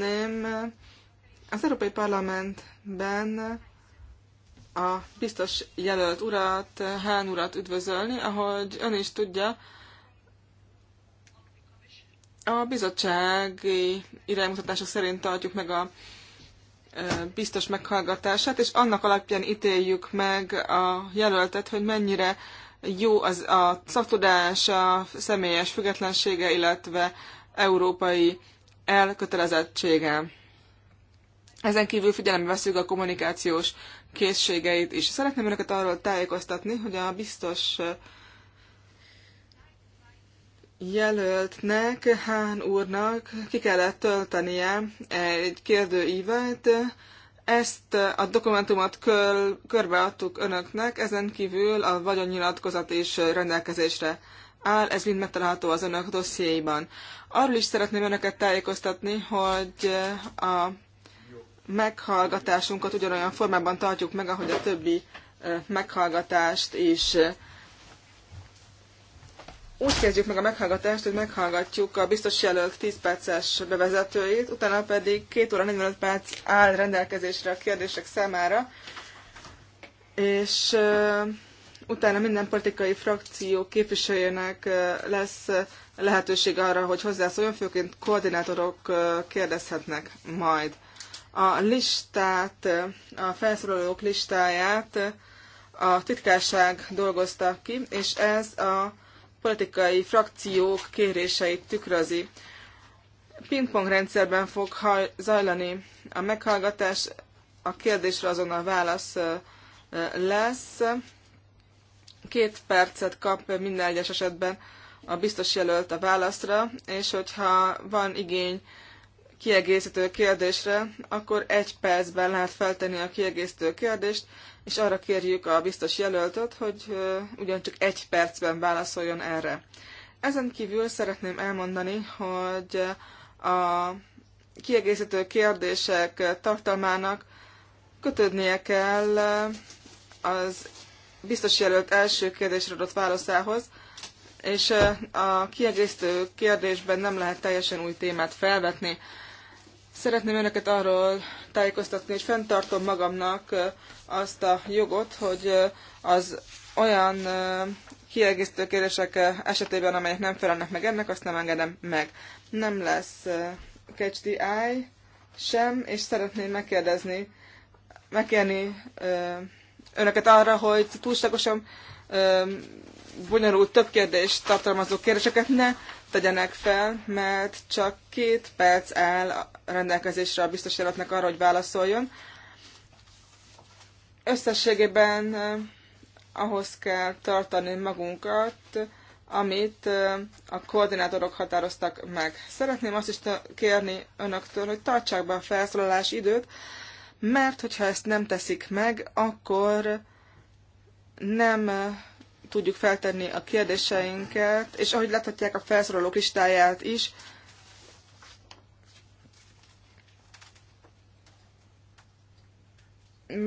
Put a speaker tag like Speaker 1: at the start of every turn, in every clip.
Speaker 1: szeretném az Európai Parlamentben a biztos jelölt urat, Hán urat üdvözölni, ahogy ön is tudja, a bizottsági iránymutatások szerint tartjuk meg a biztos meghallgatását, és annak alapján ítéljük meg a jelöltet, hogy mennyire jó az a szaktudás, a személyes függetlensége, illetve európai elkötelezettsége. Ezen kívül figyelembe veszük a kommunikációs készségeit is. Szeretném önöket arról tájékoztatni, hogy a biztos jelöltnek, Hán úrnak ki kellett töltenie egy kérdőívet. Ezt a dokumentumot körbeadtuk önöknek, ezen kívül a vagyonnyilatkozat is rendelkezésre áll, ez mind megtalálható az önök dossziéiban. Arról is szeretném önöket tájékoztatni, hogy eh, a meghallgatásunkat ugyanolyan formában tartjuk meg, ahogy a többi eh, meghallgatást is. Úgy kezdjük meg a meghallgatást, hogy meghallgatjuk a biztos jelölt 10 perces bevezetőjét, utána pedig 2 óra 45 perc áll rendelkezésre a kérdések számára, és eh, utána minden politikai frakció képviselőjének lesz lehetőség arra, hogy hozzászóljon, főként koordinátorok kérdezhetnek majd. A listát, a felszólalók listáját a titkárság dolgozta ki, és ez a politikai frakciók kéréseit tükrözi. Pingpong rendszerben fog zajlani a meghallgatás, a kérdésre azonnal válasz lesz Két percet kap minden egyes esetben a biztos jelölt a válaszra, és hogyha van igény kiegészítő kérdésre, akkor egy percben lehet feltenni a kiegészítő kérdést, és arra kérjük a biztos jelöltöt, hogy ugyancsak egy percben válaszoljon erre. Ezen kívül szeretném elmondani, hogy a kiegészítő kérdések tartalmának kötődnie kell az biztos jelölt első kérdésre adott válaszához, és a kiegészítő kérdésben nem lehet teljesen új témát felvetni. Szeretném önöket arról tájékoztatni, hogy fenntartom magamnak azt a jogot, hogy az olyan kiegészítő kérdések esetében, amelyek nem felelnek meg ennek, azt nem engedem meg. Nem lesz catch the eye sem, és szeretném megkérdezni, megkérni önöket arra, hogy túlságosan bonyolult több kérdést tartalmazó kérdéseket ne tegyenek fel, mert csak két perc áll a rendelkezésre a biztos arra, hogy válaszoljon. Összességében ahhoz kell tartani magunkat, amit a koordinátorok határoztak meg. Szeretném azt is kérni önöktől, hogy tartsák be a felszólalás időt, mert hogyha ezt nem teszik meg, akkor nem tudjuk feltenni a kérdéseinket, és ahogy láthatják a felszorolók listáját is,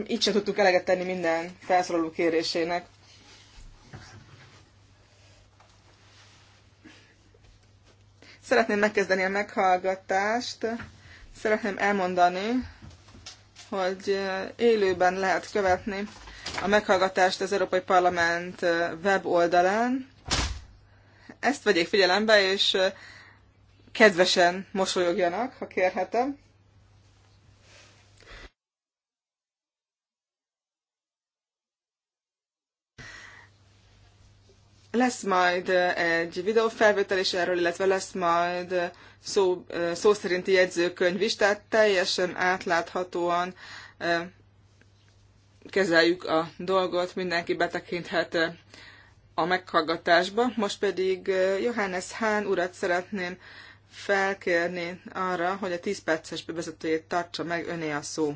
Speaker 1: így sem tudtuk eleget tenni minden felszoroló kérésének. Szeretném megkezdeni a meghallgatást. Szeretném elmondani, hogy élőben lehet követni a meghallgatást az Európai Parlament weboldalán. Ezt vegyék figyelembe, és kedvesen mosolyogjanak, ha kérhetem. Lesz majd egy videófelvétel is erről, illetve lesz majd szó, szó szerinti jegyzőkönyv is, tehát teljesen átláthatóan kezeljük a dolgot, mindenki betekinthet a meghallgatásba. Most pedig Johannes Hán urat szeretném felkérni arra, hogy a 10 perces bevezetőjét tartsa meg, öné a szó.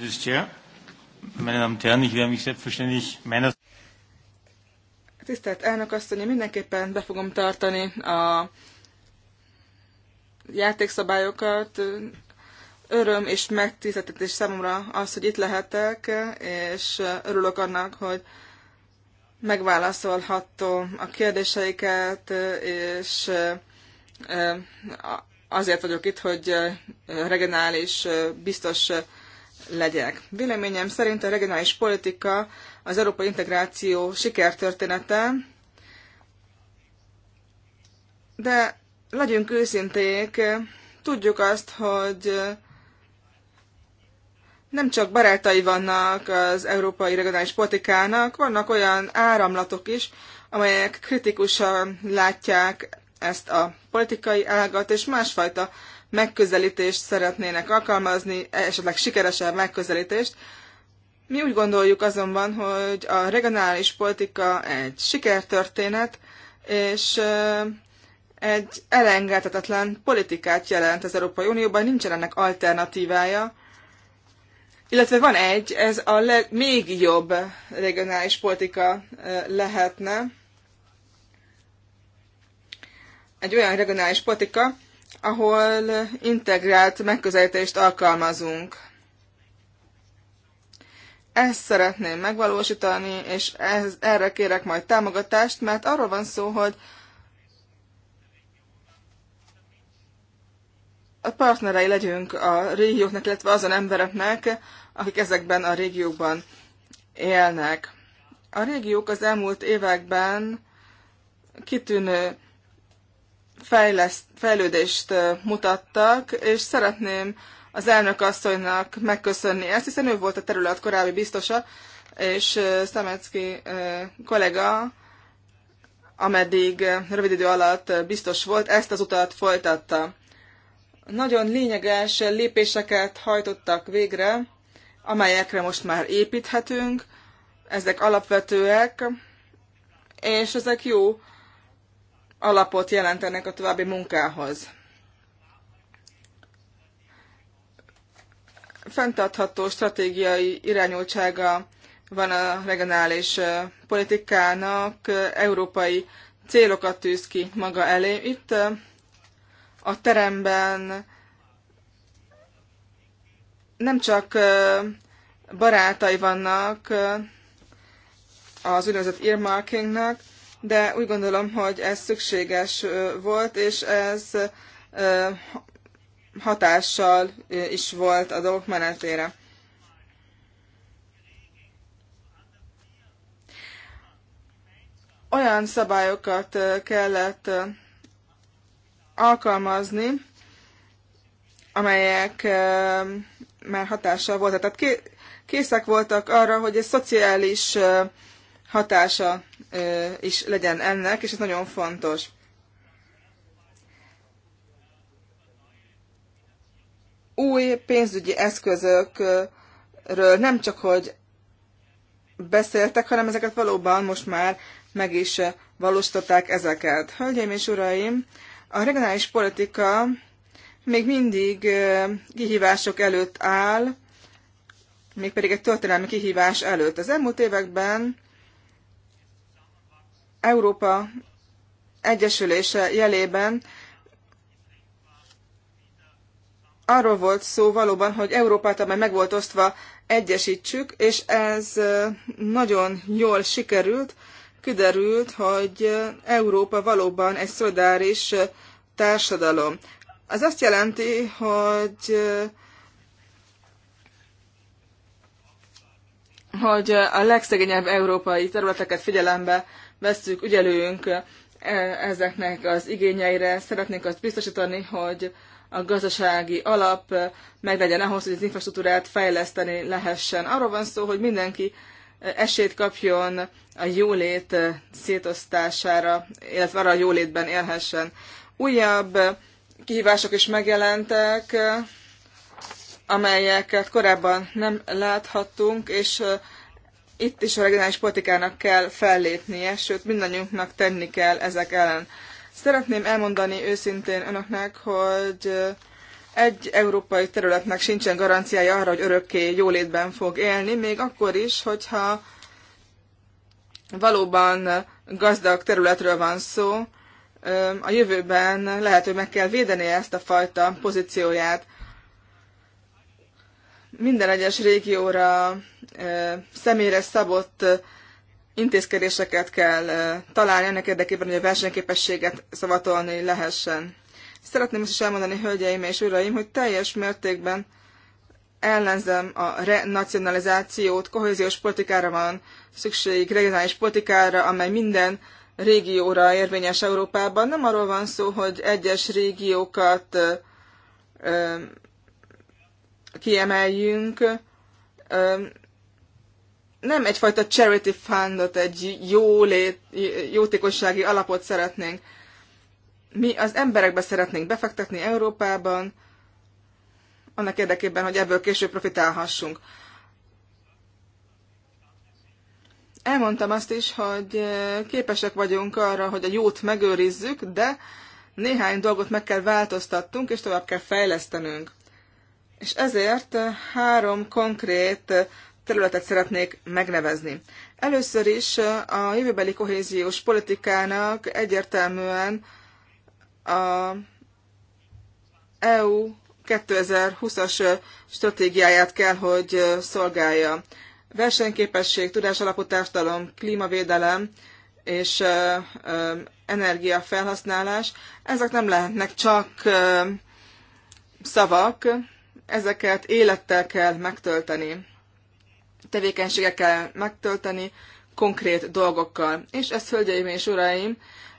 Speaker 2: Köszönöm. Meine Damen und Herren, ich werde mich selbstverständlich meiner...
Speaker 1: Tisztelt elnök asszony, én mindenképpen be fogom tartani a játékszabályokat. Öröm és megtiszteltetés számomra az, hogy itt lehetek, és örülök annak, hogy megválaszolhattam a kérdéseiket, és eh, azért vagyok itt, hogy eh, regionális eh, biztos legyek. Véleményem szerint a regionális politika az európai integráció sikertörténete, de legyünk őszinték, tudjuk azt, hogy nem csak barátai vannak az európai regionális politikának, vannak olyan áramlatok is, amelyek kritikusan látják ezt a politikai ágat, és másfajta megközelítést szeretnének alkalmazni, esetleg sikeresebb megközelítést. Mi úgy gondoljuk azonban, hogy a regionális politika egy sikertörténet, és egy elengedhetetlen politikát jelent az Európai Unióban, nincsen ennek alternatívája, illetve van egy, ez a leg, még jobb regionális politika lehetne. Egy olyan regionális politika, ahol integrált megközelítést alkalmazunk. Ezt szeretném megvalósítani, és ez, erre kérek majd támogatást, mert arról van szó, hogy a partnerei legyünk a régióknak, illetve azon embereknek, akik ezekben a régiókban élnek. A régiók az elmúlt években kitűnő fejleszt, fejlődést mutattak, és szeretném az elnök asszonynak megköszönni ezt, hiszen ő volt a terület korábbi biztosa, és Szemecki kollega, ameddig rövid idő alatt biztos volt, ezt az utat folytatta. Nagyon lényeges lépéseket hajtottak végre, amelyekre most már építhetünk, ezek alapvetőek, és ezek jó alapot jelentenek a további munkához. Fentartható stratégiai irányultsága van a regionális politikának, európai célokat tűz ki maga elé. Itt a teremben nem csak barátai vannak az úgynevezett earmarkingnak, de úgy gondolom, hogy ez szükséges volt, és ez hatással is volt a dolgok menetére. Olyan szabályokat kellett alkalmazni, amelyek már hatással voltak. Tehát készek voltak arra, hogy egy szociális hatása is legyen ennek, és ez nagyon fontos. Új pénzügyi eszközökről nem csak hogy beszéltek, hanem ezeket valóban most már meg is valósították ezeket. Hölgyeim és uraim, a regionális politika még mindig kihívások előtt áll, mégpedig egy történelmi kihívás előtt. Az elmúlt években Európa Egyesülése jelében arról volt szó valóban, hogy Európát, amely meg volt osztva, egyesítsük, és ez nagyon jól sikerült. Kiderült, hogy Európa valóban egy szolidáris társadalom. Az azt jelenti, hogy hogy a legszegényebb európai területeket figyelembe vesszük, ügyelünk e, ezeknek az igényeire, szeretnénk azt biztosítani, hogy a gazdasági alap meglegyen ahhoz, hogy az infrastruktúrát fejleszteni lehessen. Arról van szó, hogy mindenki e, esélyt kapjon a jólét e, szétosztására, illetve arra a jólétben élhessen. Újabb kihívások is megjelentek, amelyeket korábban nem láthattunk, és itt is a regionális politikának kell fellépnie, sőt mindannyiunknak tenni kell ezek ellen. Szeretném elmondani őszintén önöknek, hogy egy európai területnek sincsen garanciája arra, hogy örökké jólétben fog élni, még akkor is, hogyha valóban gazdag területről van szó, a jövőben lehet, hogy meg kell védeni ezt a fajta pozícióját minden egyes régióra személyre szabott intézkedéseket kell találni ennek érdekében, hogy a versenyképességet szavatolni lehessen. Szeretném azt is elmondani, hölgyeim és uraim, hogy teljes mértékben ellenzem a renacionalizációt, kohéziós politikára van szükség, regionális politikára, amely minden régióra érvényes Európában. Nem arról van szó, hogy egyes régiókat kiemeljünk, nem egyfajta charity fundot, egy jó lét, jótékossági alapot szeretnénk. Mi az emberekbe szeretnénk befektetni Európában, annak érdekében, hogy ebből később profitálhassunk. Elmondtam azt is, hogy képesek vagyunk arra, hogy a jót megőrizzük, de néhány dolgot meg kell változtatnunk, és tovább kell fejlesztenünk. És ezért eh, három konkrét eh, területet szeretnék megnevezni. Először is eh, a jövőbeli kohéziós politikának egyértelműen a EU 2020-as stratégiáját kell, hogy szolgálja. Versenyképesség, alapú társadalom, klímavédelem és energiafelhasználás, ezek nem lehetnek csak szavak, ezeket élettel kell megtölteni, tevékenységekkel megtölteni, konkrét dolgokkal. És ezt, hölgyeim és uraim,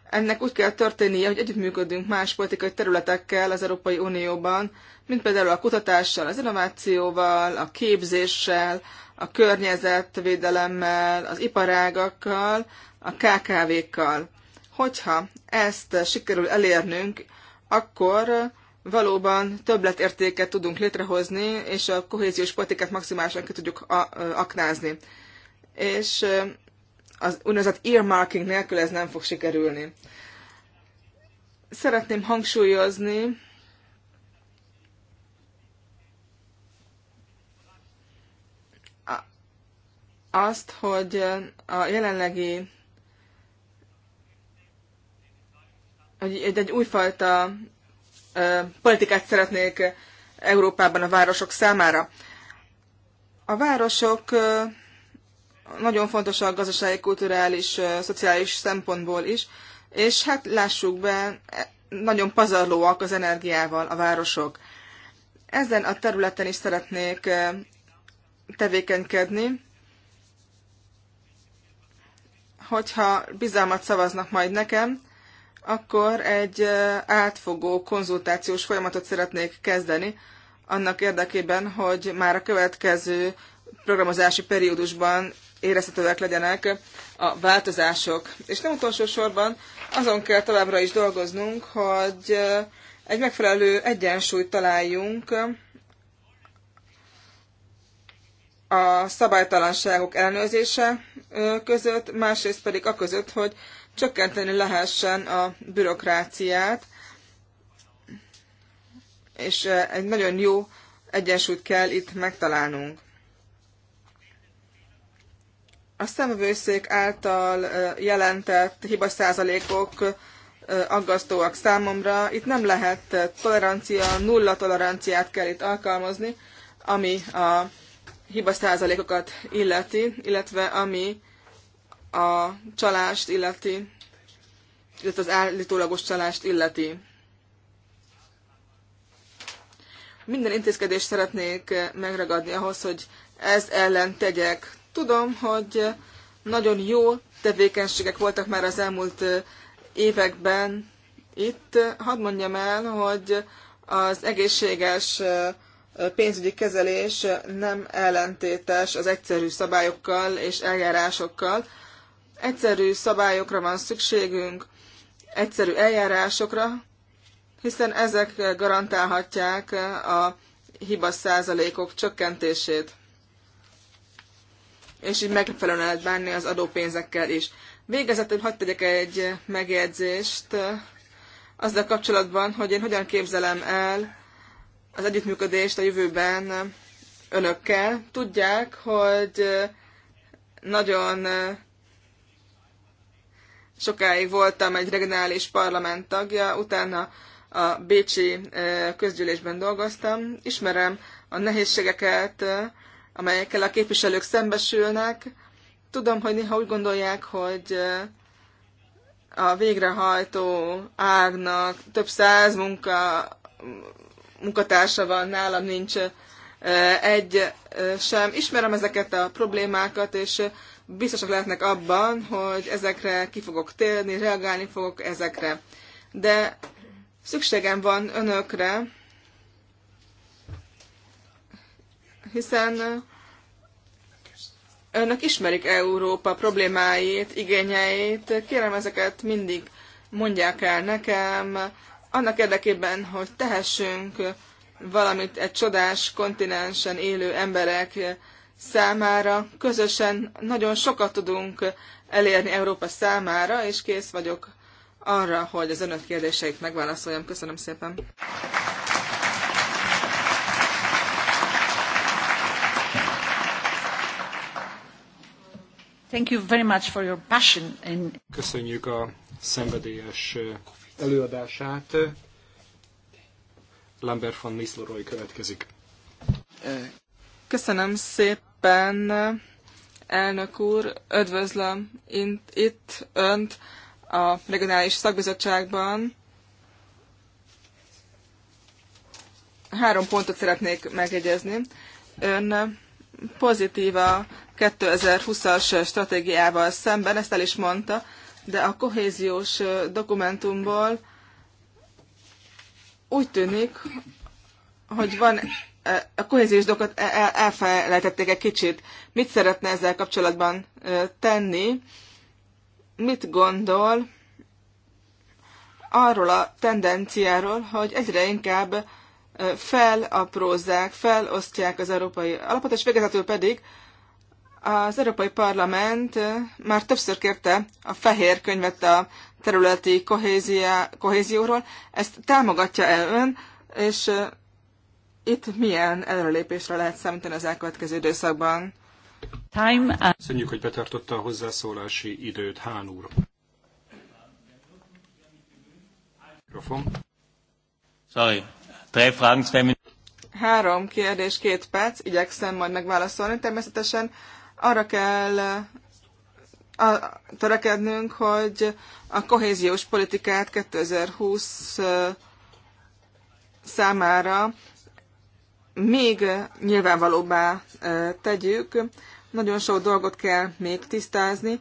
Speaker 1: ennek úgy kell történnie, hogy együttműködünk más politikai területekkel az Európai Unióban, mint például a kutatással, az innovációval, a képzéssel, a környezetvédelemmel, az iparágakkal, a KKV-kkal. Hogyha ezt sikerül elérnünk, akkor valóban többletértéket tudunk létrehozni, és a kohéziós politikát maximálisan ki tudjuk aknázni. És az úgynevezett earmarking nélkül ez nem fog sikerülni. Szeretném hangsúlyozni, azt, hogy a jelenlegi hogy egy, egy újfajta politikát szeretnék Európában a városok számára. A városok nagyon fontosak gazdasági, kulturális, szociális szempontból is, és hát lássuk be, e, nagyon pazarlóak az energiával a városok. Ezen a területen is szeretnék tevékenykedni, hogyha bizalmat szavaznak majd nekem, akkor egy átfogó konzultációs folyamatot szeretnék kezdeni, annak érdekében, hogy már a következő programozási periódusban érezhetőek legyenek a változások. És nem utolsó sorban azon kell továbbra is dolgoznunk, hogy egy megfelelő egyensúlyt találjunk a szabálytalanságok ellenőrzése között, másrészt pedig a között, hogy csökkenteni lehessen a bürokráciát, és eh, egy nagyon jó egyensúlyt kell itt megtalálnunk. A szemvőszék által eh, jelentett hibaszázalékok eh, aggasztóak számomra. Itt nem lehet tolerancia, nulla toleranciát kell itt alkalmazni, ami a hibaszázalékokat illeti, illetve ami a csalást illeti, illetve az állítólagos csalást illeti. Minden intézkedést szeretnék megragadni ahhoz, hogy ez ellen tegyek. Tudom, hogy nagyon jó tevékenységek voltak már az elmúlt években itt. Hadd mondjam el, hogy az egészséges pénzügyi kezelés nem ellentétes az egyszerű szabályokkal és eljárásokkal, Egyszerű szabályokra van szükségünk, egyszerű eljárásokra, hiszen ezek garantálhatják a hiba százalékok csökkentését, és így megfelelően lehet bánni az adópénzekkel is. Végezetül hagyd tegyek egy megjegyzést azzal kapcsolatban, hogy én hogyan képzelem el az együttműködést a jövőben önökkel. Tudják, hogy nagyon sokáig voltam egy regionális parlament tagja, utána a Bécsi eh, közgyűlésben dolgoztam. Ismerem a nehézségeket, eh, amelyekkel a képviselők szembesülnek. Tudom, hogy néha úgy gondolják, hogy eh, a végrehajtó ágnak több száz munka, munkatársa van, nálam nincs egy sem. Ismerem ezeket a problémákat, és biztosak lehetnek abban, hogy ezekre ki fogok térni, reagálni fogok ezekre. De szükségem van önökre, hiszen önök ismerik Európa problémáit, igényeit, kérem ezeket mindig mondják el nekem, annak érdekében, hogy tehessünk valamit egy csodás kontinensen élő emberek számára közösen nagyon sokat tudunk elérni Európa számára, és kész vagyok arra, hogy az önök kérdéseit megválaszoljam. Köszönöm szépen!
Speaker 3: Thank you very much for your passion and...
Speaker 4: Köszönjük a szenvedélyes előadását. Lambert von Nisleroy következik.
Speaker 1: Köszönöm szépen! szépen, elnök úr, üdvözlöm itt önt a regionális szakbizottságban. Három pontot szeretnék megjegyezni. Ön pozitív a 2020-as stratégiával szemben, ezt el is mondta, de a kohéziós dokumentumból úgy tűnik, hogy van a kohéziós dolgokat e, e, elfelejtették egy kicsit. Mit szeretne ezzel kapcsolatban tenni? Mit gondol arról a tendenciáról, hogy egyre inkább felaprózzák, felosztják az európai alapot, és végezetül pedig az Európai Parlament már többször kérte a fehér könyvet a területi kohézióról. Ezt támogatja el ön, és itt milyen előrelépésre lehet számítani az elkövetkező időszakban?
Speaker 4: Time. Köszönjük, hogy betartotta a hozzászólási időt, Hán úr. Mikrofon. Sorry.
Speaker 2: Drei Fragen, zwei Minuten.
Speaker 1: Három kérdés, két perc, igyekszem majd megválaszolni. Természetesen arra kell a, törekednünk, hogy a kohéziós politikát 2020 számára még nyilvánvalóbbá tegyük, nagyon sok dolgot kell még tisztázni,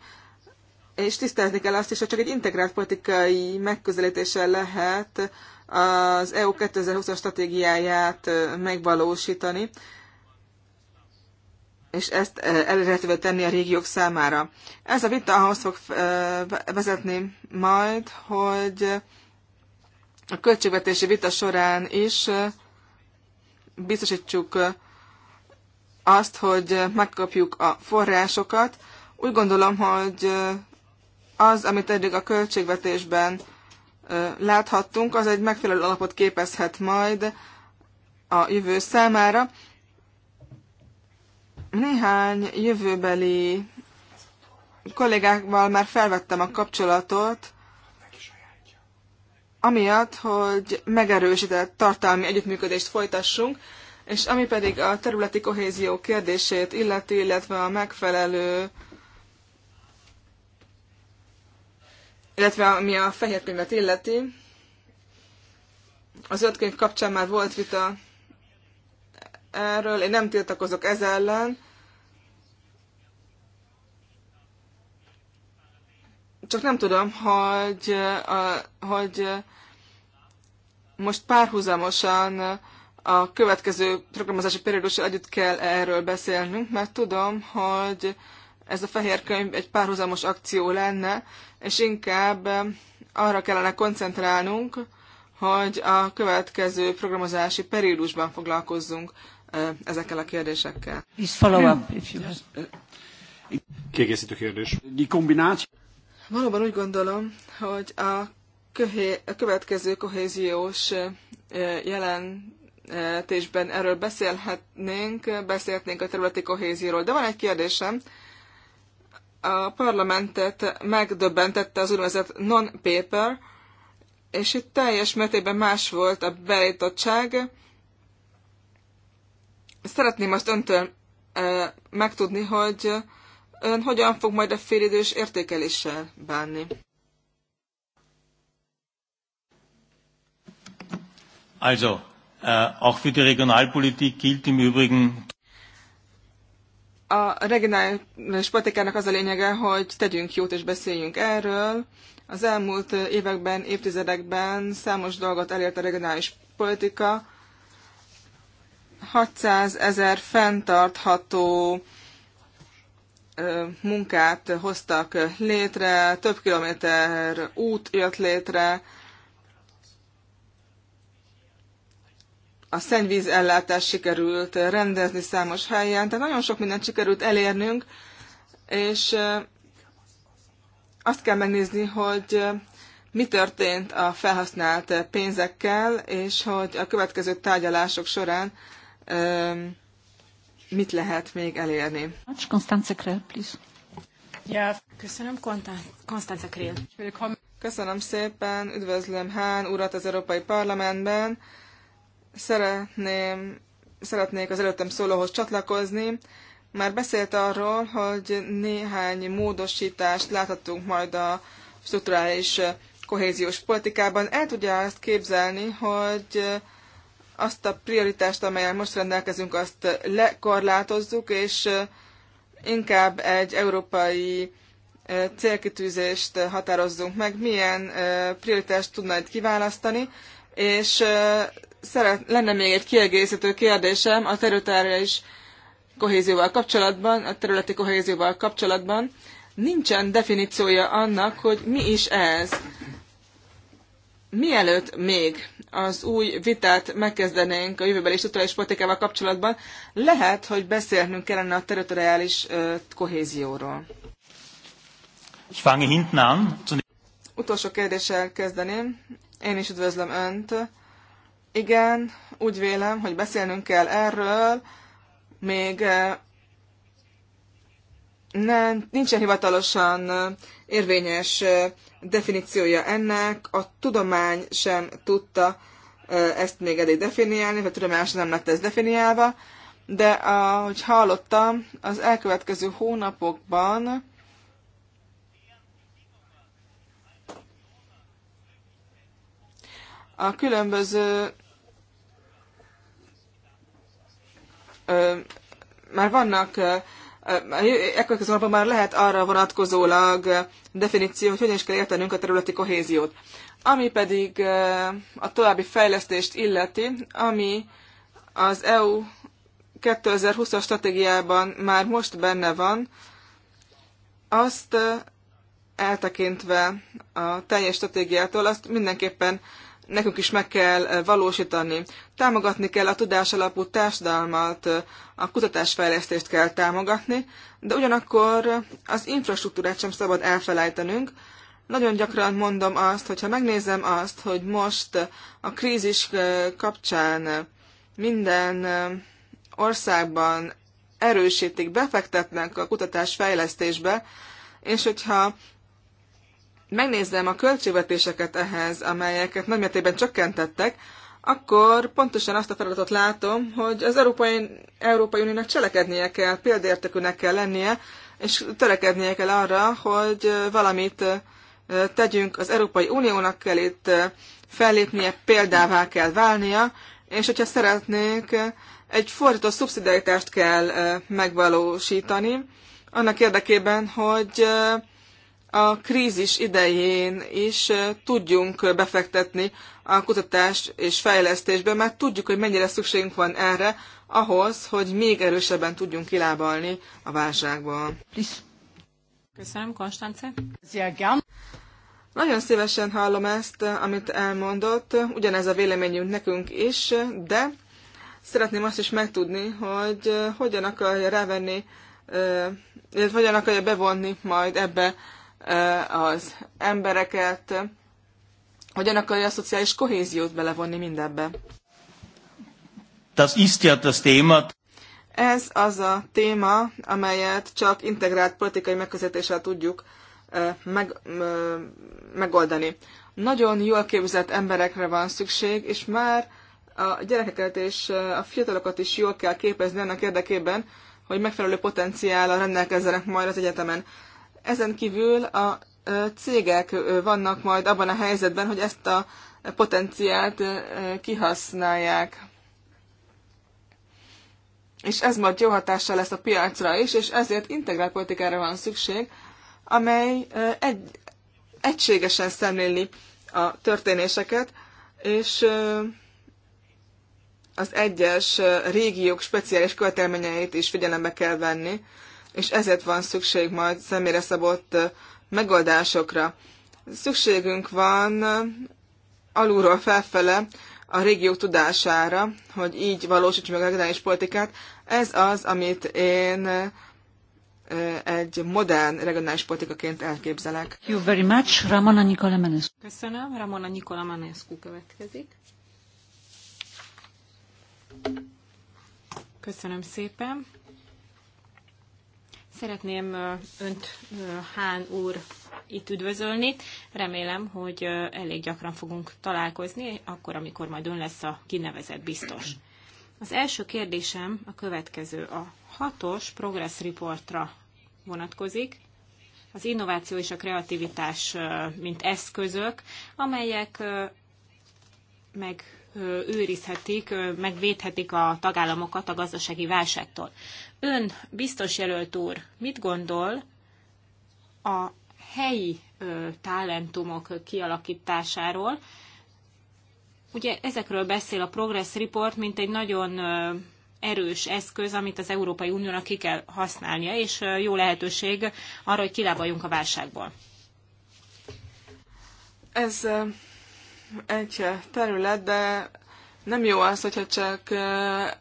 Speaker 1: és tisztázni kell azt is, hogy csak egy integrált politikai megközelítéssel lehet az EU 2020-as stratégiáját megvalósítani, és ezt elérhetővé tenni a régiók számára. Ez a vita ahhoz fog vezetni majd, hogy a költségvetési vita során is biztosítsuk azt, hogy megkapjuk a forrásokat. Úgy gondolom, hogy az, amit eddig a költségvetésben láthattunk, az egy megfelelő alapot képezhet majd a jövő számára. Néhány jövőbeli kollégákval már felvettem a kapcsolatot, amiatt, hogy megerősített tartalmi együttműködést folytassunk, és ami pedig a területi kohézió kérdését illeti, illetve a megfelelő illetve ami a fehér könyvet illeti, az öt könyv kapcsán már volt vita erről, én nem tiltakozok ez ellen, csak nem tudom, hogy, a, hogy most párhuzamosan a következő programozási periódusra együtt kell erről beszélnünk, mert tudom, hogy ez a fehér könyv egy párhuzamos akció lenne, és inkább arra kellene koncentrálnunk, hogy a következő programozási periódusban foglalkozzunk ezekkel a kérdésekkel.
Speaker 4: Kiegészítő kérdés.
Speaker 1: Valóban úgy gondolom, hogy a a következő kohéziós jelentésben erről beszélhetnénk, beszélhetnénk a területi kohézióról. De van egy kérdésem. A parlamentet megdöbbentette az úgynevezett non-paper, és itt teljes mértékben más volt a beállítottság. Szeretném azt öntől megtudni, hogy ön hogyan fog majd a félidős értékeléssel bánni.
Speaker 2: Also, äh, auch für die Regionalpolitik gilt im Übrigen.
Speaker 1: A regionális politikának az a lényege, hogy tegyünk jót és beszéljünk erről. Az elmúlt években, évtizedekben számos dolgot elért a regionális politika. 600 ezer fenntartható munkát hoztak létre, több kilométer út jött létre, a szennyvíz ellátást sikerült rendezni számos helyen, tehát nagyon sok mindent sikerült elérnünk, és azt kell megnézni, hogy mi történt a felhasznált pénzekkel, és hogy a következő tárgyalások során mit lehet még elérni. Ja, köszönöm, Konstance Krill. Köszönöm szépen, üdvözlöm Hán urat az Európai Parlamentben szeretném, szeretnék az előttem szólóhoz csatlakozni. Már beszélt arról, hogy néhány módosítást láthatunk majd a strukturális kohéziós politikában. El tudja azt képzelni, hogy azt a prioritást, amelyel most rendelkezünk, azt lekorlátozzuk, és inkább egy európai célkitűzést határozzunk meg, milyen prioritást tudna egy kiválasztani, és szeret, lenne még egy kiegészítő kérdésem a területáris kohézióval kapcsolatban, a területi kohézióval kapcsolatban. Nincsen definíciója annak, hogy mi is ez. Mielőtt még az új vitát megkezdenénk a jövőbeli struktúrális politikával kapcsolatban, lehet, hogy beszélnünk kellene a territoriális kohézióról.
Speaker 2: Ich fange hinten an.
Speaker 1: Utolsó kérdéssel kezdeném. Én is üdvözlöm Önt igen, úgy vélem, hogy beszélnünk kell erről, még eh, nem, nincsen hivatalosan eh, érvényes eh, definíciója ennek, a tudomány sem tudta ezt még eddig definiálni, vagy tudományosan nem lett ez definiálva, de ahogy hallottam, az elkövetkező hónapokban a különböző már vannak ekkor azonban már lehet arra vonatkozólag definíció, hogy hogyan is kell értenünk a területi kohéziót. Ami pedig a további fejlesztést illeti, ami az EU 2020-as stratégiában már most benne van, azt eltekintve a teljes stratégiától, azt mindenképpen nekünk is meg kell eh, valósítani. Támogatni kell a tudás alapú társadalmat, eh, a kutatásfejlesztést kell támogatni, de ugyanakkor az infrastruktúrát sem szabad elfelejtenünk. Nagyon gyakran mondom azt, hogyha megnézem azt, hogy most eh, a krízis kapcsán minden országban erősítik, befektetnek a kutatás fejlesztésbe, és hogyha megnézem a költségvetéseket ehhez, amelyeket nagymértékben csökkentettek, akkor pontosan azt a feladatot látom, hogy az Európai, Európai Uniónak cselekednie kell, példértekűnek kell lennie, és törekednie kell arra, hogy valamit tegyünk, az Európai Uniónak kell itt fellépnie, példává kell válnia, és hogyha szeretnék, egy fordított szubszidiaritást kell megvalósítani, annak érdekében, hogy a krízis idején is tudjunk befektetni a kutatás és fejlesztésbe, mert tudjuk, hogy mennyire szükségünk van erre, ahhoz, hogy még erősebben tudjunk kilábalni a válságból. Köszönöm, Konstance. Nagyon szívesen hallom ezt, amit elmondott. Ugyanez a véleményünk nekünk is, de szeretném azt is megtudni, hogy hogyan akarja rávenni, vagy hogyan akarja bevonni majd ebbe az embereket, hogyan akarja a szociális kohéziót belevonni mindebbe.
Speaker 2: Das ist ja das Thema.
Speaker 1: Ez az a téma, amelyet csak integrált politikai megközelítéssel tudjuk meg, megoldani. Nagyon jól képzett emberekre van szükség, és már a gyerekeket és a fiatalokat is jól kell képezni annak érdekében, hogy megfelelő potenciállal rendelkezzenek majd az egyetemen. Ezen kívül a cégek vannak majd abban a helyzetben, hogy ezt a potenciált kihasználják. És ez majd jó hatással lesz a piacra is, és ezért integrált politikára van szükség, amely egy, egységesen szemléli a történéseket, és az egyes régiók speciális követelményeit is figyelembe kell venni és ezért van szükség majd személyre szabott megoldásokra. Szükségünk van alulról felfele a régió tudására, hogy így valósítsuk meg a regionális politikát. Ez az, amit én egy modern regionális politikaként elképzelek.
Speaker 5: You very much, Ramona Nicola Manescu. Köszönöm, Ramona Nicola Manescu következik. Köszönöm szépen. Szeretném Önt, Hán úr, itt üdvözölni. Remélem, hogy elég gyakran fogunk találkozni, akkor, amikor majd Ön lesz a kinevezett biztos. Az első kérdésem a következő. A hatos Progress Reportra vonatkozik, az innováció és a kreativitás, mint eszközök, amelyek meg őrizhetik, megvédhetik a tagállamokat a gazdasági válságtól. Ön, biztos jelölt úr, mit gondol a helyi ö, talentumok kialakításáról? Ugye ezekről beszél a Progress Report, mint egy nagyon ö, erős eszköz, amit az Európai Uniónak ki kell használnia, és ö, jó lehetőség arra, hogy kilábaljunk a válságból.
Speaker 1: Ez ö, egy terület, de nem jó az, hogyha csak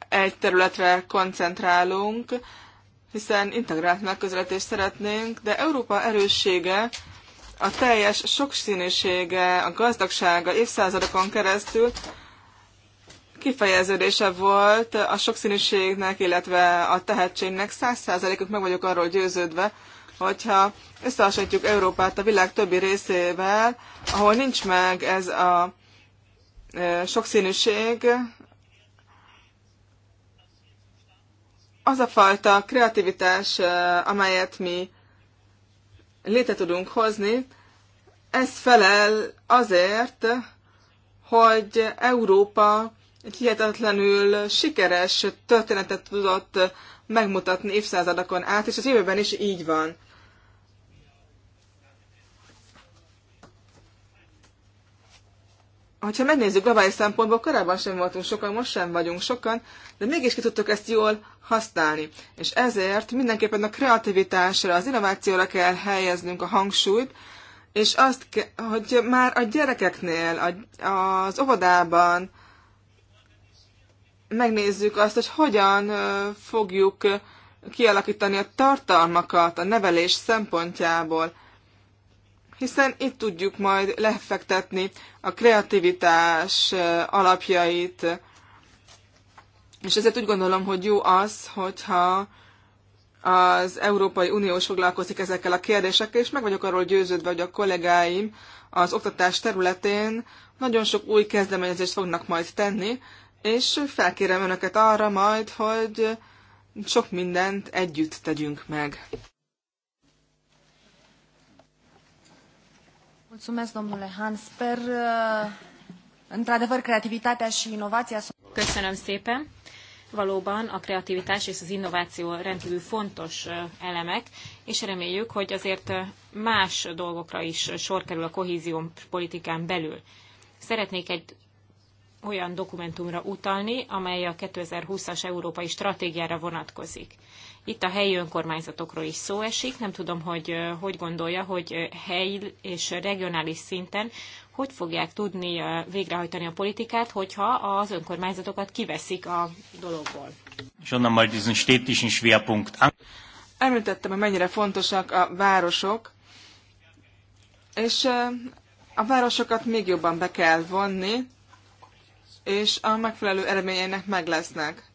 Speaker 1: egy területre koncentrálunk, hiszen integrált megközelítést szeretnénk, de Európa erőssége a teljes sokszínűsége, a gazdagsága évszázadokon keresztül kifejeződése volt a sokszínűségnek, illetve a tehetségnek. Száz százalékig meg vagyok arról győződve, hogyha összehasonlítjuk Európát a világ többi részével, ahol nincs meg ez a sokszínűség az a fajta kreativitás, amelyet mi létre tudunk hozni, ez felel azért, hogy Európa egy hihetetlenül sikeres történetet tudott megmutatni évszázadokon át, és az jövőben is így van. hogyha megnézzük globális szempontból, korábban sem voltunk sokan, most sem vagyunk sokan, de mégis ki tudtuk ezt jól használni. És ezért mindenképpen a kreativitásra, az innovációra kell helyeznünk a hangsúlyt, és azt, hogy már a gyerekeknél, az óvodában megnézzük azt, hogy hogyan fogjuk kialakítani a tartalmakat a nevelés szempontjából hiszen itt tudjuk majd lefektetni a kreativitás alapjait, és ezért úgy gondolom, hogy jó az, hogyha az Európai Unió foglalkozik ezekkel a kérdésekkel, és meg vagyok arról győződve, hogy a kollégáim az oktatás területén nagyon sok új kezdeményezést fognak majd tenni, és felkérem önöket arra majd, hogy sok mindent együtt tegyünk meg. Mulțumesc,
Speaker 5: domnule Han. Sper, uh, într-adevăr, creativitatea și inovația... Köszönöm szépen. Valóban a kreativitás és az innováció rendkívül fontos uh, elemek, és reméljük, hogy azért uh, más dolgokra is sor kerül a kohézió politikán belül. Szeretnék egy olyan dokumentumra utalni, amely a 2020-as európai stratégiára vonatkozik. Itt a helyi önkormányzatokról is szó esik. Nem tudom, hogy hogy gondolja, hogy helyi és regionális szinten hogy fogják tudni végrehajtani a politikát, hogyha az önkormányzatokat
Speaker 1: kiveszik a dologból.
Speaker 2: Schon einmal diesen städtischen Schwerpunkt an.
Speaker 1: Említettem, hogy mennyire fontosak a városok, és a városokat még jobban be kell vonni, és a megfelelő eredményeinek meg lesznek.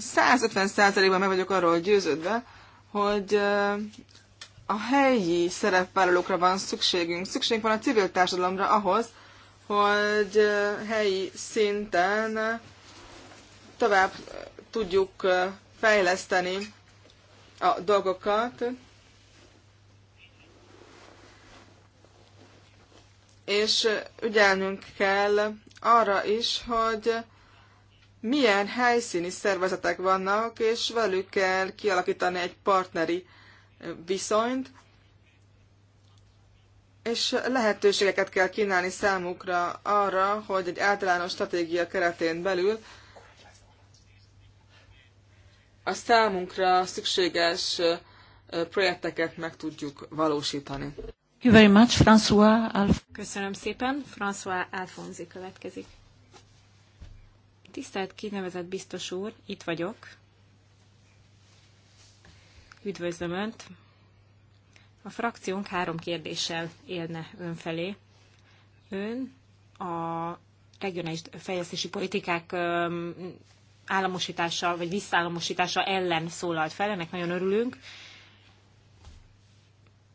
Speaker 1: 150%-ban meg vagyok arról győződve, hogy a helyi szerepvállalókra van szükségünk. szükségünk van a civil társadalomra ahhoz, hogy helyi szinten tovább tudjuk fejleszteni a dolgokat, és ügyelnünk kell arra is, hogy milyen helyszíni szervezetek vannak, és velük kell kialakítani egy partneri viszonyt, és lehetőségeket kell kínálni számukra arra, hogy egy általános stratégia keretén belül a számunkra szükséges projekteket meg tudjuk valósítani. Thank
Speaker 5: you very much, François Köszönöm szépen. François Alfonzi következik. Tisztelt kinevezett biztos úr, itt vagyok. Üdvözlöm Önt. A frakciónk három kérdéssel élne Ön felé. Ön a regionális fejlesztési politikák államosítása vagy visszállamosítása ellen szólalt fel, ennek nagyon örülünk.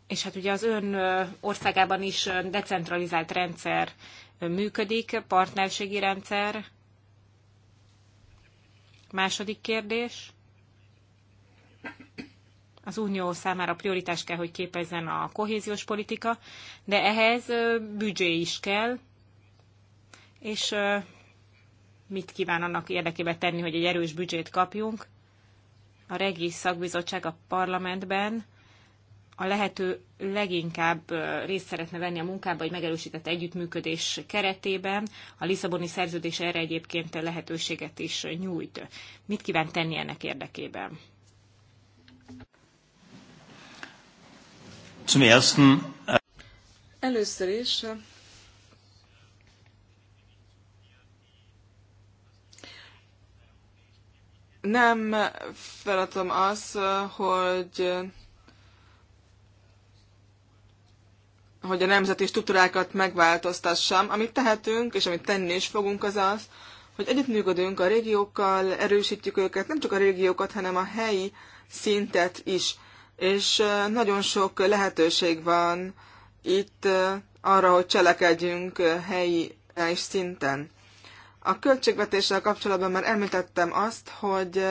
Speaker 5: És hát ugye az ön országában is decentralizált rendszer működik, partnerségi rendszer, Második kérdés. Az unió számára prioritás kell, hogy képezzen a kohéziós politika, de ehhez büdzsé is kell, és mit kíván annak érdekében tenni, hogy egy erős büdzsét kapjunk. A Regi Szakbizottság a parlamentben a lehető leginkább részt szeretne venni a munkába egy megerősített együttműködés keretében. A Lisszaboni szerződés erre egyébként lehetőséget is nyújt. Mit kíván tenni ennek érdekében?
Speaker 2: Äh,
Speaker 1: Először is nem feladom azt, hogy hogy a nemzeti struktúrákat megváltoztassam. Amit tehetünk, és amit tenni is fogunk, az az, hogy együttműködünk a régiókkal, erősítjük őket, nem csak a régiókat, hanem a helyi szintet is. És nagyon sok lehetőség van itt arra, hogy cselekedjünk helyi és szinten. A költségvetéssel kapcsolatban már említettem azt, hogy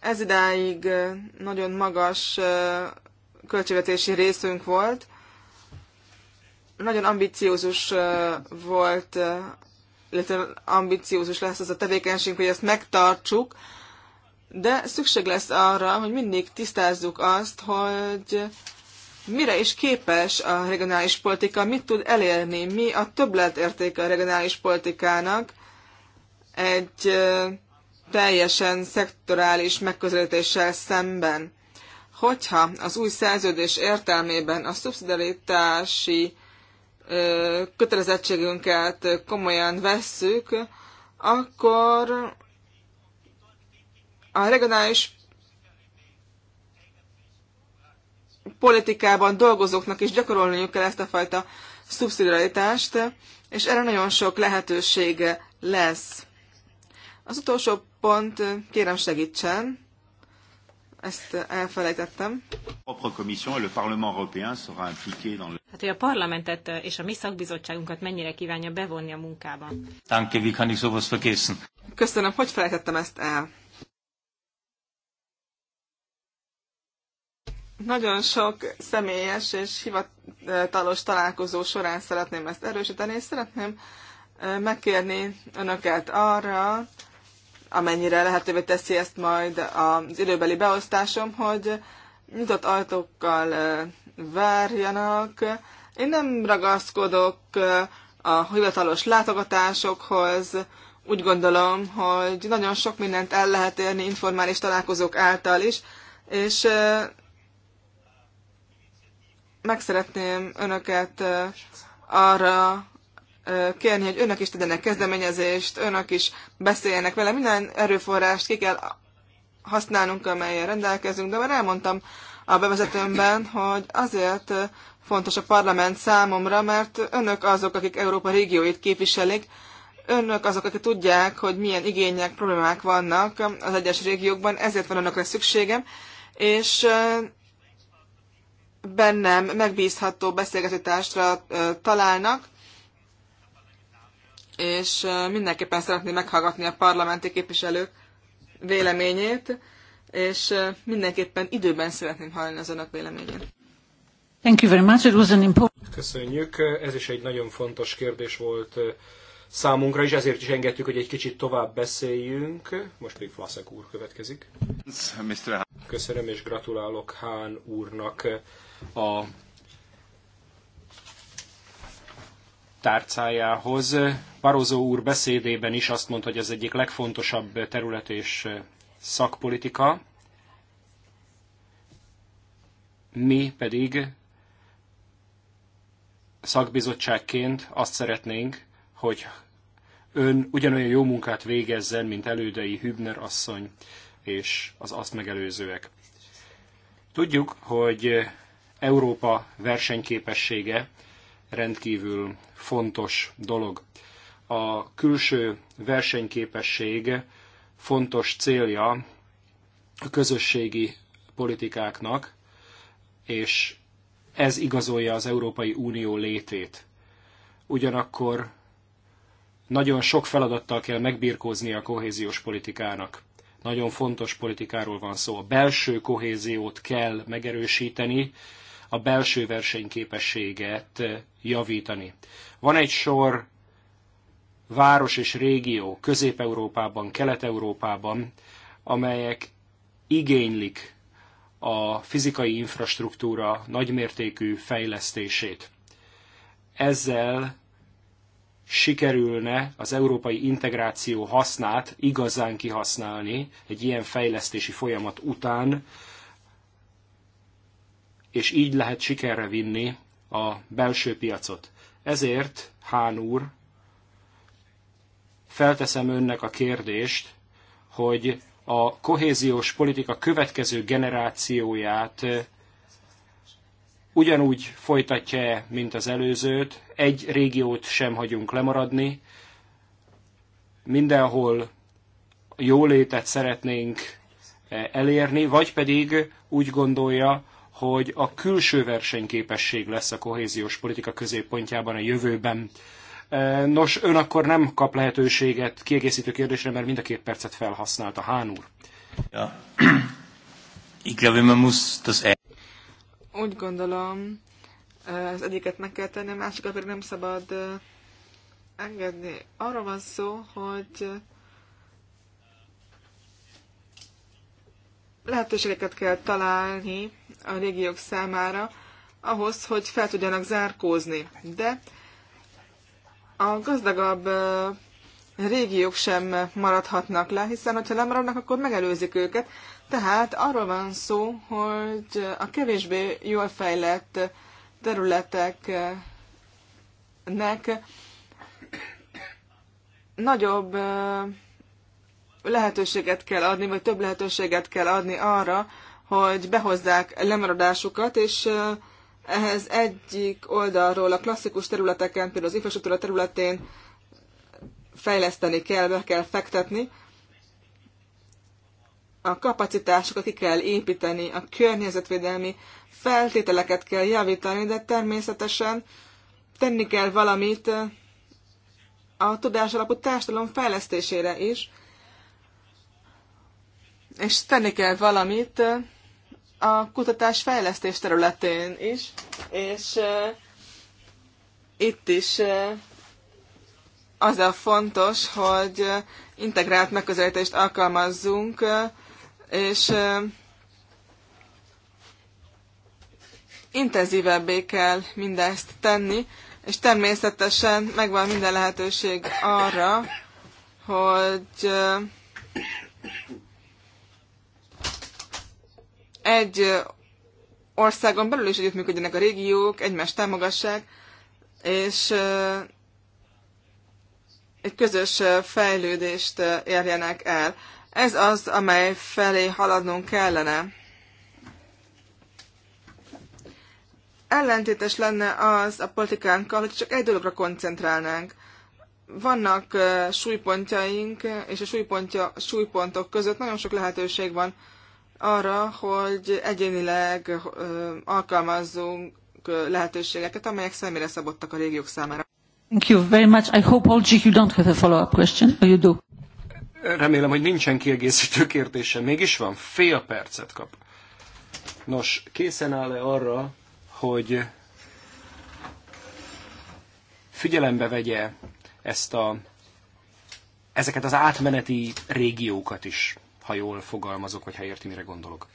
Speaker 1: ez idáig nagyon magas költségvetési részünk volt, nagyon ambiciózus volt, illetve ambiciózus lesz az a tevékenység, hogy ezt megtartsuk, de szükség lesz arra, hogy mindig tisztázzuk azt, hogy mire is képes a regionális politika, mit tud elérni, mi a többletértéke a regionális politikának egy teljesen szektorális megközelítéssel szemben. Hogyha az új szerződés értelmében a szubszidaritási kötelezettségünket komolyan vesszük, akkor a regionális politikában dolgozóknak is gyakorolniuk kell ezt a fajta szubszidiaritást, és erre nagyon sok lehetősége lesz. Az utolsó pont, kérem segítsen ezt elfelejtettem. Hát, hogy a
Speaker 5: parlamentet és a mi szakbizottságunkat mennyire kívánja bevonni a munkában.
Speaker 2: Danke,
Speaker 1: Köszönöm, hogy felejtettem ezt el. Nagyon sok személyes és hivatalos találkozó során szeretném ezt erősíteni, és szeretném megkérni önöket arra, amennyire lehetővé teszi ezt majd az időbeli beosztásom, hogy nyitott ajtókkal várjanak. Én nem ragaszkodok a hivatalos látogatásokhoz, úgy gondolom, hogy nagyon sok mindent el lehet érni informális találkozók által is, és meg szeretném önöket arra kérni, hogy önök is tegyenek kezdeményezést, önök is beszéljenek vele, minden erőforrást ki kell használnunk, amelyen rendelkezünk, de már elmondtam a bevezetőmben, hogy azért fontos a parlament számomra, mert önök azok, akik Európa régióit képviselik, önök azok, akik tudják, hogy milyen igények, problémák vannak az egyes régiókban, ezért van önökre szükségem, és bennem megbízható beszélgetőtársra találnak, és mindenképpen szeretném meghallgatni a parlamenti képviselők véleményét, és mindenképpen időben szeretném hallani az önök véleményét.
Speaker 5: Thank you very much. It was an important...
Speaker 4: Köszönjük. Ez is egy nagyon fontos kérdés volt számunkra, és ezért is engedtük, hogy egy kicsit tovább beszéljünk. Most pedig Flaszek úr következik. Köszönöm és gratulálok Hán úrnak a tárcájához. Barozó úr beszédében is azt mondta, hogy ez egyik legfontosabb terület és szakpolitika. Mi pedig szakbizottságként azt szeretnénk, hogy ön ugyanolyan jó munkát végezzen, mint elődei Hübner asszony és az azt megelőzőek. Tudjuk, hogy Európa versenyképessége rendkívül fontos dolog. A külső versenyképesség fontos célja a közösségi politikáknak, és ez igazolja az Európai Unió létét. Ugyanakkor nagyon sok feladattal kell megbirkózni a kohéziós politikának. Nagyon fontos politikáról van szó. A belső kohéziót kell megerősíteni, a belső versenyképességet javítani. Van egy sor város és régió Közép-Európában, Kelet-Európában, amelyek igénylik a fizikai infrastruktúra nagymértékű fejlesztését. Ezzel sikerülne az európai integráció hasznát igazán kihasználni egy ilyen fejlesztési folyamat után, és így lehet sikerre vinni a belső piacot. Ezért, Hán úr, felteszem önnek a kérdést, hogy a kohéziós politika következő generációját ugyanúgy folytatja -e, mint az előzőt, egy régiót sem hagyunk lemaradni, mindenhol jólétet szeretnénk elérni, vagy pedig úgy gondolja, hogy a külső versenyképesség lesz a kohéziós politika középpontjában a jövőben. E, nos, ön akkor nem kap lehetőséget kiegészítő kérdésre, mert mind a két percet a Hán úr. Ja. Ich glaube, man muss das e-
Speaker 1: Úgy gondolom, e, az egyiket meg kell tenni, a másikat pedig nem szabad engedni. Arra van szó, hogy lehetőségeket kell találni a régiók számára, ahhoz, hogy fel tudjanak zárkózni. De a gazdagabb régiók sem maradhatnak le, hiszen hogyha lemaradnak, akkor megelőzik őket. Tehát arról van szó, hogy a kevésbé jól fejlett területeknek nagyobb lehetőséget kell adni, vagy több lehetőséget kell adni arra, hogy behozzák lemaradásukat, és ehhez egyik oldalról a klasszikus területeken, például az infrastruktúra területén fejleszteni kell, be kell fektetni, a kapacitásokat ki kell építeni, a környezetvédelmi feltételeket kell javítani, de természetesen tenni kell valamit a tudás alapú társadalom fejlesztésére is, és tenni kell valamit a kutatás fejlesztés területén is, és uh, itt is uh, az a fontos, hogy uh, integrált megközelítést alkalmazzunk, uh, és uh, intenzívebbé kell mindezt tenni, és természetesen megvan minden lehetőség arra, hogy uh, egy országon belül is együttműködjenek a régiók, egymást támogassák, és egy közös fejlődést érjenek el. Ez az, amely felé haladnunk kellene. Ellentétes lenne az a politikánkkal, hogy csak egy dologra koncentrálnánk. Vannak súlypontjaink, és a súlypontja, súlypontok között nagyon sok lehetőség van arra, hogy egyénileg alkalmazzunk lehetőségeket, amelyek személyre szabottak
Speaker 4: a régiók számára.
Speaker 3: Thank you very much. I hope, all you don't have a follow-up question, or you do?
Speaker 4: Remélem, hogy nincsen kiegészítő kérdése. Mégis van, fél percet kap. Nos, készen áll-e arra, hogy figyelembe vegye ezt a, ezeket az átmeneti régiókat is? ha jól fogalmazok, vagy ha érti, mire gondolok.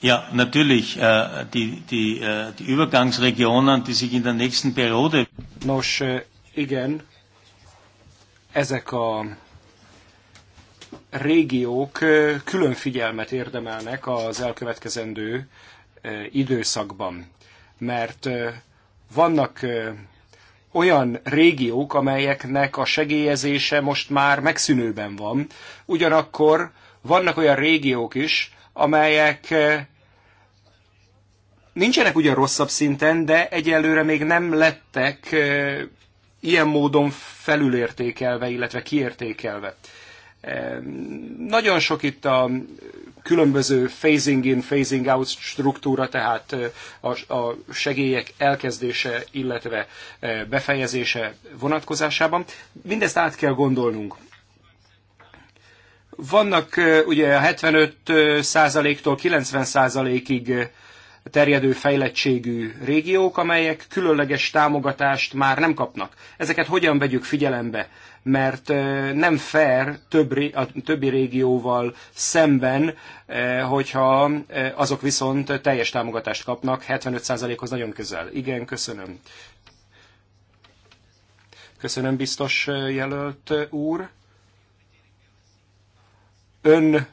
Speaker 2: Ja, natürlich, äh, die, die, äh, die Übergangsregionen, die sich in der nächsten Periode...
Speaker 4: Nos, äh, igen, ezek a régiók külön figyelmet érdemelnek az elkövetkezendő időszakban, mert vannak olyan régiók, amelyeknek a segélyezése most már megszűnőben van. Ugyanakkor vannak olyan régiók is, amelyek eh, nincsenek ugyan rosszabb szinten, de egyelőre még nem lettek eh, ilyen módon felülértékelve, illetve kiértékelve. Eh, nagyon sok itt a különböző phasing in, phasing out struktúra, tehát a, a segélyek elkezdése, illetve befejezése vonatkozásában. Mindezt át kell gondolnunk vannak ugye a 75 százaléktól 90 százalékig terjedő fejlettségű régiók, amelyek különleges támogatást már nem kapnak. Ezeket hogyan vegyük figyelembe? Mert nem fair többi, a többi régióval szemben, hogyha azok viszont teljes támogatást kapnak, 75%-hoz nagyon közel. Igen, köszönöm. Köszönöm, biztos jelölt úr. Ön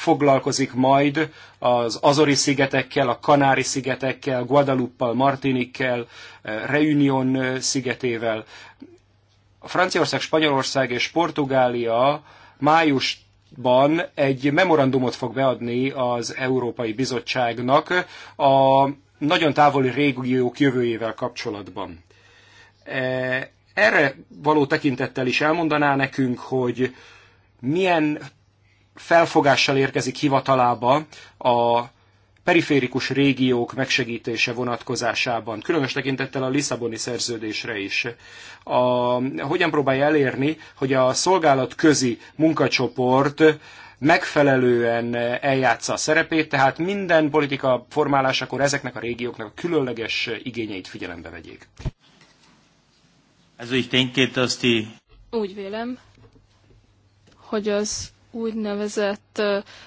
Speaker 4: foglalkozik majd az Azori szigetekkel, a Kanári szigetekkel, Guadalupe-pal, Martinikkel, eh, Reunion eh, szigetével. A Franciaország, Spanyolország és Portugália május ban egy memorandumot fog beadni az Európai Bizottságnak a nagyon távoli régiók jövőjével kapcsolatban. Eh, erre való tekintettel is elmondaná nekünk, hogy milyen felfogással érkezik hivatalába a periférikus régiók megsegítése vonatkozásában, különös tekintettel a Lisszaboni szerződésre is. A, hogyan próbálja elérni, hogy a szolgálat közi munkacsoport megfelelően eljátsza a szerepét, tehát minden politika formálásakor ezeknek a régióknak a különleges igényeit figyelembe vegyék.
Speaker 3: Úgy vélem, hogy az úgynevezett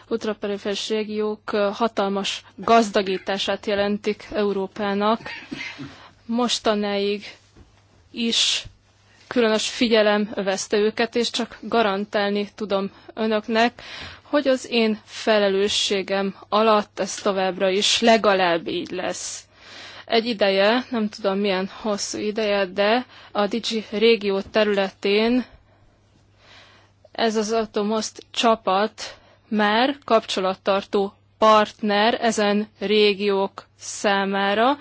Speaker 3: ultraperiféris régiók hatalmas gazdagítását jelentik Európának. Mostanáig is különös figyelem övezte őket, és csak garantálni tudom önöknek, hogy az én felelősségem alatt ez továbbra is legalább így lesz. Egy ideje, nem tudom milyen hosszú ideje, de a Digi régió területén ez az Atomoszt csapat már kapcsolattartó partner ezen régiók számára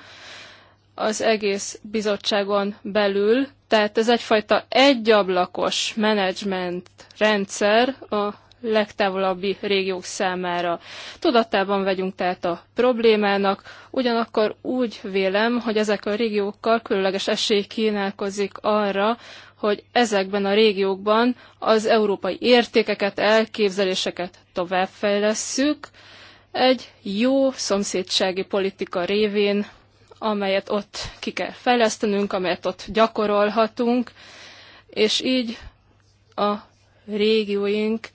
Speaker 3: az egész bizottságon belül, tehát ez egyfajta egyablakos menedzsment rendszer a legtávolabbi régiók számára. Tudatában vegyünk tehát a problémának, ugyanakkor úgy vélem, hogy ezek a régiókkal különleges esély kínálkozik arra, hogy ezekben a régiókban az európai értékeket, elképzeléseket továbbfejlesszük egy jó szomszédsági politika révén, amelyet ott ki kell fejlesztenünk, amelyet ott gyakorolhatunk, és így a régióink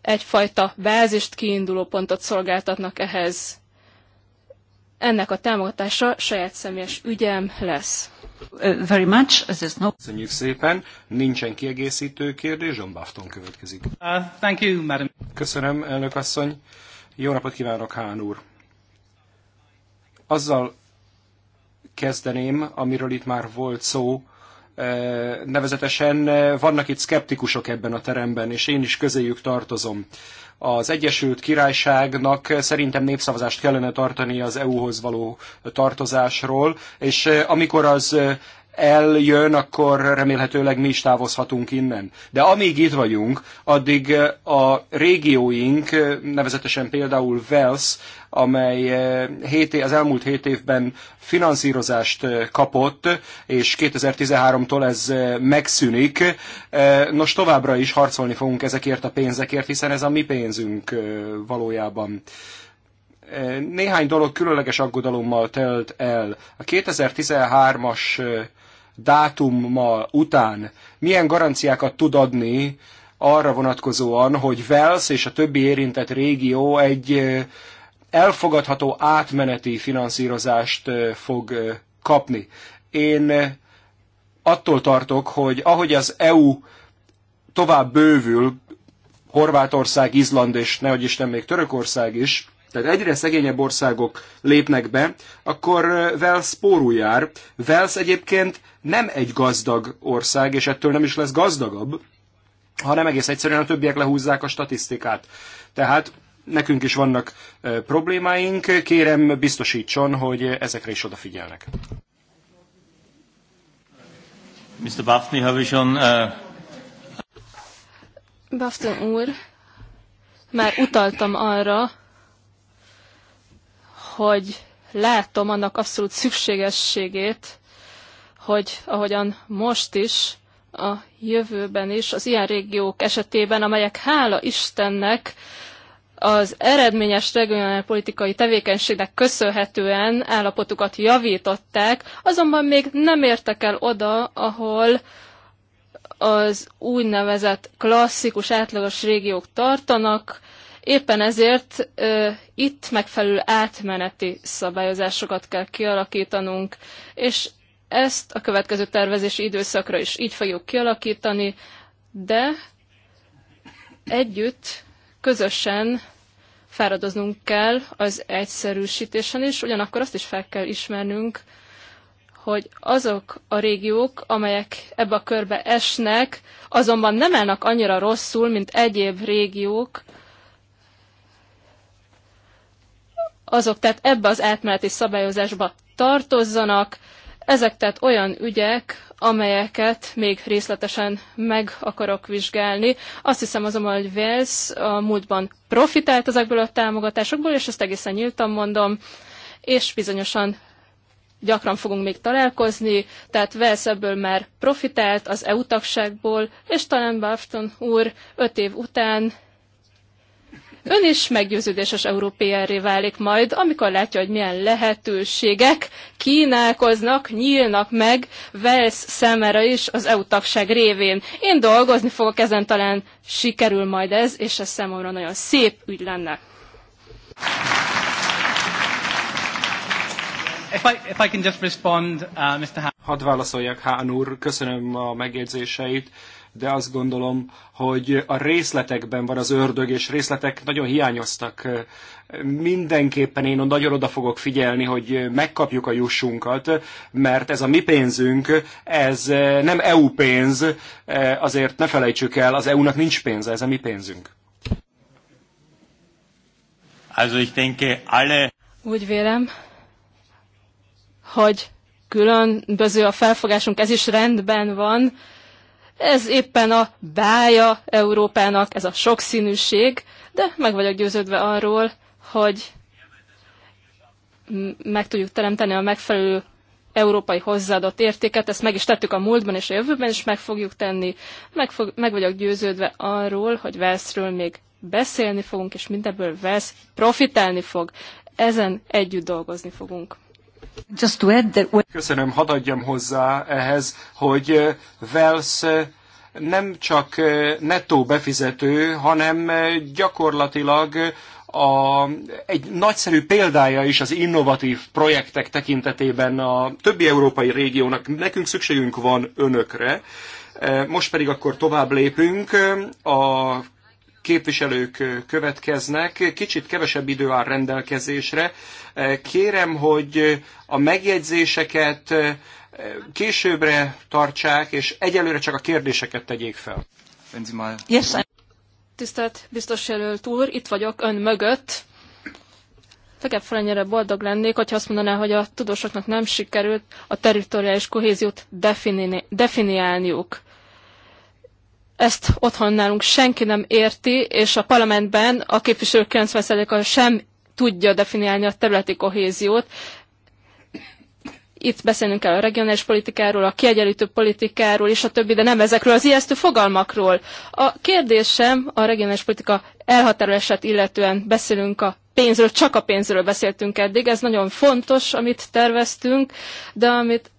Speaker 3: egyfajta bázist, kiinduló pontot szolgáltatnak ehhez. Ennek a támogatása saját személyes ügyem lesz.
Speaker 4: Very much. There's no... Köszönjük szépen. Nincsen kiegészítő kérdés. John Bafton következik. Uh, thank you, madam. Köszönöm, elnök asszony. Jó napot kívánok, Hán úr. Azzal kezdeném, amiről itt már volt szó, Nevezetesen vannak itt szkeptikusok ebben a teremben, és én is közéjük tartozom. Az Egyesült Királyságnak szerintem népszavazást kellene tartani az EU-hoz való tartozásról, és amikor az eljön, akkor remélhetőleg mi is távozhatunk innen. De amíg itt vagyunk, addig a régióink, nevezetesen például Wales, amely az elmúlt hét évben finanszírozást kapott, és 2013-tól ez megszűnik. Nos, továbbra is harcolni fogunk ezekért a pénzekért, hiszen ez a mi pénzünk valójában. Néhány dolog különleges aggodalommal telt el. A 2013-as dátummal után milyen garanciákat tud adni arra vonatkozóan, hogy Wales és a többi érintett régió egy elfogadható átmeneti finanszírozást fog kapni. Én attól tartok, hogy ahogy az EU tovább bővül, Horvátország, Izland és nehogy Isten még Törökország is, tehát egyre szegényebb országok lépnek be, akkor Wales pórul jár. Wales egyébként nem egy gazdag ország, és ettől nem is lesz gazdagabb, hanem egész egyszerűen a többiek lehúzzák a statisztikát. Tehát nekünk is vannak problémáink, kérem biztosítson, hogy ezekre is odafigyelnek.
Speaker 2: Mr. Bafni, have you uh...
Speaker 3: Bafton úr, már utaltam arra, hogy látom annak abszolút szükségességét, hogy ahogyan most is, a jövőben is, az ilyen régiók esetében, amelyek hála Istennek az eredményes regionális politikai tevékenységnek köszönhetően állapotukat javították, azonban még nem értek el oda, ahol az úgynevezett klasszikus átlagos régiók tartanak, Éppen ezért ö, itt megfelelő átmeneti szabályozásokat kell kialakítanunk, és ezt a következő tervezési időszakra is így fogjuk kialakítani, de együtt, közösen fáradoznunk kell az egyszerűsítésen is, ugyanakkor azt is fel kell ismernünk, hogy azok a régiók, amelyek ebbe a körbe esnek, azonban nem állnak annyira rosszul, mint egyéb régiók, azok tehát ebbe az átmeneti szabályozásba tartozzanak. Ezek tehát olyan ügyek, amelyeket még részletesen meg akarok vizsgálni. Azt hiszem azonban, hogy Wales a múltban profitált ezekből a támogatásokból, és ezt egészen nyíltan mondom, és bizonyosan gyakran fogunk még találkozni, tehát Wales ebből már profitált az EU tagságból, és talán Bafton úr öt év után Ön is meggyőződéses európai válik majd, amikor látja, hogy milyen lehetőségek kínálkoznak, nyílnak meg Velsz szemére is az EU tagság révén. Én dolgozni fogok ezen, talán sikerül majd ez, és ez számomra nagyon szép ügy lenne.
Speaker 4: If I, if I can just respond, uh, Mr. Hadd válaszoljak, Hán úr, köszönöm a megjegyzéseit de azt gondolom, hogy a részletekben van az ördög, és részletek nagyon hiányoztak. Mindenképpen én nagyon oda fogok figyelni, hogy megkapjuk a jussunkat, mert ez a mi pénzünk, ez nem EU pénz, azért ne felejtsük el, az EU-nak nincs pénze, ez a mi pénzünk. Also ich denke,
Speaker 2: alle
Speaker 3: Úgy vélem, hogy különböző a felfogásunk, ez is rendben van, ez éppen a bája Európának, ez a sokszínűség, de meg vagyok győződve arról, hogy meg tudjuk teremteni a megfelelő európai hozzáadott értéket, ezt meg is tettük a múltban és a jövőben is meg fogjuk tenni. Meg, fog, meg vagyok győződve arról, hogy Velszről még beszélni fogunk, és mindebből Velsz profitálni fog. Ezen együtt dolgozni fogunk.
Speaker 4: Just to add that... Köszönöm, hadd adjam hozzá ehhez, hogy eh, Wells eh, nem csak eh, nettó befizető, hanem gyakorlatilag a, egy nagyszerű példája is az innovatív projektek tekintetében a többi európai régiónak. Nekünk szükségünk van önökre. Most pedig akkor tovább lépünk a képviselők következnek. Kicsit kevesebb idő áll rendelkezésre. Kérem, hogy a megjegyzéseket későbbre tartsák, és egyelőre csak a kérdéseket tegyék fel. Yes,
Speaker 3: Tisztelt biztos jelölt úr, itt vagyok ön mögött. Legebb felennyire boldog lennék, hogyha azt mondaná, hogy a tudósoknak nem sikerült a teritoriális kohéziót defini- definiálniuk. Ezt otthon nálunk senki nem érti, és a parlamentben a képviselők 90%-a sem tudja definiálni a területi kohéziót. Itt beszélnünk kell a regionális politikáról, a kiegyenlítő politikáról és a többi, de nem ezekről az ijesztő fogalmakról. A kérdésem a regionális politika elhatárolását illetően beszélünk a pénzről, csak a pénzről beszéltünk eddig, ez nagyon fontos, amit terveztünk, de amit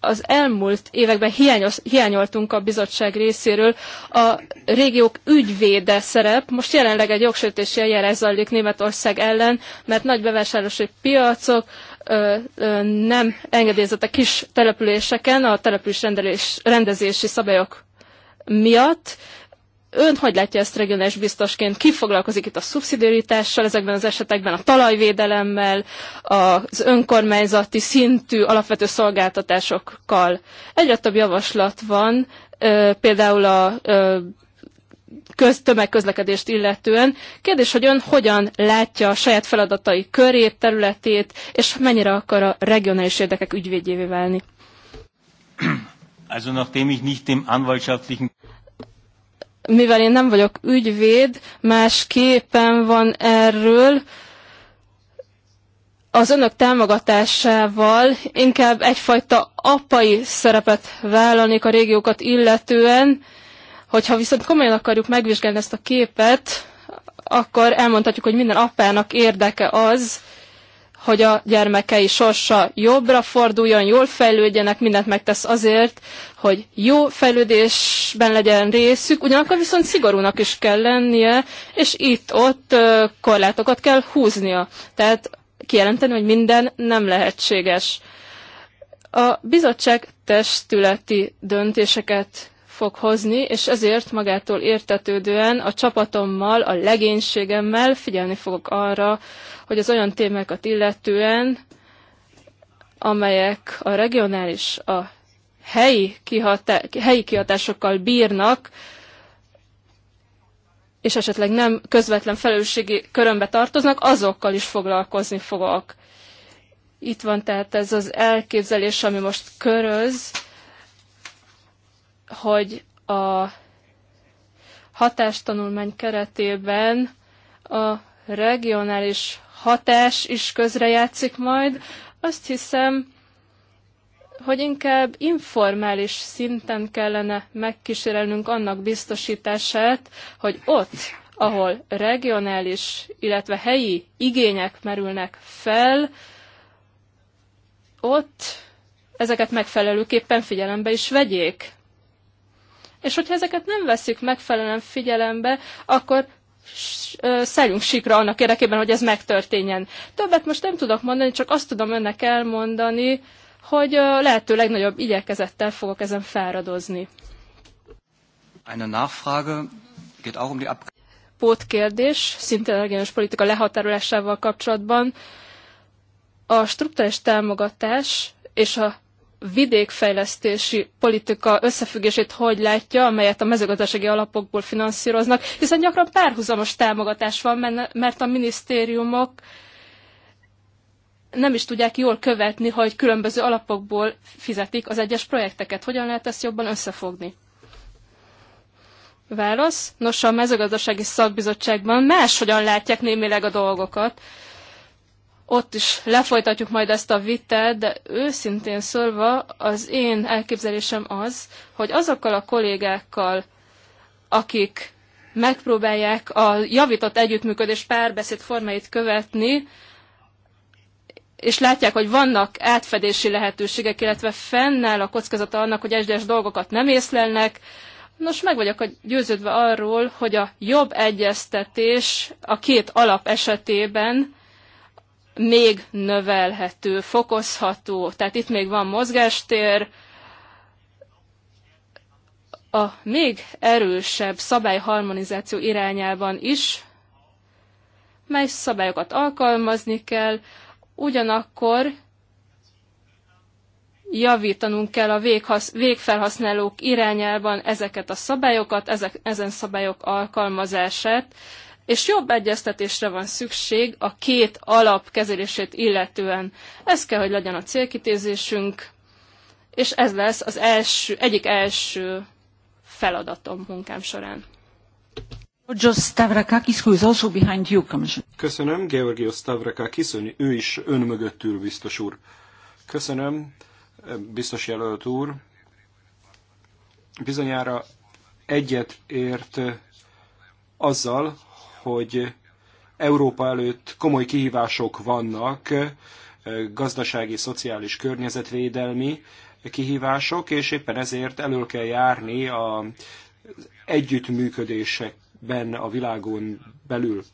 Speaker 3: az elmúlt években hiányos, hiányoltunk a bizottság részéről. A régiók ügyvéde szerep, most jelenleg egy jogsértési eljárás zajlik Németország ellen, mert nagy bevásárlási piacok ö, ö, nem engedélyezett a kis településeken a település rendelés, rendezési szabályok miatt, Ön hogy látja ezt regionális biztosként? Ki foglalkozik itt a szubszidiaritással ezekben az esetekben, a talajvédelemmel, az önkormányzati szintű alapvető szolgáltatásokkal? Egyre több javaslat van, például a köz, tömegközlekedést illetően. Kérdés, hogy ön hogyan látja a saját feladatai körét, területét, és mennyire akar a regionális érdekek ügyvédjévé válni?
Speaker 2: Also nachdem ich nicht dem anwaltschaftlichen
Speaker 3: mivel én nem vagyok ügyvéd, más képen van erről, az önök támogatásával inkább egyfajta apai szerepet vállalnék a régiókat illetően, hogyha viszont komolyan akarjuk megvizsgálni ezt a képet, akkor elmondhatjuk, hogy minden apának érdeke az, hogy a gyermekei sorsa jobbra forduljon, jól fejlődjenek, mindent megtesz azért, hogy jó fejlődésben legyen részük, ugyanakkor viszont szigorúnak is kell lennie, és itt-ott korlátokat kell húznia. Tehát kijelenteni, hogy minden nem lehetséges. A bizottság testületi döntéseket fog hozni, és ezért magától értetődően a csapatommal, a legénységemmel figyelni fogok arra, hogy az olyan témákat illetően, amelyek a regionális, a helyi, kihatá- helyi kihatásokkal bírnak, és esetleg nem közvetlen felelősségi körömbe tartoznak, azokkal is foglalkozni fogok. Itt van tehát ez az elképzelés, ami most köröz, hogy a hatástanulmány keretében a regionális hatás is közrejátszik majd. Azt hiszem, hogy inkább informális szinten kellene megkísérelnünk annak biztosítását, hogy ott, ahol regionális, illetve helyi igények merülnek fel, ott ezeket megfelelőképpen figyelembe is vegyék. És hogyha ezeket nem veszik megfelelően figyelembe, akkor szálljunk sikra annak érdekében, hogy ez megtörténjen. Többet most nem tudok mondani, csak azt tudom önnek elmondani, hogy lehető legnagyobb igyekezettel fogok ezen fáradozni.
Speaker 2: Eine Nachfrage
Speaker 3: geht auch um die Ab Pótkérdés, szintén regionális politika lehatárolásával kapcsolatban. A struktúrális támogatás és a vidékfejlesztési politika összefüggését hogy látja, amelyet a mezőgazdasági alapokból finanszíroznak, hiszen gyakran párhuzamos támogatás van, mert a minisztériumok nem is tudják jól követni, hogy különböző alapokból fizetik az egyes projekteket. Hogyan lehet ezt jobban összefogni? Válasz. Nos, a mezőgazdasági szakbizottságban máshogyan látják némileg a dolgokat ott is lefolytatjuk majd ezt a vitát, de őszintén szólva az én elképzelésem az, hogy azokkal a kollégákkal, akik megpróbálják a javított együttműködés párbeszéd formáit követni, és látják, hogy vannak átfedési lehetőségek, illetve fennáll a kockázata annak, hogy egyes dolgokat nem észlelnek. Nos, meg vagyok győződve arról, hogy a jobb egyeztetés a két alap esetében még növelhető, fokozható, tehát itt még van mozgástér, a még erősebb szabályharmonizáció irányában is, mely szabályokat alkalmazni kell, ugyanakkor javítanunk kell a véghasz, végfelhasználók irányában ezeket a szabályokat, ezek, ezen szabályok alkalmazását, és jobb egyeztetésre van szükség a két alap kezelését illetően. Ez kell, hogy legyen a célkitézésünk, és ez lesz az első, egyik első feladatom munkám során.
Speaker 4: Köszönöm, Georgios Stavrakakis, ő is ön mögött ül, biztos úr. Köszönöm, biztos jelölt úr. Bizonyára egyet ért azzal, hogy Európa előtt komoly kihívások vannak, eh, gazdasági, szociális, környezetvédelmi kihívások, és éppen ezért elől kell járni a együttműködésekben a világon belül.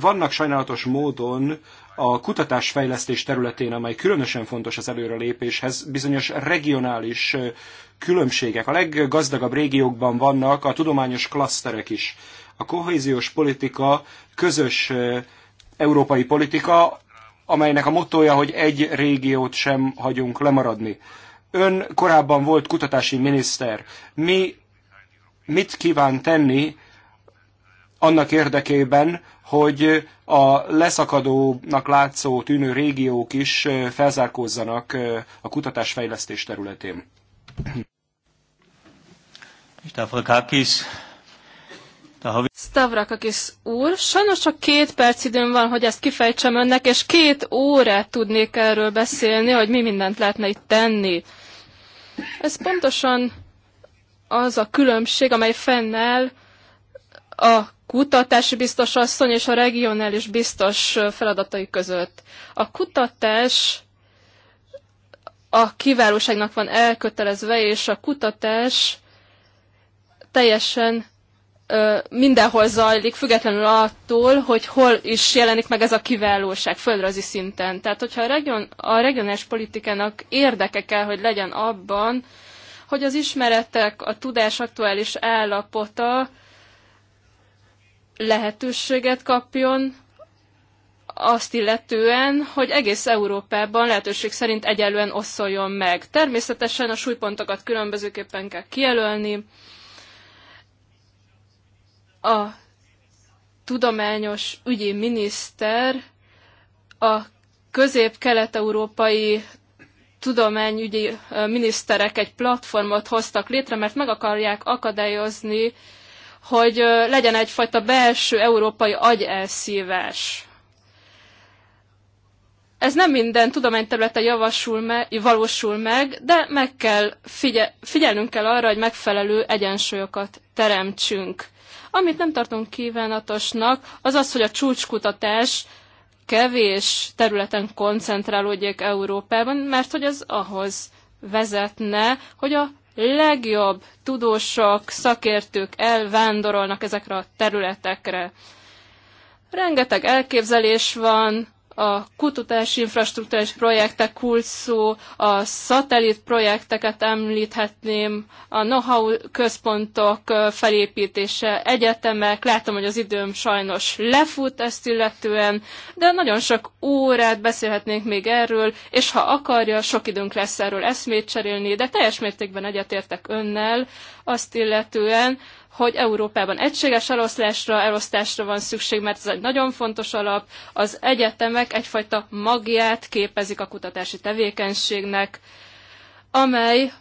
Speaker 4: Vannak sajnálatos módon a kutatásfejlesztés területén, amely különösen fontos az előrelépéshez, bizonyos regionális eh, különbségek. A leggazdagabb régiókban vannak a tudományos klaszterek is. A kohéziós politika közös európai politika, amelynek a mottoja, hogy egy régiót sem hagyunk lemaradni. Ön korábban volt kutatási miniszter. Mi mit kíván tenni annak érdekében, hogy a leszakadónak látszó tűnő régiók is felzárkózzanak a kutatásfejlesztés területén.
Speaker 2: Frakakis.
Speaker 3: Stavrakakis úr, sajnos csak két perc időm van, hogy ezt kifejtsem önnek, és két órát tudnék erről beszélni, hogy mi mindent lehetne itt tenni. Ez pontosan az a különbség, amely fennáll a kutatási biztos asszony és a regionális biztos feladatai között. A kutatás a kiválóságnak van elkötelezve, és a kutatás teljesen mindenhol zajlik, függetlenül attól, hogy hol is jelenik meg ez a kiválóság földrajzi szinten. Tehát, hogyha a, region, a regionális politikának érdeke kell, hogy legyen abban, hogy az ismeretek, a tudás aktuális állapota lehetőséget kapjon azt illetően, hogy egész Európában lehetőség szerint egyelően osszoljon meg. Természetesen a súlypontokat különbözőképpen kell kijelölni, a tudományos ügyi miniszter a közép-kelet-európai tudományügyi miniszterek egy platformot hoztak létre, mert meg akarják akadályozni, hogy legyen egyfajta belső európai agyelszívás. Ez nem minden tudományterülete javasul me, valósul meg, de meg kell figye, figyelnünk kell arra, hogy megfelelő egyensúlyokat teremtsünk. Amit nem tartunk kívánatosnak, az az, hogy a csúcskutatás kevés területen koncentrálódjék Európában, mert hogy az ahhoz vezetne, hogy a legjobb tudósok, szakértők elvándorolnak ezekre a területekre. Rengeteg elképzelés van, a kutatási infrastruktúrás projektek kulcsú, a szatellit projekteket említhetném, a know-how központok felépítése, egyetemek, látom, hogy az időm sajnos lefut ezt illetően, de nagyon sok órát beszélhetnénk még erről, és ha akarja, sok időnk lesz erről eszmét cserélni, de teljes mértékben egyetértek önnel azt illetően, hogy Európában egységes eloszlásra, elosztásra van szükség, mert ez egy nagyon fontos alap. Az egyetemek egyfajta magját képezik a kutatási tevékenységnek, amely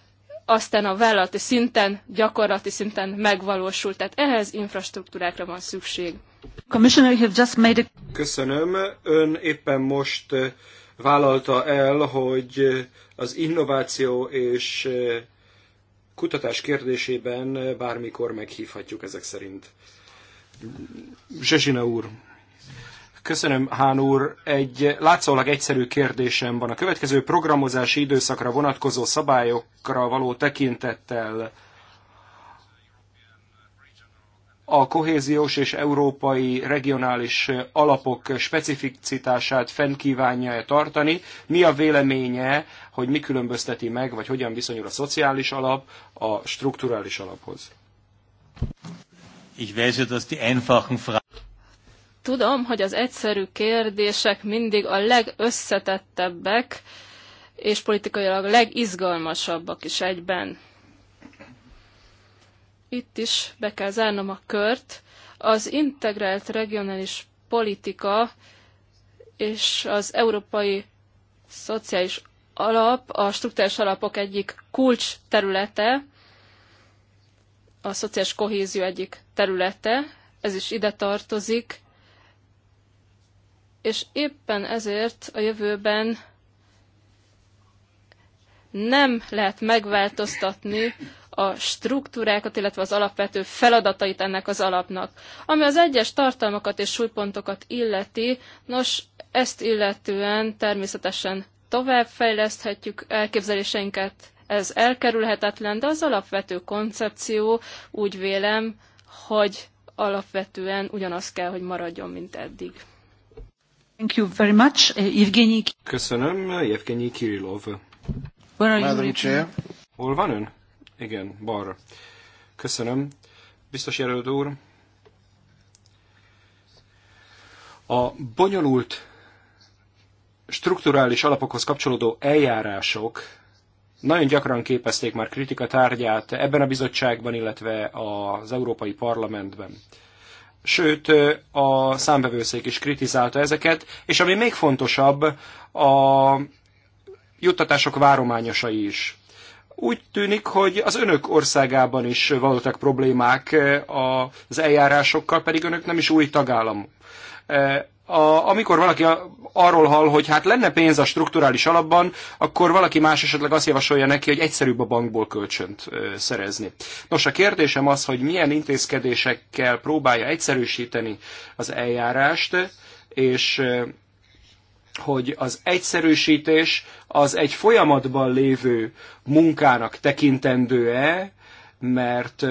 Speaker 3: aztán a vállalati szinten, gyakorlati szinten megvalósul. Tehát ehhez infrastruktúrákra van szükség.
Speaker 4: Köszönöm. Ön éppen most eh, vállalta el, hogy eh, az innováció és eh, kutatás kérdésében bármikor meghívhatjuk ezek szerint. Zsezsina úr, Köszönöm, Hán úr. Egy látszólag egyszerű kérdésem van. A következő programozási időszakra vonatkozó szabályokra való tekintettel a kohéziós és európai regionális alapok specificitását fenn kívánja-e tartani? Mi a véleménye, hogy mi különbözteti meg, vagy hogyan viszonyul a szociális alap a strukturális alaphoz?
Speaker 2: Ich weiß, dass die einfachen
Speaker 3: Tudom, hogy az egyszerű kérdések mindig a legösszetettebbek, és politikailag legizgalmasabbak is egyben itt is be kell zárnom a kört. Az integrált regionális politika és az európai szociális alap, a struktúrás alapok egyik kulcs területe, a szociális kohézió egyik területe, ez is ide tartozik, és éppen ezért a jövőben nem lehet megváltoztatni a struktúrákat, illetve az alapvető feladatait ennek az alapnak. Ami az egyes tartalmakat és súlypontokat illeti, nos, ezt illetően természetesen továbbfejleszthetjük elképzeléseinket, ez elkerülhetetlen, de az alapvető koncepció úgy vélem, hogy alapvetően ugyanaz kell, hogy maradjon, mint eddig.
Speaker 5: Thank you very much, Evgeny.
Speaker 4: Köszönöm, Evgeny Kirillov. Where are you? Madam Chair. Hol van ön? Igen, balra. Köszönöm. Biztos jelölt úr. A bonyolult strukturális alapokhoz kapcsolódó eljárások nagyon gyakran képezték már kritika tárgyát ebben a bizottságban, illetve az Európai Parlamentben. Sőt, a számbevőszék is kritizálta ezeket, és ami még fontosabb, a juttatások várományosai is. Úgy tűnik, hogy az önök országában is voltak problémák eh, az eljárásokkal, pedig önök nem is új tagállam. Eh, a, amikor valaki arról hall, hogy hát lenne pénz a strukturális alapban, akkor valaki más esetleg azt javasolja neki, hogy egyszerűbb a bankból kölcsönt eh, szerezni. Nos, a kérdésem az, hogy milyen intézkedésekkel próbálja egyszerűsíteni az eljárást, és hogy az egyszerűsítés az egy folyamatban lévő munkának tekintendő-e, mert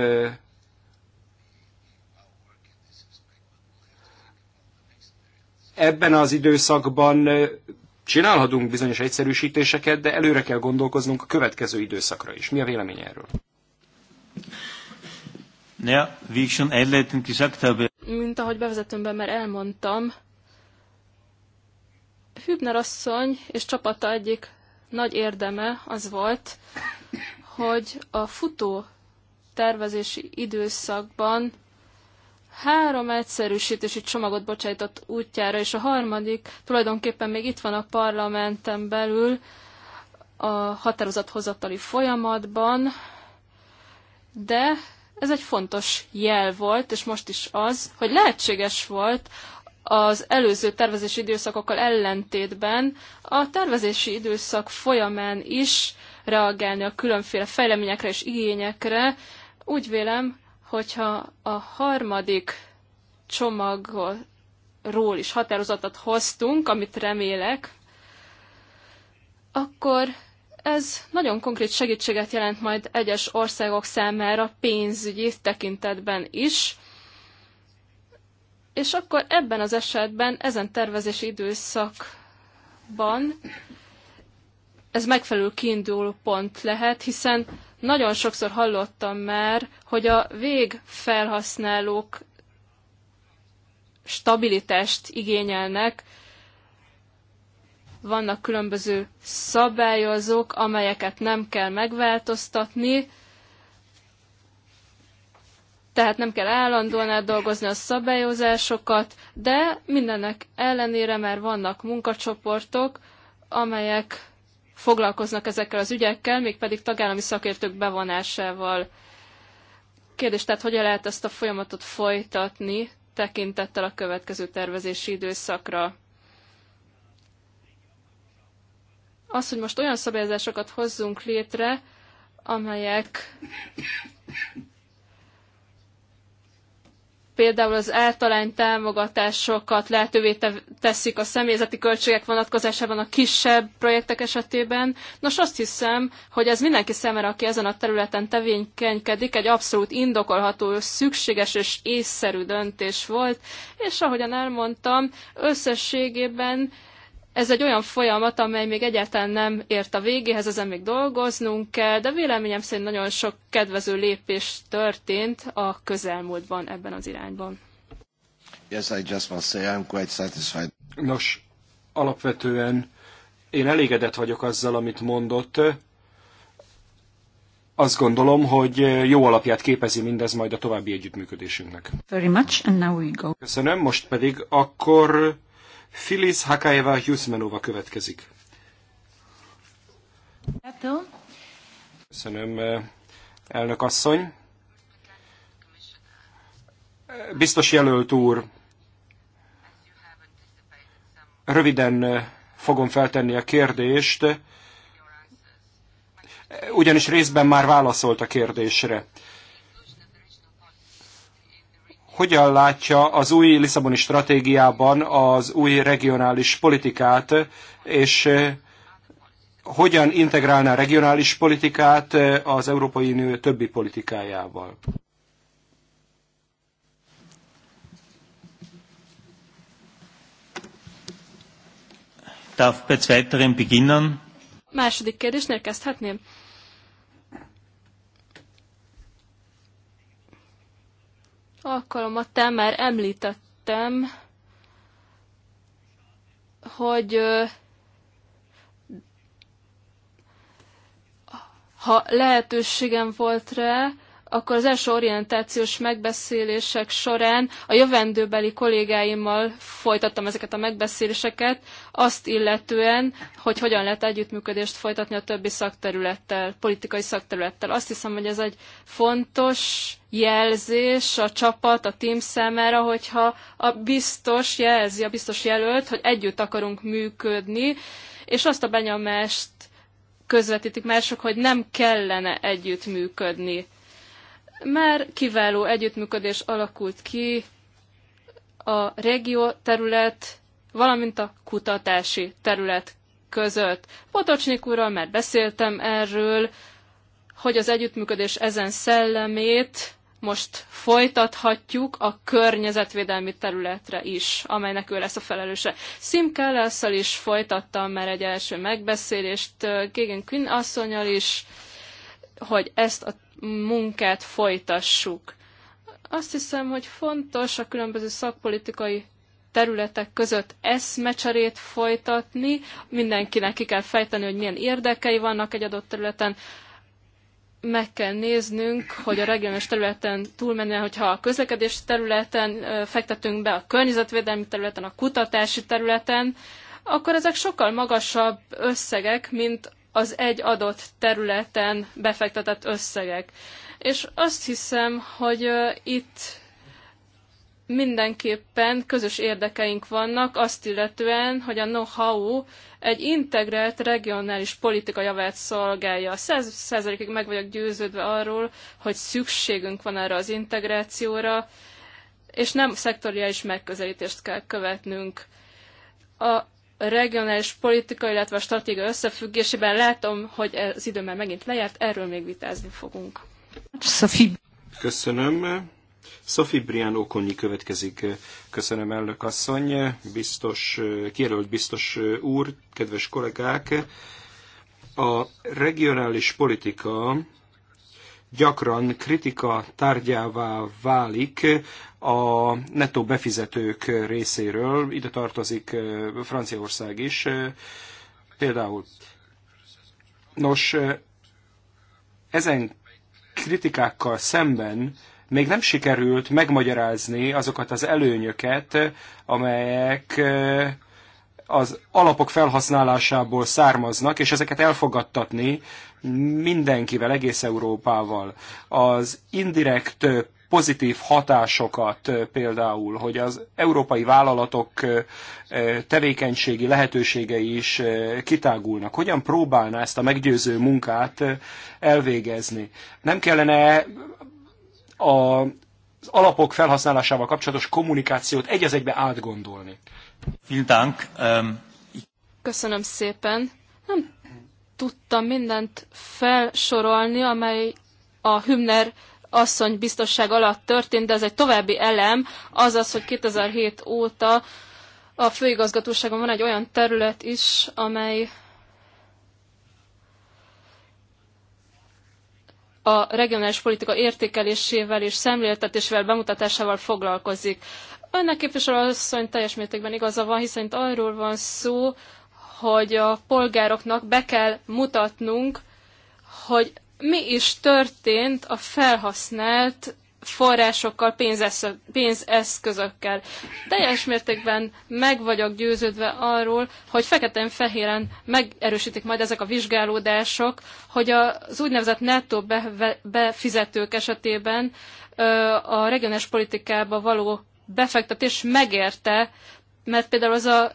Speaker 4: ebben az időszakban csinálhatunk bizonyos egyszerűsítéseket, de előre kell gondolkoznunk a következő időszakra is. Mi a vélemény erről?
Speaker 2: Ja, wie ich schon einleitend gesagt habe.
Speaker 3: Mint ahogy bevezetőmben már elmondtam, Hübner asszony és csapata egyik nagy érdeme az volt, hogy a futó tervezési időszakban három egyszerűsítési csomagot bocsájtott útjára, és a harmadik tulajdonképpen még itt van a parlamenten belül a határozathozatali folyamatban, de ez egy fontos jel volt, és most is az, hogy lehetséges volt az előző tervezési időszakokkal ellentétben a tervezési időszak folyamán is reagálni a különféle fejleményekre és igényekre. Úgy vélem, hogyha a harmadik csomagról is határozatot hoztunk, amit remélek, akkor ez nagyon konkrét segítséget jelent majd egyes országok számára pénzügyi tekintetben is, és akkor ebben az esetben, ezen tervezési időszakban ez megfelelő kiinduló pont lehet, hiszen nagyon sokszor hallottam már, hogy a végfelhasználók stabilitást igényelnek, vannak különböző szabályozók, amelyeket nem kell megváltoztatni, tehát nem kell állandóan átdolgozni a szabályozásokat, de mindennek ellenére már vannak munkacsoportok, amelyek foglalkoznak ezekkel az ügyekkel, mégpedig tagállami szakértők bevonásával. Kérdés, tehát hogyan lehet ezt a folyamatot folytatni tekintettel a következő tervezési időszakra? Az, hogy most olyan szabályozásokat hozzunk létre, amelyek például az általány támogatásokat lehetővé teszik a személyzeti költségek vonatkozásában a kisebb projektek esetében. Nos, azt hiszem, hogy ez mindenki számára, aki ezen a területen tevékenykedik, egy abszolút indokolható, szükséges és észszerű döntés volt, és ahogyan elmondtam, összességében ez egy olyan folyamat, amely még egyáltalán nem ért a végéhez, ezen még dolgoznunk kell, de véleményem szerint nagyon sok kedvező lépés történt a közelmúltban ebben az irányban.
Speaker 1: Yes, I just to say I'm quite satisfied.
Speaker 4: Nos, alapvetően én elégedett vagyok azzal, amit mondott. Azt gondolom, hogy jó alapját képezi mindez majd a további együttműködésünknek.
Speaker 5: Very much, and now we go.
Speaker 4: Köszönöm, most pedig akkor Filiz Hakaeva Jusmenova következik. Köszönöm, elnök asszony. Biztos jelölt úr, röviden fogom feltenni a kérdést, ugyanis részben már válaszolt a kérdésre hogyan látja az új Lisszaboni stratégiában az új regionális politikát, és eh, hogyan integrálná a regionális politikát eh, az Európai Unió többi politikájával?
Speaker 2: Darf
Speaker 3: Második kérdésnél kezdhetném? alkalomattá már említettem, hogy ha lehetőségem volt rá, akkor az első orientációs megbeszélések során a jövendőbeli kollégáimmal folytattam ezeket a megbeszéléseket, azt illetően, hogy hogyan lehet együttműködést folytatni a többi szakterülettel, politikai szakterülettel. Azt hiszem, hogy ez egy fontos jelzés a csapat, a team számára, hogyha a biztos jelzi, a biztos jelölt, hogy együtt akarunk működni, és azt a benyomást közvetítik mások, hogy nem kellene együttműködni. Már kiváló együttműködés alakult ki a régió terület, valamint a kutatási terület között. Potocsnik úrral már beszéltem erről, hogy az együttműködés ezen szellemét most folytathatjuk a környezetvédelmi területre is, amelynek ő lesz a felelőse. Sim is folytattam már egy első megbeszélést, Gégen Quinn asszonyal is, hogy ezt a munkát folytassuk. Azt hiszem, hogy fontos a különböző szakpolitikai területek között eszmecserét folytatni, mindenkinek ki kell fejteni, hogy milyen érdekei vannak egy adott területen, meg kell néznünk, hogy a regionális területen túlmenni, hogyha a közlekedés területen fektetünk be, a környezetvédelmi területen, a kutatási területen, akkor ezek sokkal magasabb összegek, mint az egy adott területen befektetett összegek. És azt hiszem, hogy itt mindenképpen közös érdekeink vannak azt illetően, hogy a know-how egy integrált regionális politika javát szolgálja. Száz százalékig meg vagyok győződve arról, hogy szükségünk van erre az integrációra, és nem szektoriális megközelítést kell követnünk. A regionális politika, illetve a stratégia összefüggésében látom, hogy az idő már megint lejárt, erről még vitázni fogunk.
Speaker 4: Sophie. Köszönöm. Sophie Brian Okonyi következik. Köszönöm, elnök asszony, biztos, kijelölt biztos úr, kedves kollégák. A regionális politika gyakran kritika tárgyává válik a nettó befizetők részéről, ide tartozik Franciaország is, például. Nos, ezen kritikákkal szemben még nem sikerült megmagyarázni azokat az előnyöket, amelyek az alapok felhasználásából származnak, és ezeket elfogadtatni mindenkivel, egész Európával. Az indirekt pozitív hatásokat például, hogy az európai vállalatok tevékenységi lehetőségei is kitágulnak. Hogyan próbálná ezt a meggyőző munkát elvégezni? Nem kellene az alapok felhasználásával kapcsolatos kommunikációt egy az egybe átgondolni. Ähm,
Speaker 3: Köszönöm szépen. Nem tudtam mindent felsorolni, amely a Hübner asszony biztosság alatt történt, de ez egy további elem, azaz, hogy 2007 óta a főigazgatóságon van egy olyan terület is, amely a regionális politika értékelésével és szemléltetésével, bemutatásával foglalkozik. Önnek képviselő asszony teljes mértékben igaza van, hiszen itt arról van szó, hogy a polgároknak be kell mutatnunk, hogy mi is történt a felhasznált forrásokkal, pénzeszközökkel. Teljes mértékben meg vagyok győződve arról, hogy feketén-fehéren megerősítik majd ezek a vizsgálódások, hogy az úgynevezett nettó befizetők esetében a regionális politikába való befektetés megérte, mert például az a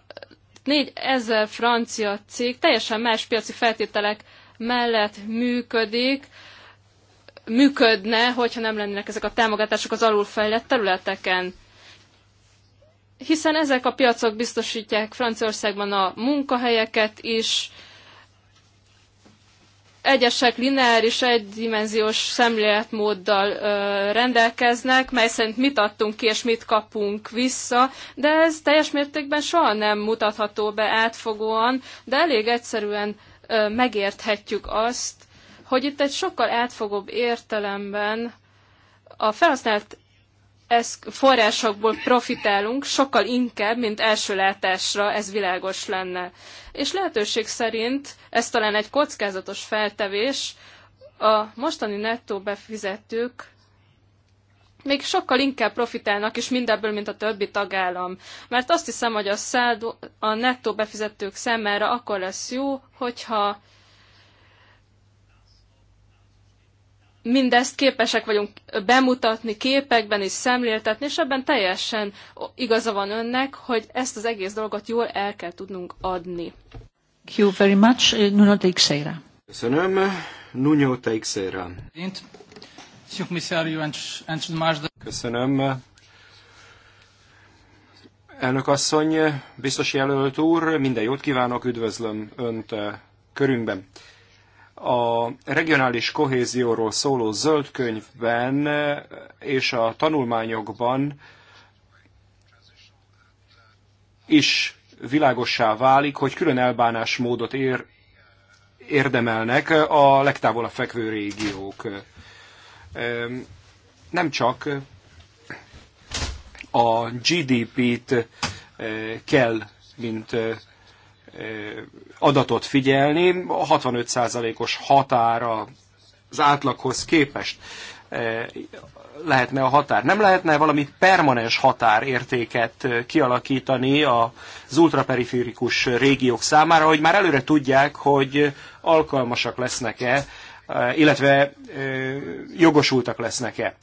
Speaker 3: 4000 francia cég teljesen más piaci feltételek mellett működik, működne, hogyha nem lennének ezek a támogatások az alulfejlett területeken. Hiszen ezek a piacok biztosítják Franciaországban a munkahelyeket is, egyesek lineáris, egydimenziós szemléletmóddal ö, rendelkeznek, mely szerint mit adtunk ki és mit kapunk vissza, de ez teljes mértékben soha nem mutatható be átfogóan, de elég egyszerűen ö, megérthetjük azt, hogy itt egy sokkal átfogóbb értelemben a felhasznált ez forrásokból profitálunk, sokkal inkább, mint első látásra ez világos lenne. És lehetőség szerint, ez talán egy kockázatos feltevés, a mostani nettó befizetők még sokkal inkább profitálnak is mindebből, mint a többi tagállam. Mert azt hiszem, hogy a, szád, a nettó befizetők számára akkor lesz jó, hogyha mindezt képesek vagyunk bemutatni képekben és szemléltetni, és ebben teljesen igaza van önnek, hogy ezt az egész dolgot jól el kell tudnunk adni. Thank you very much, eh, Nuno Teixeira.
Speaker 4: Köszönöm, Nuno Teixeira. Köszönöm. Elnök asszony, biztos jelölt úr, minden jót kívánok, üdvözlöm Önt eh, körünkben a regionális kohézióról szóló zöld könyvben eh, és a tanulmányokban is világossá válik, hogy külön elbánásmódot ér, érdemelnek a legtávolabb fekvő régiók. Nem csak a GDP-t eh, kell, mint eh, adatot figyelni, a 65%-os határa az átlaghoz képest e, lehetne a határ. Nem lehetne valami permanens határértéket e, kialakítani az ultraperiférikus régiók számára, hogy már előre tudják, hogy alkalmasak lesznek-e, e, illetve jogosultak lesznek-e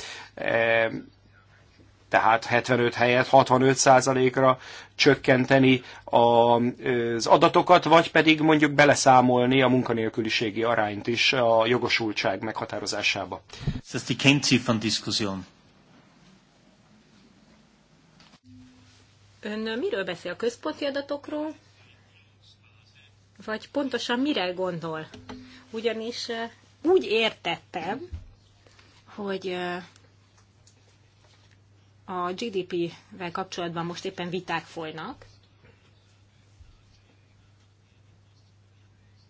Speaker 4: tehát 75 helyet 65%-ra csökkenteni az adatokat, vagy pedig mondjuk beleszámolni a munkanélküliségi arányt is a jogosultság meghatározásába.
Speaker 2: Ez die Kennziffern Diskussion.
Speaker 5: Ön miről beszél? Központi adatokról? Vagy pontosan mire gondol? Ugyanis eh, úgy értettem, hogy eh, a GDP-vel kapcsolatban most éppen viták folynak,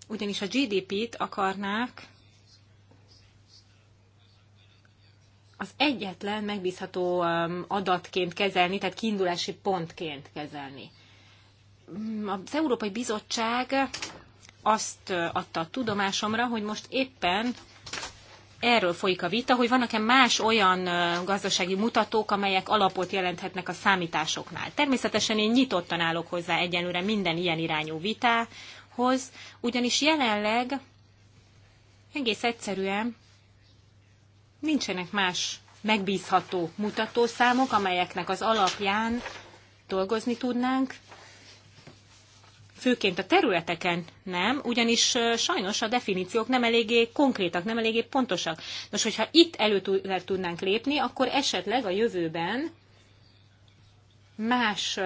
Speaker 5: ugyanis a GDP-t akarnák az egyetlen megbízható um, adatként kezelni, tehát kiindulási pontként kezelni. Mm, az Európai Bizottság azt adta a tudomásomra, hogy most éppen erről folyik a vita, hogy vannak-e más olyan gazdasági mutatók, amelyek alapot jelenthetnek a számításoknál. Természetesen én nyitottan állok hozzá egyenlőre minden ilyen irányú vitához, ugyanis jelenleg egész egyszerűen nincsenek más megbízható mutatószámok, amelyeknek az alapján dolgozni tudnánk, főként a területeken nem, ugyanis sajnos a definíciók nem eléggé konkrétak, nem eléggé pontosak. Nos, hogyha itt elő tudnánk lépni, akkor esetleg a jövőben más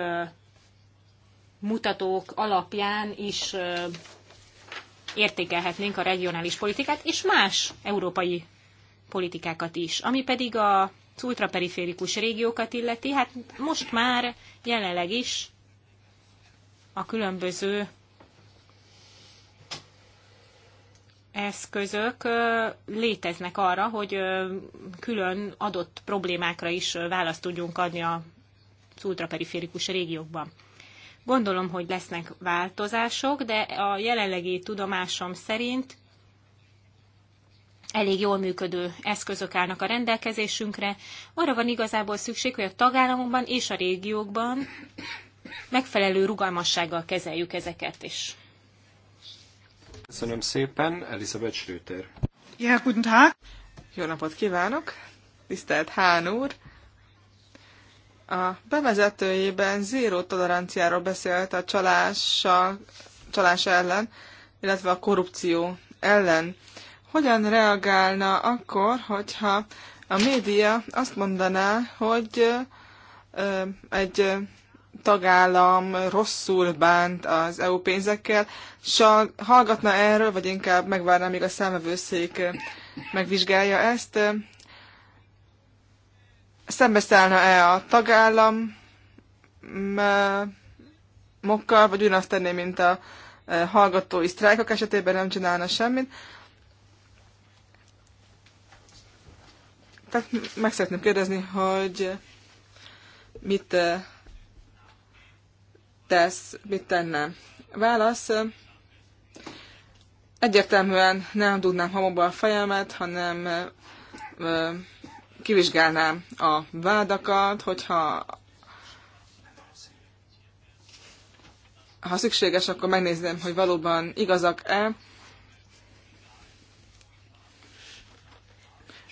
Speaker 5: mutatók alapján is értékelhetnénk a regionális politikát, és más európai politikákat is. Ami pedig a ultraperiférikus régiókat illeti, hát most már jelenleg is a különböző eszközök léteznek arra, hogy külön adott problémákra is választ tudjunk adni az ultraperiférikus régiókban. Gondolom, hogy lesznek változások, de a jelenlegi tudomásom szerint elég jól működő eszközök állnak a rendelkezésünkre. Arra van igazából szükség, hogy a tagállamokban és a régiókban megfelelő rugalmassággal kezeljük
Speaker 1: ezeket is.
Speaker 4: Köszönöm szépen, Elizabeth Schröter.
Speaker 1: Ja, guten Tag. Jó napot kívánok, tisztelt Hán úr. A bevezetőjében zéró toleranciáról beszélt a csalása, csalás ellen, illetve a korrupció ellen. Hogyan reagálna akkor, hogyha a média azt mondaná, hogy egy tagállam rosszul bánt az EU pénzekkel, és hallgatna erről, vagy inkább megvárná, míg a számvevőszék megvizsgálja ezt, szembeszállna-e a tagállam mokkal, vagy ugyanazt tenné, mint a hallgatói sztrájkok esetében nem csinálna semmit. Tehát meg szeretném kérdezni, hogy mit tesz, mit tenne? Válasz, egyértelműen nem tudnám hamoba a fejemet, hanem kivizsgálnám a vádakat, hogyha ha szükséges, akkor megnézném, hogy valóban igazak-e.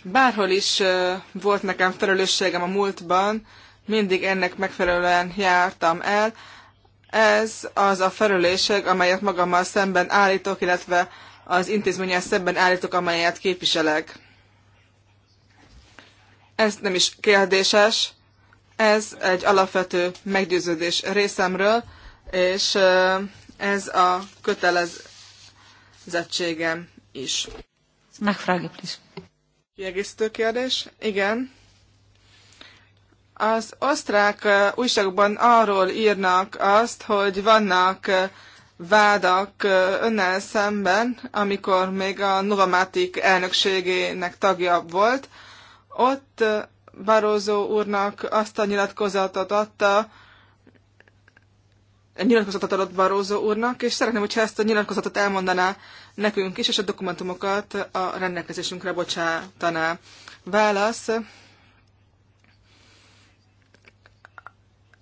Speaker 1: Bárhol is volt nekem felelősségem a múltban, mindig ennek megfelelően jártam el, ez az a felelősség, amelyet magammal szemben állítok, illetve az intézménnyel szemben állítok, amelyet képviselek. Ez nem is kérdéses, ez egy alapvető meggyőződés részemről, és ez a kötelezettségem is. Megfrage, please. Kiegészítő kérdés? Igen. Az osztrák újságokban arról írnak azt, hogy vannak vádak önnel szemben, amikor még a Novamatic elnökségének tagja volt. Ott Barózó úrnak azt a nyilatkozatot adta, nyilatkozatot adott Barózó úrnak, és szeretném, hogyha ezt a nyilatkozatot elmondaná nekünk is, és a dokumentumokat a rendelkezésünkre bocsátaná. Válasz.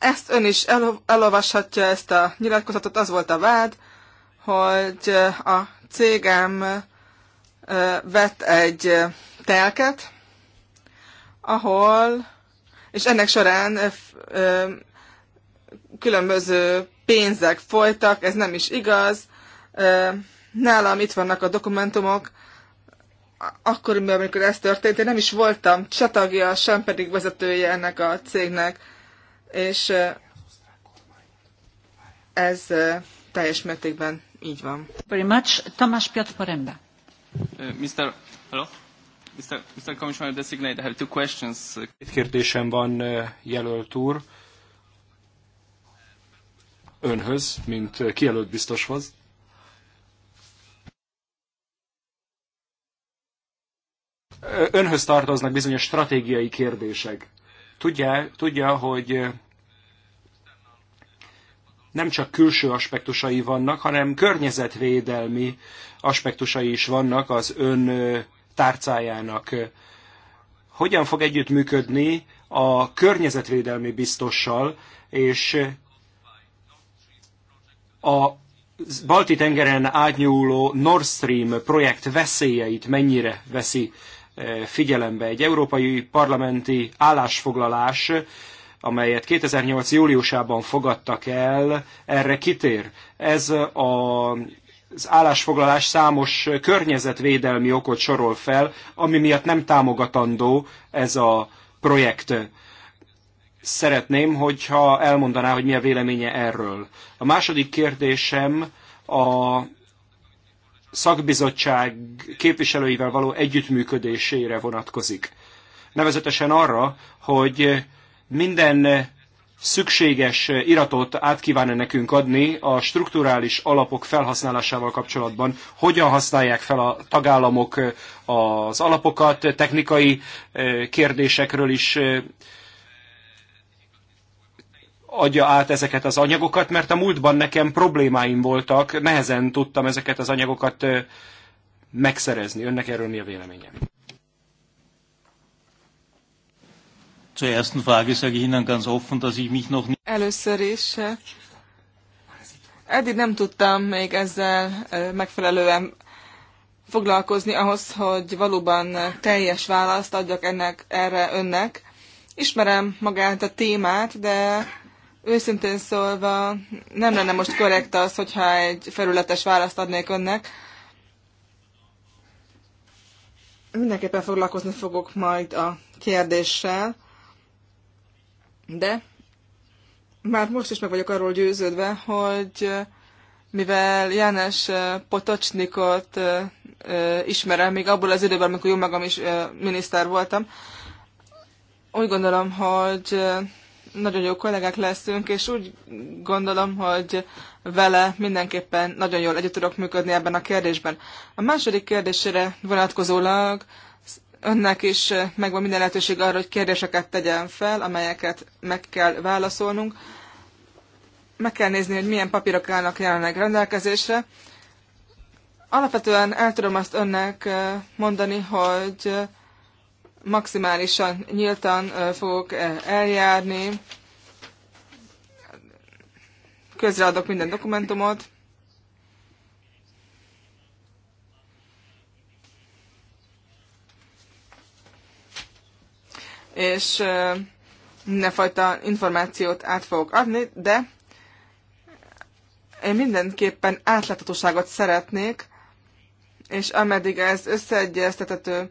Speaker 1: Ezt ön is el, elolvashatja, ezt a nyilatkozatot. Az volt a vád, hogy eh, a cégem eh, vett egy eh, telket, ahol, és ennek során különböző pénzek folytak, ez nem is igaz. Nálam itt vannak a dokumentumok, akkor, amikor ez történt, én nem is voltam csatagja sem pedig vezetője ennek a cégnek és ez teljes mértékben így van. Very much. Tamás Piotr Paremba.
Speaker 4: Mr. Hello? Mr. Mr. Commissioner Designate, I have two questions. Két kérdésem van jelölt úr önhöz, mint kijelölt biztoshoz. Önhöz tartoznak bizonyos stratégiai kérdések. Tudja, tudja hogy nem csak külső aspektusai vannak, hanem környezetvédelmi aspektusai is vannak az ön tárcájának. Hogyan fog együttműködni a környezetvédelmi biztossal, és a balti tengeren átnyúló Nord Stream projekt veszélyeit mennyire veszi figyelembe. Egy európai parlamenti állásfoglalás amelyet 2008. júliusában fogadtak el, erre kitér. Ez a az állásfoglalás számos környezetvédelmi okot sorol fel, ami miatt nem támogatandó ez a projekt. Szeretném, hogyha elmondaná, hogy mi a véleménye erről. A második kérdésem a szakbizottság képviselőivel való együttműködésére vonatkozik. Nevezetesen arra, hogy minden eh, szükséges eh, iratot át kívánna nekünk adni a strukturális alapok felhasználásával kapcsolatban, hogyan használják fel a tagállamok eh, az alapokat, technikai kérdésekről is adja át ezeket az anyagokat, mert a múltban nekem problémáim voltak, nehezen tudtam ezeket az anyagokat megszerezni. Önnek erről mi a véleménye? Zur ersten Frage sage ich
Speaker 2: Ihnen ganz offen, dass ich mich noch nicht...
Speaker 1: Először is eh, eddig nem tudtam még ezzel eh, megfelelően foglalkozni ahhoz, hogy valóban eh, teljes választ adjak ennek, erre önnek. Ismerem magát a témát, de őszintén szólva nem lenne most korrekt az, hogyha egy felületes választ adnék önnek. Mindenképpen foglalkozni fogok majd a kérdéssel. De már most is meg vagyok arról győződve, hogy mivel János eh, Potocsnikot eh, eh, ismerem, még abból az időben, amikor jó magam is miniszter voltam, úgy gondolom, hogy nagyon jó kollégák leszünk, és úgy gondolom, hogy vele mindenképpen nagyon jól együtt tudok működni ebben a kérdésben. A második kérdésére vonatkozólag önnek is eh, megvan minden lehetőség arra, hogy kérdéseket tegyen fel, amelyeket meg kell válaszolnunk. Meg kell nézni, hogy milyen papírok állnak jelenleg rendelkezésre. Alapvetően el tudom azt önnek eh, mondani, hogy eh, maximálisan nyíltan fogok eljárni, közreadok minden dokumentumot, és mindenfajta információt át fogok adni, de én mindenképpen átláthatóságot szeretnék, és ameddig ez összeegyeztethető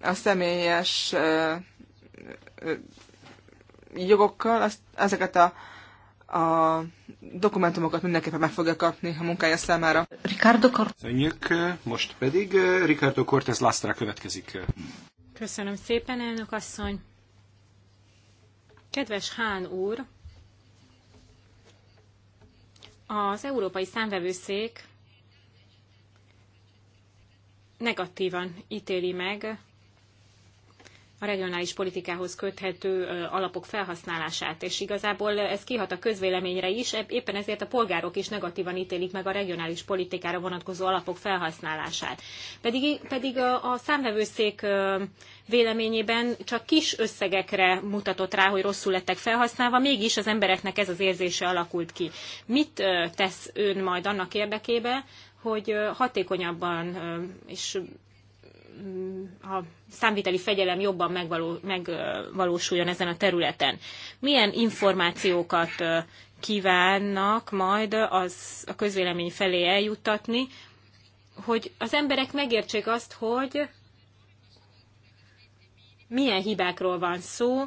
Speaker 1: a személyes jogokkal, azt, ezeket a, a dokumentumokat mindenképpen meg fogja kapni a munkája számára. Ricardo
Speaker 4: Cortez. Most pedig Ricardo Cortez Lastra következik.
Speaker 1: Köszönöm
Speaker 5: szépen, elnök asszony. Kedves Hán úr, az Európai Számvevőszék negatívan ítéli meg a regionális politikához köthető alapok felhasználását, és igazából ez kihat a közvéleményre is, éppen ezért a polgárok is negatívan ítélik meg a regionális politikára vonatkozó alapok felhasználását. Pedig, pedig a, a számvevőszék véleményében csak kis összegekre mutatott rá, hogy rosszul lettek felhasználva, mégis az embereknek ez az érzése alakult ki. Mit tesz ön majd annak érdekében, hogy hatékonyabban és a számviteli fegyelem jobban megvaló, megvalósuljon ezen a területen. Milyen információkat kívánnak majd az a közvélemény felé eljuttatni, hogy az emberek megértsék azt, hogy milyen hibákról van szó,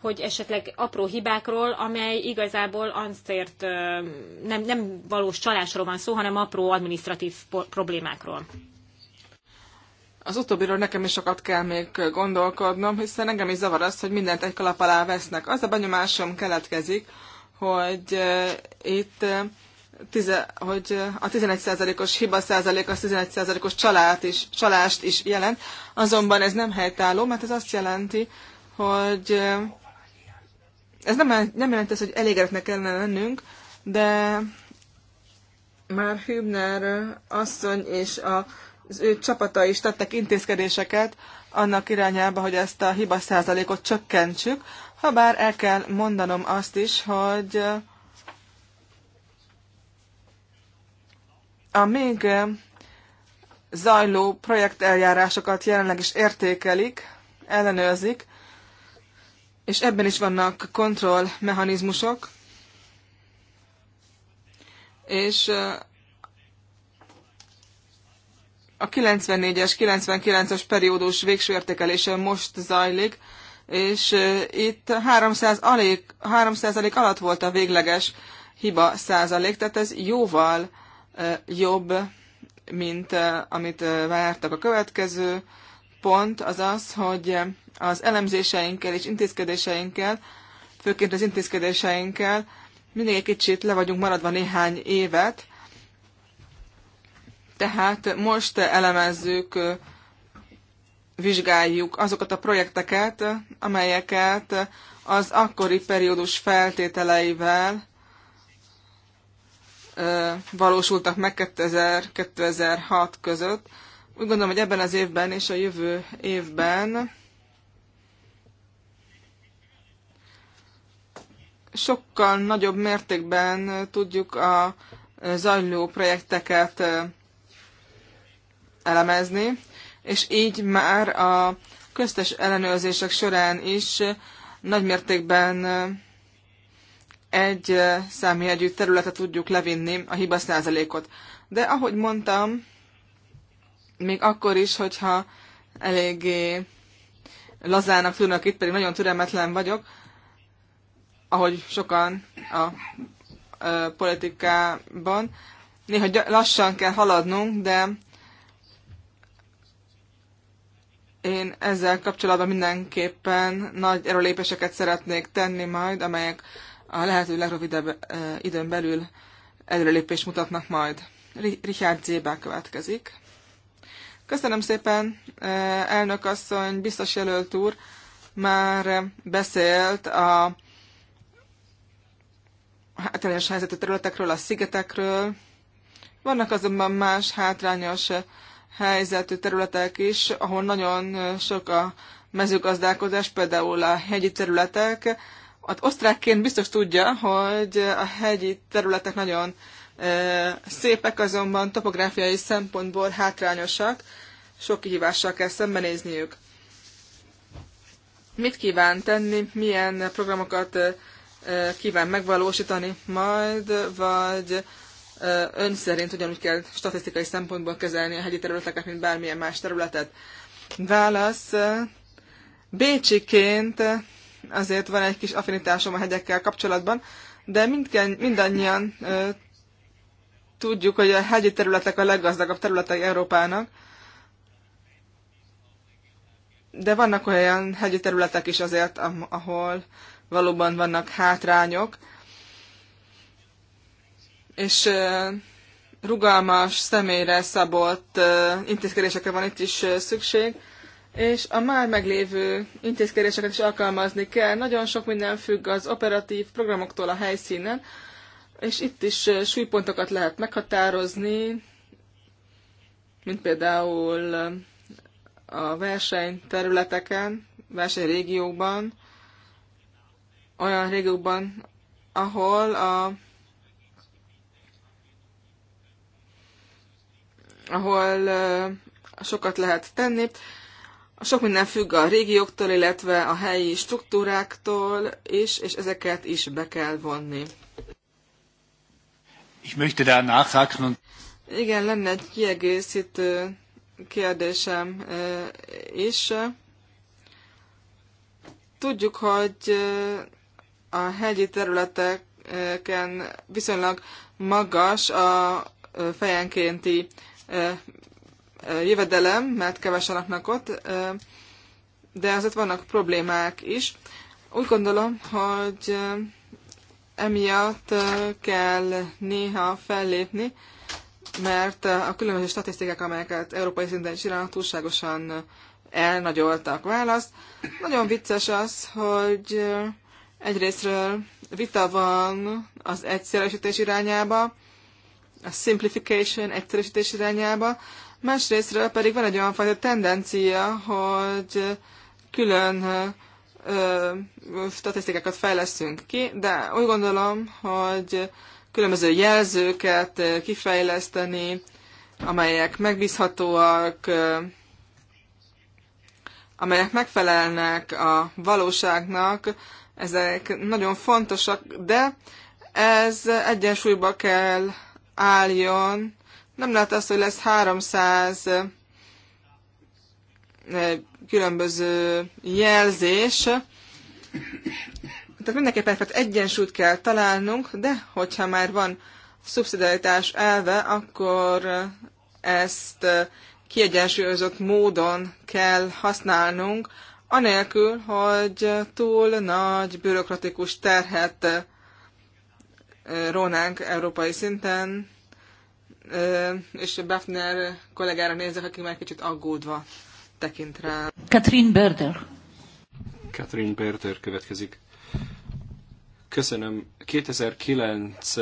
Speaker 5: hogy esetleg apró hibákról, amely igazából azért nem, nem valós
Speaker 1: csalásról van szó, hanem apró administratív problémákról. Az utóbbiról nekem is sokat kell még gondolkodnom, hiszen engem is zavar az, hogy mindent egy kalap alá vesznek. Az a benyomásom keletkezik, hogy eh, itt eh, tize, hogy eh, a 11%-os hiba százalék az 11%-os család is, csalást is jelent, azonban ez nem helytálló, mert ez azt jelenti, hogy ez nem, nem jelenti azt, hogy elégedetnek kellene lennünk, de már Hübner asszony és a az ő csapata is tettek intézkedéseket annak irányába, hogy ezt a hiba százalékot csökkentsük, ha bár el kell mondanom azt is, hogy a még zajló projekteljárásokat jelenleg is értékelik, ellenőrzik, és ebben is vannak kontrollmechanizmusok, és a 94-es, 99-es periódus végső értékelése most zajlik, és itt 300 alék 300 alig alatt volt a végleges hiba százalék, tehát ez jóval jobb, mint amit vártak. A következő pont az az, hogy az elemzéseinkkel és intézkedéseinkkel, főként az intézkedéseinkkel mindig egy kicsit le vagyunk maradva néhány évet, tehát most elemezzük, vizsgáljuk azokat a projekteket, amelyeket az akkori periódus feltételeivel valósultak meg 2000-2006 között. Úgy gondolom, hogy ebben az évben és a jövő évben sokkal nagyobb mértékben tudjuk a zajló projekteket elemezni, és így már a köztes ellenőrzések során is nagymértékben egy számjegyű területet tudjuk levinni a hiba százalékot. De ahogy mondtam, még akkor is, hogyha eléggé lazának tűnök itt, pedig nagyon türelmetlen vagyok, ahogy sokan a politikában. Néha lassan kell haladnunk, de Én ezzel kapcsolatban mindenképpen nagy erőlépéseket szeretnék tenni majd, amelyek a lehető legrövidebb időn belül előrelépést mutatnak majd. Richard Zébá következik. Köszönöm szépen, elnök asszony, biztos jelölt úr, már beszélt a hátrányos helyzetű területekről, a szigetekről. Vannak azonban más hátrányos helyzetű területek is, ahol nagyon sok a mezőgazdálkodás, például a hegyi területek. Az osztrákként biztos tudja, hogy a hegyi területek nagyon e, szépek, azonban topográfiai szempontból hátrányosak, sok kihívással kell szembenézniük. Mit kíván tenni, milyen programokat e, e, kíván megvalósítani majd, vagy ön szerint ugyanúgy kell statisztikai szempontból kezelni a hegyi területeket, mint bármilyen más területet? Válasz. Bécsiként azért van egy kis affinitásom a hegyekkel kapcsolatban, de mindken, mindannyian ö, tudjuk, hogy a hegyi területek a leggazdagabb területek Európának, de vannak olyan hegyi területek is azért, ahol valóban vannak hátrányok, és rugalmas, személyre szabott intézkedésekre van itt is szükség, és a már meglévő intézkedéseket is alkalmazni kell. Nagyon sok minden függ az operatív programoktól a helyszínen, és itt is súlypontokat lehet meghatározni, mint például a versenyterületeken, versenyrégiókban, olyan régiókban, ahol a ahol sokat lehet tenni. Sok minden függ a régióktól, illetve a helyi struktúráktól is, és ezeket is be kell vonni.
Speaker 2: Ich möchte da nachhaken und
Speaker 1: igen, lenne egy kiegészítő kérdésem is. Tudjuk, hogy a hegyi területeken viszonylag magas a fejenkénti jövedelem, mert kevesen laknak ott, de azért vannak problémák is. Úgy gondolom, hogy emiatt kell néha fellépni, mert a különböző statisztikák, amelyeket európai szinten csinálnak, túlságosan elnagyoltak. választ. Nagyon vicces az, hogy egyrésztről vita van az egyszerűsítés irányába, a simplification, egyszerűsítés irányába, másrésztről pedig van egy olyan fajta tendencia, hogy külön statisztikákat fejlesztünk ki, de úgy gondolom, hogy különböző jelzőket kifejleszteni, amelyek megbízhatóak, amelyek megfelelnek a valóságnak, ezek nagyon fontosak, de ez egyensúlyba kell álljon. Nem lehet az, hogy lesz 300 eh, különböző jelzés. Tehát mindenképpen hát egyensúlyt kell találnunk, de hogyha már van szubszidiaritás elve, akkor ezt eh, kiegyensúlyozott módon kell használnunk, anélkül, hogy túl nagy bürokratikus terhet eh, rónánk európai szinten, és Buffner kollégára nézek, aki már kicsit aggódva tekint rá. Katrin Berder.
Speaker 4: Katrin Berder következik. Köszönöm. 2009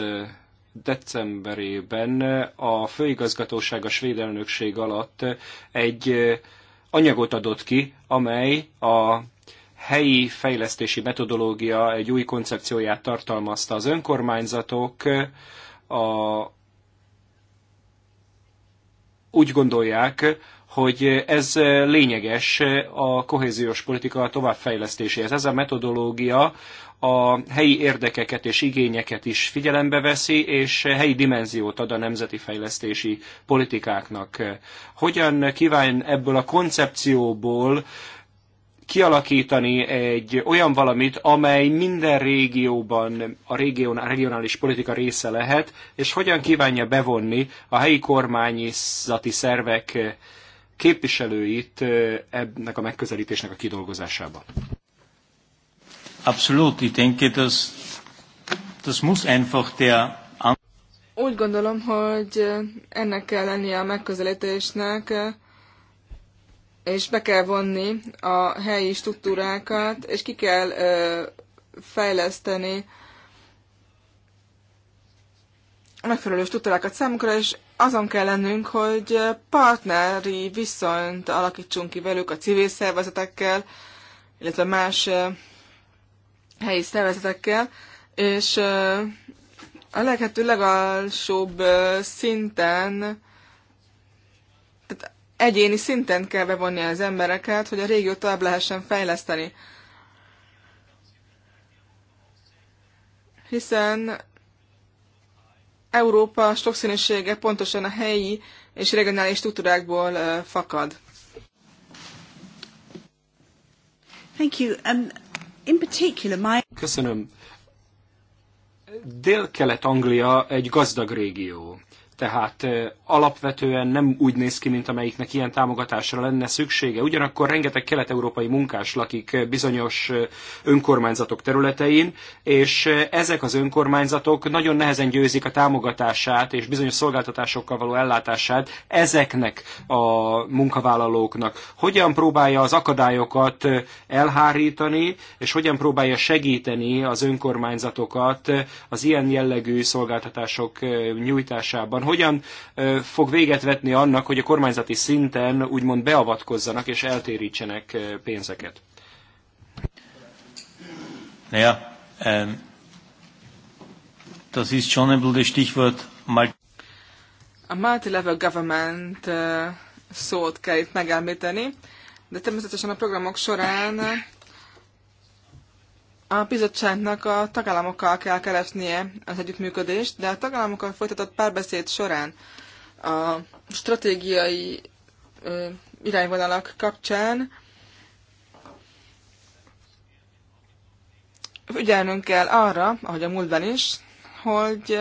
Speaker 4: decemberében a főigazgatóság a svéd elnökség alatt egy anyagot adott ki, amely a helyi fejlesztési metodológia egy új koncepcióját tartalmazta. Az önkormányzatok a, úgy gondolják, hogy ez lényeges a kohéziós politika továbbfejlesztéséhez. Ez a metodológia a helyi érdekeket és igényeket is figyelembe veszi, és helyi dimenziót ad a nemzeti fejlesztési politikáknak. Hogyan kíván ebből a koncepcióból kialakítani egy olyan valamit, amely minden régióban a, régión, a regionális politika része lehet, és hogyan kívánja bevonni a helyi kormányzati szervek képviselőit ennek a megközelítésnek a kidolgozásába.
Speaker 2: Abszolút, ich denke, das, das muss einfach der
Speaker 1: úgy gondolom, hogy ennek kell lennie a megközelítésnek, és be kell vonni a helyi struktúrákat, és ki kell fejleszteni a megfelelő struktúrákat számukra, és azon kell lennünk, hogy partneri viszonyt alakítsunk ki velük a civil szervezetekkel, illetve más helyi szervezetekkel, és a lehető legalsóbb szinten egyéni szinten kell bevonni az embereket, hogy a régiót tovább lehessen fejleszteni. Hiszen Európa sokszínűsége pontosan a helyi és regionális struktúrákból fakad. Thank you. Um, in particular, my...
Speaker 4: Köszönöm. Dél-Kelet-Anglia egy gazdag régió. Tehát alapvetően nem úgy néz ki, mint amelyiknek ilyen támogatásra lenne szüksége. Ugyanakkor rengeteg kelet-európai munkás lakik bizonyos önkormányzatok területein, és ezek az önkormányzatok nagyon nehezen győzik a támogatását és bizonyos szolgáltatásokkal való ellátását ezeknek a munkavállalóknak. Hogyan próbálja az akadályokat elhárítani, és hogyan próbálja segíteni az önkormányzatokat az ilyen jellegű szolgáltatások nyújtásában, hogyan fog véget vetni annak, hogy a kormányzati szinten úgymond beavatkozzanak és eltérítsenek pénzeket?
Speaker 2: Naja, ähm, das ist schon ein blödes Stichwort.
Speaker 1: A multi-level government szót kell itt megelmíteni, de természetesen a programok során a bizottságnak a tagállamokkal kell keresnie az együttműködést, de a tagállamokkal folytatott párbeszéd során a stratégiai irányvonalak kapcsán ügyelnünk kell arra, ahogy a múltban is, hogy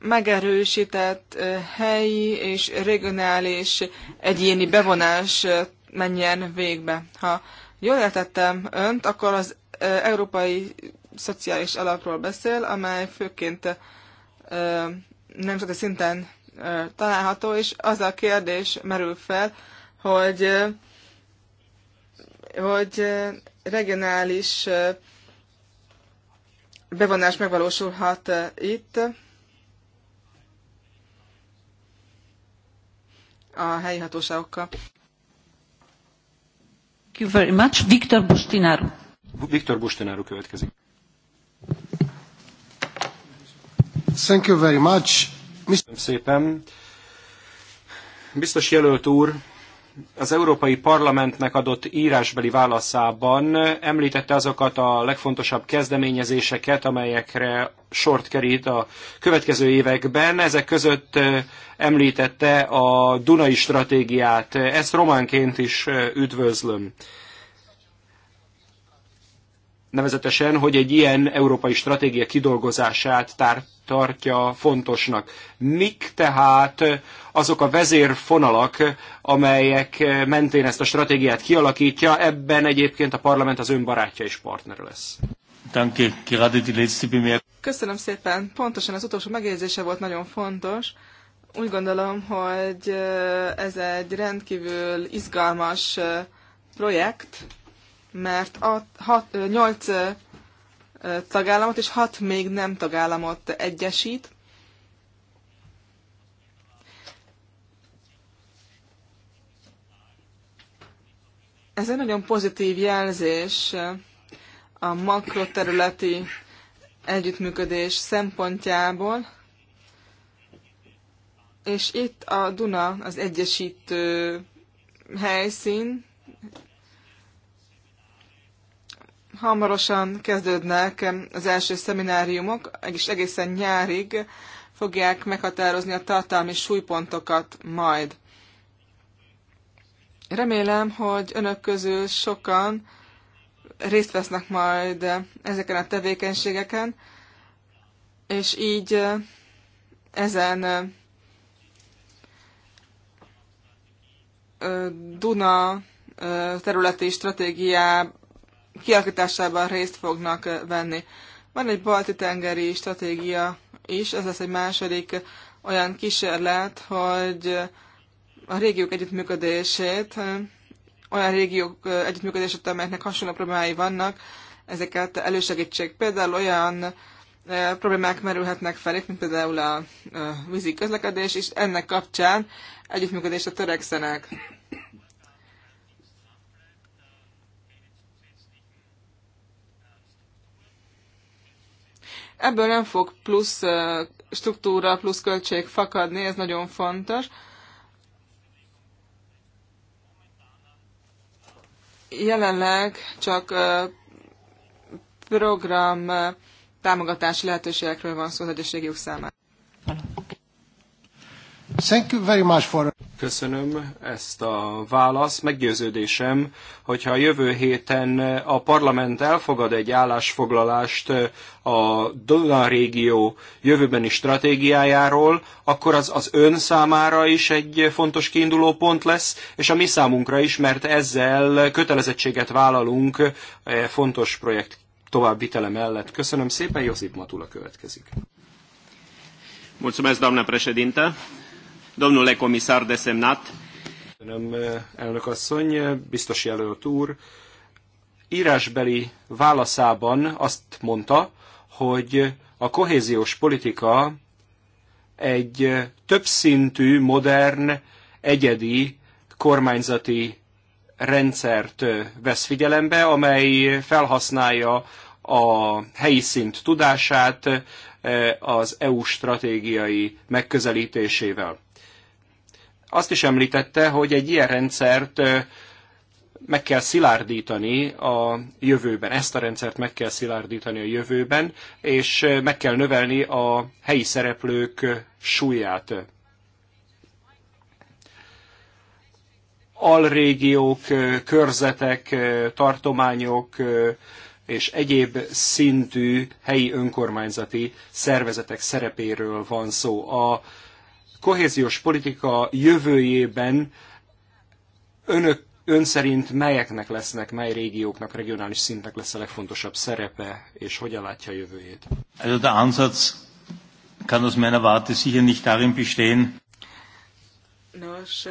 Speaker 1: megerősített helyi és regionális egyéni bevonás menjen végbe. Ha jól értettem önt, akkor az európai szociális alapról beszél, amely főként nemzeti szinten található, és az a kérdés merül fel, hogy, hogy regionális bevonás megvalósulhat itt a helyi hatóságokkal. Thank
Speaker 5: you very much. Viktor
Speaker 4: Bustinaru. Viktor Bustenáru következik. Thank you very much. Köszönöm szépen. Biztos jelölt úr, az Európai Parlamentnek adott írásbeli válaszában említette azokat a legfontosabb kezdeményezéseket, amelyekre sort kerít a következő években. Ezek között említette a Dunai stratégiát. Ezt románként is üdvözlöm nevezetesen, hogy egy ilyen európai stratégia kidolgozását tár, tartja fontosnak. Mik tehát azok a vezérfonalak, amelyek mentén ezt a stratégiát kialakítja, ebben egyébként a parlament az önbarátja és partner lesz.
Speaker 1: Köszönöm szépen. Pontosan az utolsó megjegyzése volt nagyon fontos. Úgy gondolom, hogy ez egy rendkívül izgalmas projekt, mert a, hat, 8 tagállamot és hat még nem tagállamot egyesít. Ez egy nagyon pozitív jelzés a makroterületi együttműködés szempontjából, és itt a Duna az egyesítő helyszín, hamarosan kezdődnek az első szemináriumok, és egészen nyárig fogják meghatározni a tartalmi súlypontokat majd. Remélem, hogy önök közül sokan részt vesznek majd ezeken a tevékenységeken, és így ezen Duna területi stratégiában kialakításában részt fognak venni. Van egy balti-tengeri stratégia is, ez lesz egy második olyan kísérlet, hogy a régiók együttműködését, olyan régiók együttműködését, amelyeknek hasonló problémái vannak, ezeket elősegítsék. Például olyan problémák merülhetnek fel mint például a vízi közlekedés, és ennek kapcsán együttműködésre törekszenek. Ebből nem fog plusz struktúra, plusz költség fakadni, ez nagyon fontos. Jelenleg csak program támogatási lehetőségekről van szó az egyes számára.
Speaker 4: Thank you very much for... Köszönöm ezt a választ. Meggyőződésem, hogyha a jövő héten a parlament elfogad egy állásfoglalást a Dunán régió jövőbeni stratégiájáról, akkor az az ön számára is egy fontos kiinduló pont lesz, és a mi számunkra is, mert ezzel kötelezettséget vállalunk e fontos projekt vitele mellett. Köszönöm szépen, Josip Matula következik. Mulțumesc, doamnă președinte domnule comisar desemnat. Köszönöm, elnök asszony, biztos jelölt úr. Írásbeli válaszában azt mondta, hogy a kohéziós politika egy többszintű, modern, egyedi kormányzati rendszert vesz figyelembe, amely felhasználja a helyi szint tudását eh, az EU stratégiai megközelítésével. Azt is említette, hogy egy ilyen rendszert meg kell szilárdítani a jövőben, ezt a rendszert meg kell szilárdítani a jövőben, és meg kell növelni a helyi szereplők súlyát. Alrégiók, körzetek, tartományok és egyéb szintű helyi önkormányzati szervezetek szerepéről van szó. A kohéziós politika jövőjében önök ön szerint melyeknek lesznek, mely régióknak, regionális szintnek lesz a legfontosabb szerepe, és hogyan látja a jövőjét?
Speaker 2: Also der Ansatz kann aus meiner Warte sicher nicht darin bestehen.
Speaker 1: Nos,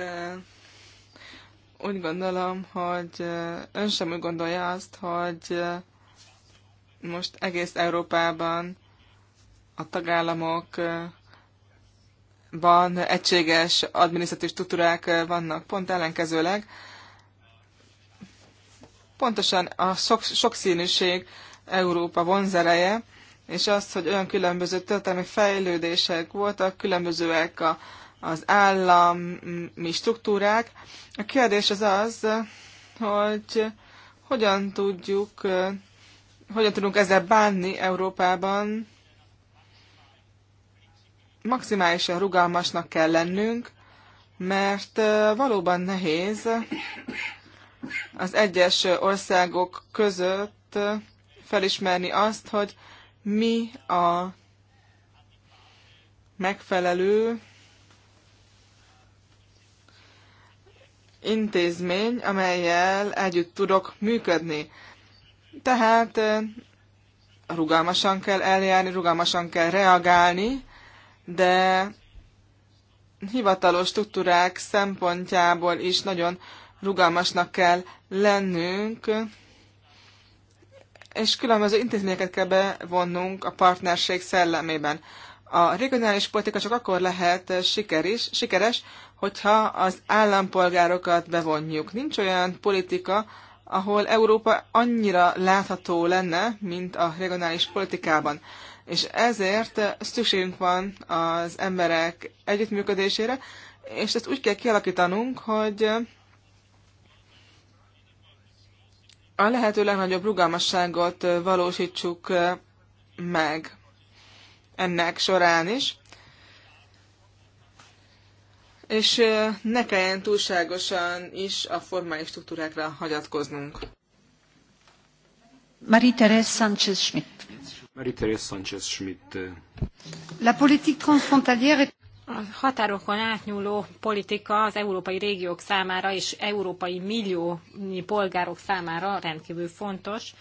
Speaker 1: úgy gondolom, hogy ön sem úgy gondolja azt, hogy most egész Európában a tagállamok ban egységes adminisztratív struktúrák eh, vannak, pont ellenkezőleg. Pontosan a sok, sokszínűség Európa vonzereje, és az, hogy olyan különböző történelmi fejlődések voltak, különbözőek a, az állami struktúrák. A kérdés az az, hogy hogyan tudjuk, eh, hogyan tudunk ezzel bánni Európában, maximálisan rugalmasnak kell lennünk, mert valóban nehéz az egyes országok között felismerni azt, hogy mi a megfelelő intézmény, amelyel együtt tudok működni. Tehát rugalmasan kell eljárni, rugalmasan kell reagálni, de hivatalos struktúrák szempontjából is nagyon rugalmasnak kell lennünk, és különböző intézményeket kell bevonnunk a partnerség szellemében. A regionális politika csak akkor lehet sikeris, sikeres, hogyha az állampolgárokat bevonjuk. Nincs olyan politika, ahol Európa annyira látható lenne, mint a regionális politikában. És ezért szükségünk van az emberek együttműködésére, és ezt úgy kell kialakítanunk, hogy a lehető legnagyobb rugalmasságot valósítsuk meg ennek során is, és ne kelljen túlságosan is a formális struktúrákra hagyatkoznunk.
Speaker 5: Marie-Thérèse Sánchez-Schmidt. La politique transfrontalière a határokon átnyúló politika az európai régiók számára és európai milliónyi polgárok számára rendkívül fontos,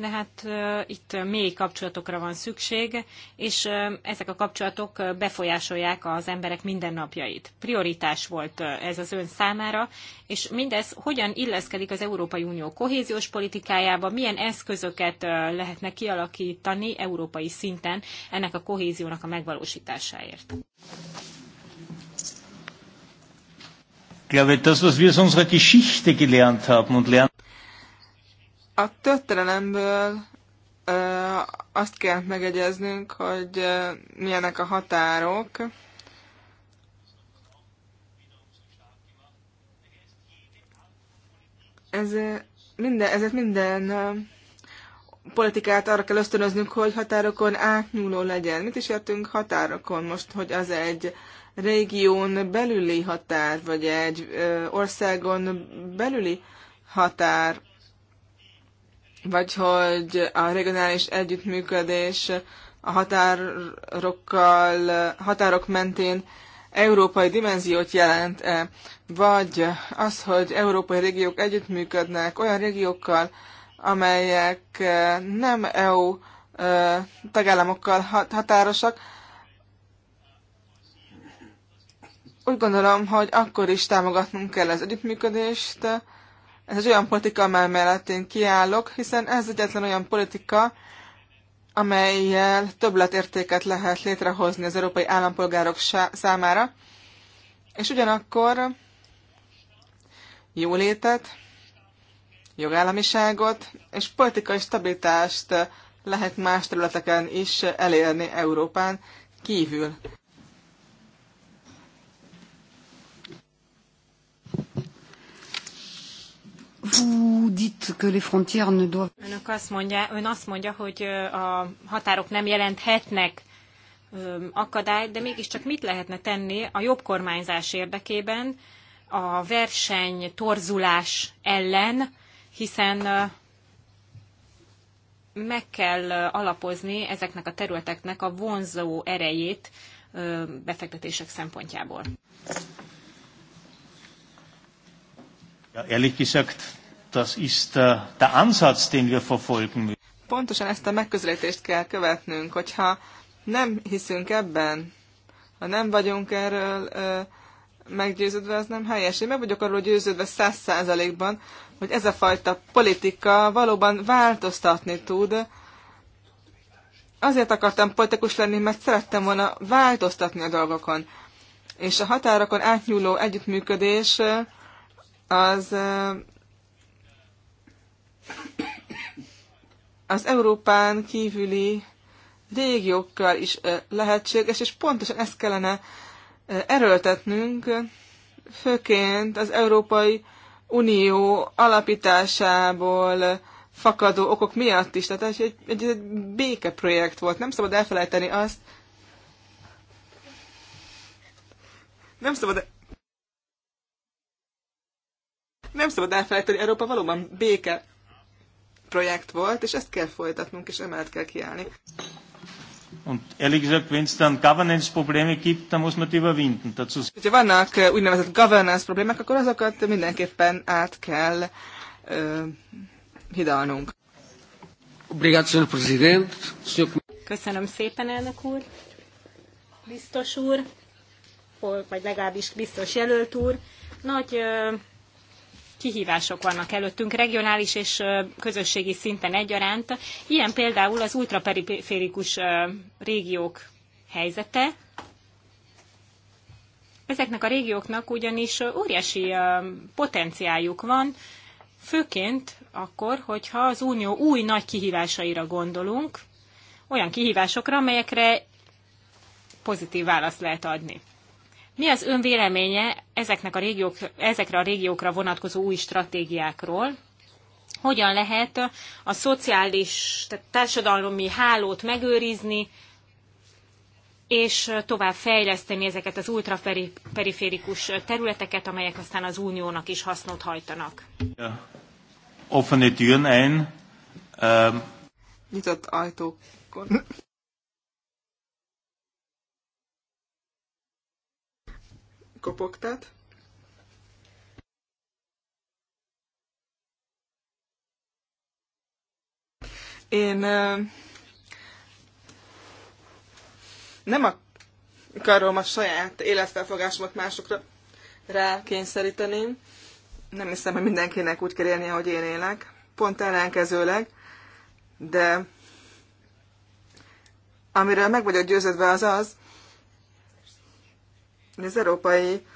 Speaker 5: de hát itt mély kapcsolatokra van szükség, és ezek a kapcsolatok befolyásolják az emberek mindennapjait. Prioritás volt ez az ön számára, és mindez hogyan illeszkedik az Európai Unió kohéziós politikájába, milyen eszközöket lehetne kialakítani európai szinten ennek a kohéziónak a megvalósításáért.
Speaker 2: Ich glaube, das, was wir aus unserer Geschichte gelernt haben und lernen,
Speaker 1: a történelemből azt kell megegyeznünk, hogy milyenek a határok. Ez, minden, ezért minden politikát arra kell ösztönöznünk, hogy határokon átnyúló legyen. Mit is értünk határokon most, hogy az egy régión belüli határ, vagy egy országon belüli határ, vagy hogy a regionális együttműködés a határokkal, határok mentén európai dimenziót jelent-e, vagy az, hogy európai régiók együttműködnek olyan régiókkal, amelyek eh, nem EU eh, tagállamokkal határosak, úgy gondolom, hogy akkor is támogatnunk kell az együttműködést, ez egy olyan politika, amely mellett én kiállok, hiszen ez egyetlen olyan politika, amelyel többletértéket lehet létrehozni az európai állampolgárok számára, és ugyanakkor jólétet, jogállamiságot és politikai stabilitást lehet más területeken is elérni Európán kívül.
Speaker 5: Önök azt mondja, ön azt mondja, hogy a határok nem jelenthetnek akadályt, de mégiscsak mit lehetne tenni a jobb kormányzás érdekében, a verseny torzulás ellen, hiszen meg kell alapozni ezeknek a területeknek a vonzó erejét befektetések szempontjából.
Speaker 2: Ja, ehrlich gesagt, Das ist äh, der Ansatz, den wir verfolgen
Speaker 1: Pontosan ezt a megközelítést kell követnünk, hogyha nem hiszünk ebben, ha nem vagyunk erről ö, meggyőződve, az nem helyes. Én meg vagyok arról győződve száz százalékban, hogy ez a fajta politika valóban változtatni tud. Azért akartam politikus lenni, mert szerettem volna változtatni a dolgokon. És a határokon átnyúló együttműködés az az Európán kívüli régiókkal is lehetséges, és pontosan ezt kellene erőltetnünk, főként az Európai Unió alapításából fakadó okok miatt is. Tehát egy, egy, egy békeprojekt volt, nem szabad elfelejteni azt, nem szabad e- nem szabad elfelejteni, Európa valóban béke projekt volt, és ezt kell folytatnunk, és emellett kell kiállni.
Speaker 2: Und ehrlich gesagt, wenn es dann Governance-Probleme gibt, dann muss man die überwinden. Dazu
Speaker 1: Hogyha vannak úgynevezett governance-problémák, akkor azokat mindenképpen át kell ö, hidalnunk. Köszönöm
Speaker 5: szépen, elnök úr, biztos úr, vagy legalábbis biztos jelölt úr. Nagy ö, kihívások vannak előttünk regionális és közösségi szinten egyaránt. Ilyen például az ultraperiférikus régiók helyzete. Ezeknek a régióknak ugyanis óriási potenciáljuk van, főként akkor, hogyha az unió új nagy kihívásaira gondolunk, olyan kihívásokra, amelyekre pozitív választ lehet adni. Mi az ön véleménye ezeknek a régiók, ezekre a régiókra vonatkozó új stratégiákról? Hogyan lehet a szociális, tehát társadalmi hálót megőrizni, és tovább fejleszteni ezeket az ultraperiférikus területeket, amelyek aztán az uniónak is hasznot hajtanak.
Speaker 2: Offene ähm.
Speaker 1: Nyitott ajtókon kopogtat. Én nem akarom a saját életfelfogásomat másokra rákényszeríteni. Nem hiszem, hogy mindenkinek úgy kell élnie, hogy én élek. Pont ellenkezőleg. De amiről meg vagyok győződve az az, az európai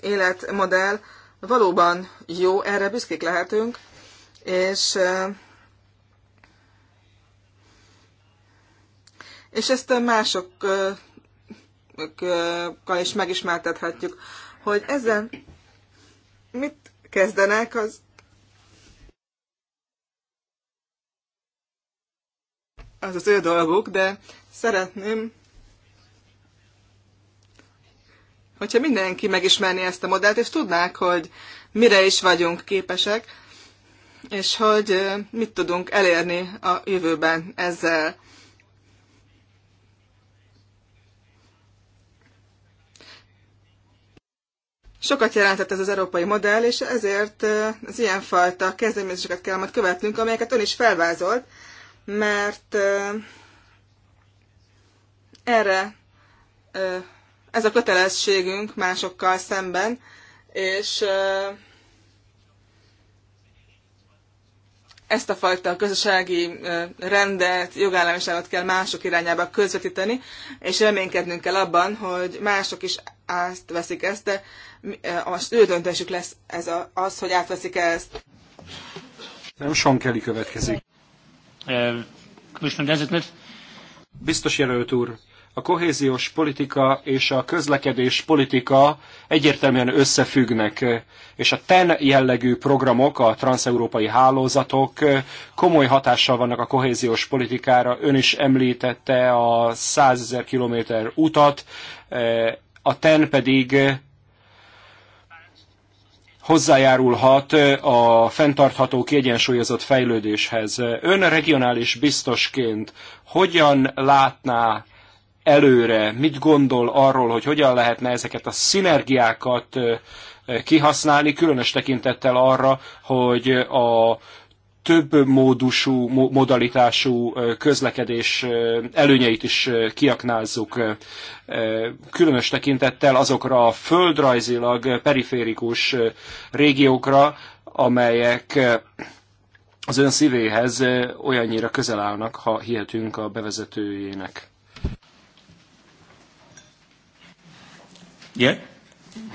Speaker 1: életmodell valóban jó, erre büszkék lehetünk, és és ezt másokkal is megismertethetjük, hogy ezzel mit kezdenek az az az ő dolguk, de szeretném hogyha mindenki megismerné ezt a modellt, és tudnák, hogy mire is vagyunk képesek, és hogy mit tudunk elérni a jövőben ezzel. Sokat jelentett ez az európai modell, és ezért az ilyenfajta kezdeményezéseket kell majd követnünk, amelyeket ön is felvázolt, mert erre ez a kötelességünk másokkal szemben, és ezt a fajta közösségi rendet, jogállamiságot kell mások irányába közvetíteni, és reménykednünk kell abban, hogy mások is azt veszik ezt, de az ő döntésük lesz ez a, az, hogy átveszik
Speaker 4: ezt. Nem Sean Kelly következik. Eh, Biztos jelölt úr, a kohéziós politika és a közlekedés politika egyértelműen összefüggnek, és a TEN jellegű programok, a transeurópai hálózatok komoly hatással vannak a kohéziós politikára. Ön is említette a 100 ezer kilométer utat, a TEN pedig hozzájárulhat a fenntartható, kiegyensúlyozott fejlődéshez. Ön regionális biztosként hogyan látná előre, mit gondol arról, hogy hogyan lehetne ezeket a szinergiákat kihasználni, különös tekintettel arra, hogy a több módusú, modalitású közlekedés előnyeit is kiaknázzuk, különös tekintettel azokra a földrajzilag periférikus régiókra, amelyek az ön szívéhez olyannyira közel állnak, ha hihetünk a bevezetőjének.
Speaker 2: Ja,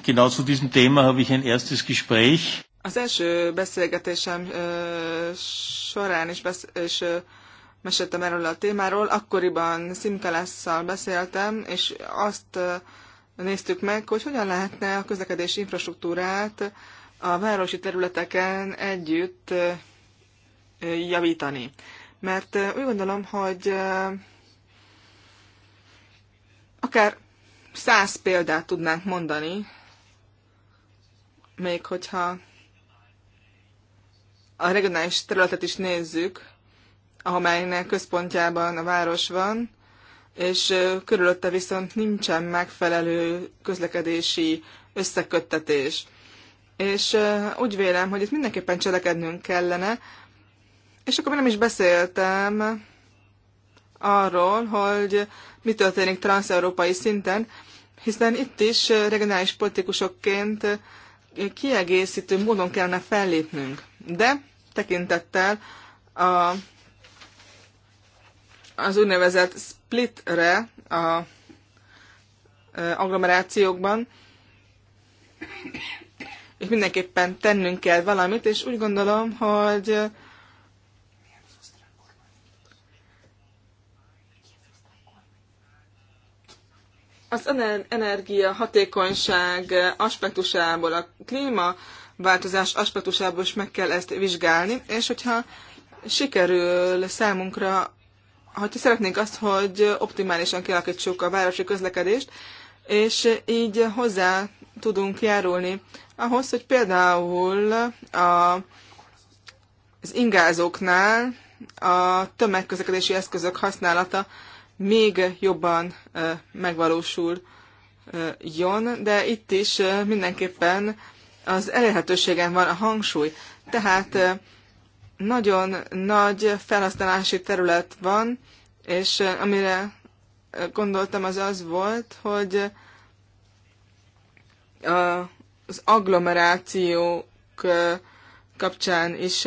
Speaker 2: genau zu diesem Thema habe ich ein erstes Gespräch.
Speaker 1: Az első beszélgetésem ö, során is, besz- és ö, meséltem erről a témáról. Akkoriban Simkelesszal beszéltem, és azt ö, néztük meg, hogy hogyan lehetne a közlekedési infrastruktúrát a városi területeken együtt ö, javítani. Mert ö, úgy gondolom, hogy ö, akár száz példát tudnánk mondani, még hogyha a regionális területet is nézzük, amelynek központjában a város van, és körülötte viszont nincsen megfelelő közlekedési összeköttetés. És úgy vélem, hogy itt mindenképpen cselekednünk kellene, és akkor nem is beszéltem arról, hogy mi történik transeurópai szinten, hiszen itt is regionális politikusokként kiegészítő módon kellene fellépnünk. De tekintettel a, az úgynevezett splitre a agglomerációkban, és mindenképpen tennünk kell valamit, és úgy gondolom, hogy az energia hatékonyság aspektusából, a klímaváltozás aspektusából is meg kell ezt vizsgálni, és hogyha sikerül számunkra, hogyha szeretnénk azt, hogy optimálisan kialakítsuk a városi közlekedést, és így hozzá tudunk járulni ahhoz, hogy például a, az ingázóknál a tömegközlekedési eszközök használata még jobban megvalósuljon, de itt is mindenképpen az elérhetőségen van a hangsúly. Tehát nagyon nagy felhasználási terület van, és amire gondoltam, az az volt, hogy az agglomerációk kapcsán is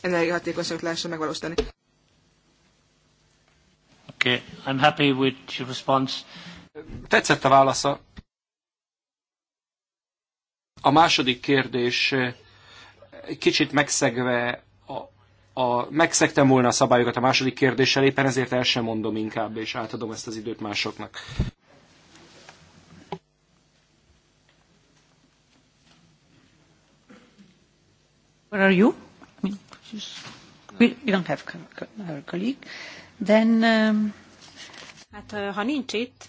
Speaker 1: energiahatékonyságot lehessen megvalósítani.
Speaker 4: Okay, I'm happy with your response. Tetszett a válasza. A második kérdés eh, egy kicsit megszegve a, a, megszegtem volna a szabályokat a második kérdéssel, éppen ezért el sem mondom inkább, és átadom ezt az időt másoknak.
Speaker 3: Where
Speaker 5: are you? We don't have a colleague. Then, um... Hát ha nincs itt,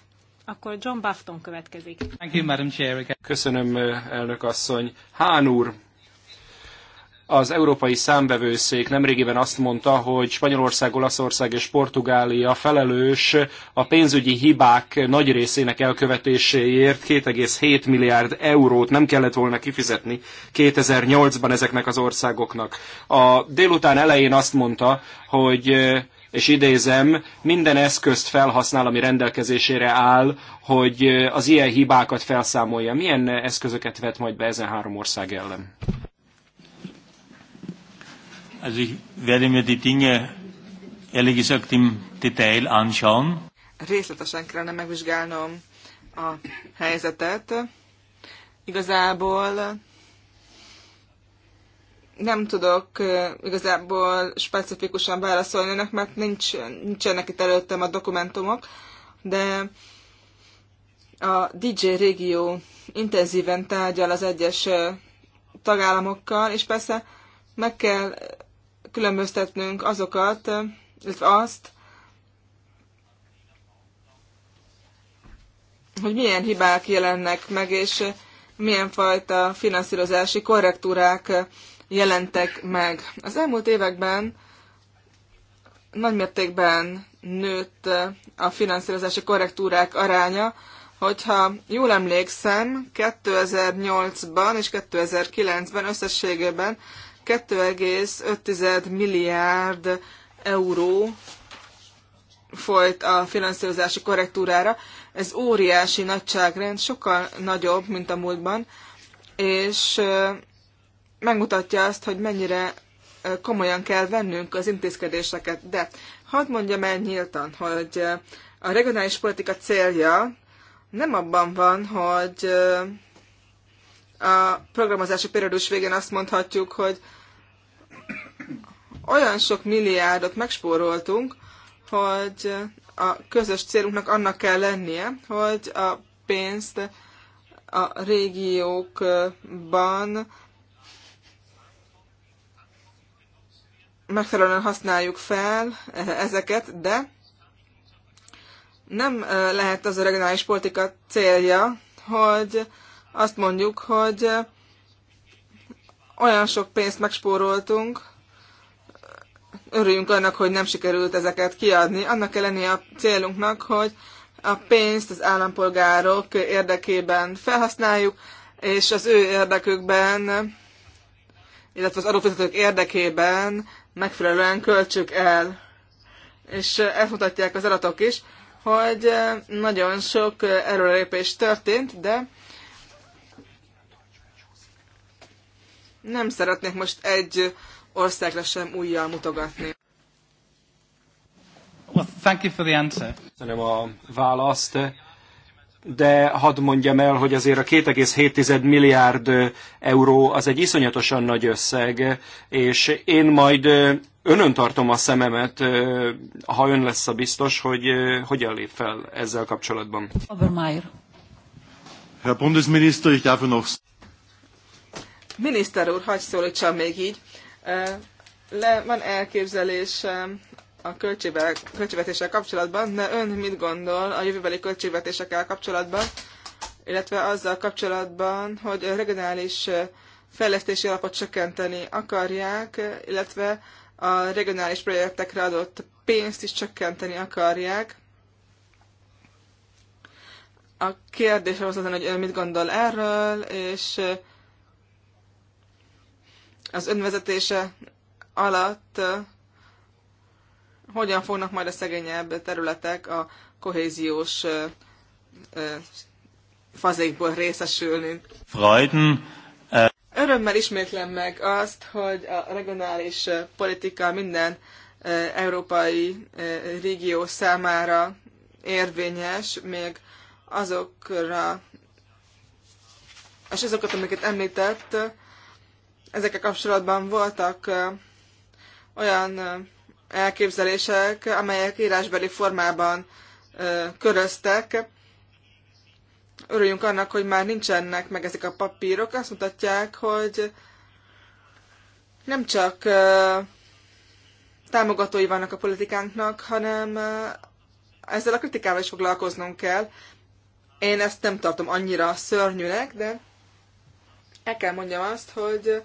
Speaker 5: akkor John Bafton következik. Thank you,
Speaker 4: Madam Chair. Köszönöm, elnök asszony. Hán úr, az Európai Számbevőszék nemrégiben azt mondta, hogy Spanyolország, Olaszország és Portugália felelős a pénzügyi hibák nagy részének elkövetéséért 2,7 milliárd eurót nem kellett volna kifizetni 2008-ban ezeknek az országoknak. A délután elején azt mondta, hogy és idézem, minden eszközt felhasznál, ami rendelkezésére áll, hogy eh, az ilyen hibákat felszámolja. Milyen eh, eszközöket vet majd be ezen három ország ellen?
Speaker 2: Also ich werde mir die Dinge ehrlich gesagt im Detail anschauen.
Speaker 1: Részletesen kellene megvizsgálnom a helyzetet. Igazából nem tudok igazából specifikusan válaszolni önök, mert nincs, nincsenek itt előttem a dokumentumok, de a DJ régió intenzíven tárgyal az egyes tagállamokkal, és persze meg kell különböztetnünk azokat, illetve azt, hogy milyen hibák jelennek meg, és milyen fajta finanszírozási korrektúrák jelentek meg. Az elmúlt években nagymértékben nőtt a finanszírozási korrektúrák aránya, hogyha jól emlékszem, 2008-ban és 2009-ben összességében 2,5 milliárd euró folyt a finanszírozási korrektúrára. Ez óriási nagyságrend, sokkal nagyobb, mint a múltban, és megmutatja azt, hogy mennyire komolyan kell vennünk az intézkedéseket. De hadd mondjam el nyíltan, hogy a regionális politika célja nem abban van, hogy a programozási periódus végén azt mondhatjuk, hogy olyan sok milliárdot megspóroltunk, hogy a közös célunknak annak kell lennie, hogy a pénzt a régiókban megfelelően használjuk fel eh, ezeket, de nem eh, lehet az a regionális politika célja, hogy azt mondjuk, hogy eh, olyan sok pénzt megspóroltunk, örüljünk annak, hogy nem sikerült ezeket kiadni. Annak kell a célunknak, hogy a pénzt az állampolgárok érdekében felhasználjuk, és az ő érdekükben, illetve az adófizetők érdekében megfelelően költsük el. És ezt mutatják az adatok is, hogy nagyon sok erőlépés történt, de nem szeretnék most egy országra sem újjal mutogatni.
Speaker 4: Well, thank you for the answer. Köszönöm a választ de hadd mondjam el, hogy azért a 2,7 milliárd euró az egy iszonyatosan nagy összeg, és én majd önön tartom a szememet, ha ön lesz a biztos, hogy hogyan lép fel ezzel kapcsolatban. Obermeier. Herr
Speaker 2: Bundesminister, ich darf noch...
Speaker 1: Miniszter úr, hagyj szólítsam még így. Le van elképzelésem a költségvetéssel kapcsolatban, de ön mit gondol a jövőbeli költségvetésekkel kapcsolatban, illetve azzal kapcsolatban, hogy a regionális fejlesztési alapot csökkenteni akarják, illetve a regionális projektekre adott pénzt is csökkenteni akarják. A kérdés az hogy ön mit gondol erről, és az önvezetése alatt hogyan fognak majd a szegényebb területek a kohéziós fazékból részesülni.
Speaker 2: Freuden.
Speaker 1: Örömmel ismétlem meg azt, hogy a regionális politika minden európai régió számára érvényes, még azokra, és azokat, amiket említett, ezekkel kapcsolatban voltak olyan elképzelések, amelyek írásbeli formában köröztek. Örüljünk annak, hogy már nincsenek meg ezek a papírok. Azt mutatják, hogy nem csak támogatói vannak a politikánknak, hanem ezzel a kritikával is foglalkoznunk kell. Én ezt nem tartom annyira szörnyűnek, de el kell mondjam azt, hogy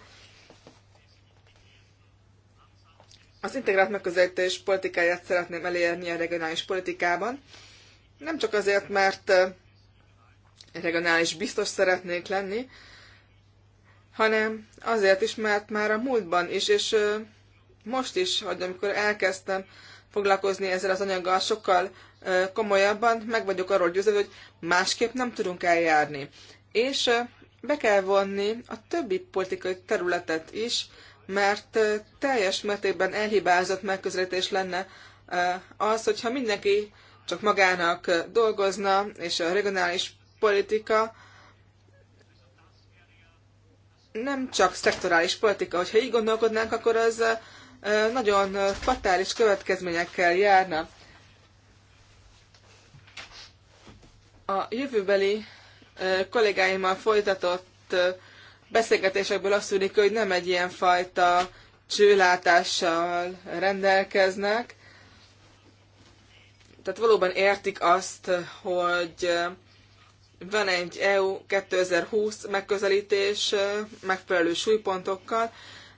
Speaker 1: Az integrált megközelítés politikáját szeretném elérni a regionális politikában. Nem csak azért, mert regionális biztos szeretnék lenni, hanem azért is, mert már a múltban is, és most is, hogy amikor elkezdtem foglalkozni ezzel az anyaggal sokkal komolyabban, meg vagyok arról győződve, hogy másképp nem tudunk eljárni. És be kell vonni a többi politikai területet is, mert teljes mértékben elhibázott megközelítés lenne az, hogyha mindenki csak magának dolgozna, és a regionális politika nem csak szektorális politika. Hogyha így gondolkodnánk, akkor az nagyon fatális következményekkel járna. A jövőbeli kollégáimmal folytatott beszélgetésekből azt tűnik, hogy nem egy ilyen fajta csőlátással rendelkeznek. Tehát valóban értik azt, hogy van egy EU 2020 megközelítés megfelelő súlypontokkal,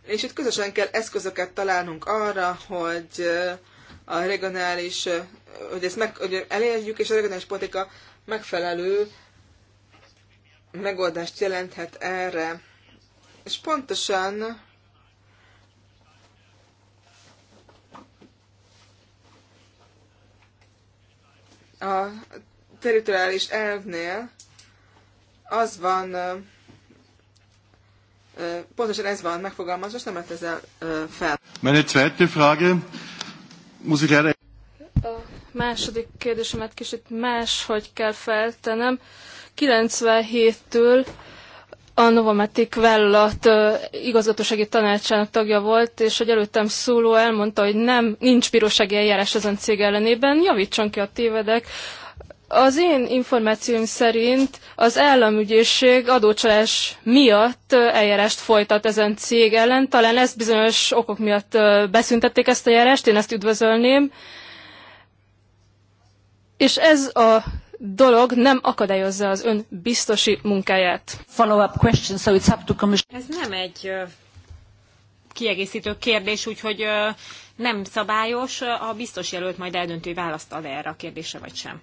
Speaker 1: és itt közösen kell eszközöket találnunk arra, hogy a regionális, hogy ezt meg, hogy elérjük, és a regionális politika megfelelő megoldást jelenthet erre. És pontosan a territoriális elvnél az van, pontosan ez van megfogalmazva, és nem lett ezzel
Speaker 3: fel. Frage A második kérdésemet kicsit máshogy kell feltenem. 97-től a Novomatic vállalat igazgatósági tanácsának tagja volt, és hogy előttem szóló elmondta, hogy nem, nincs bírósági eljárás ezen cég ellenében, javítson ki a tévedek. Az én információim szerint az államügyészség adócsalás miatt eljárást folytat ezen cég ellen. Talán ezt bizonyos okok miatt beszüntették ezt a eljárást, én ezt üdvözölném. És ez a dolog nem akadályozza az ön biztosi munkáját. Follow-up question, so it's up to commission.
Speaker 5: Ez nem egy kiegészítő kérdés, úgyhogy nem szabályos, a biztos jelölt majd eldöntő, hogy választ
Speaker 3: ad -e erre a kérdésre, vagy sem.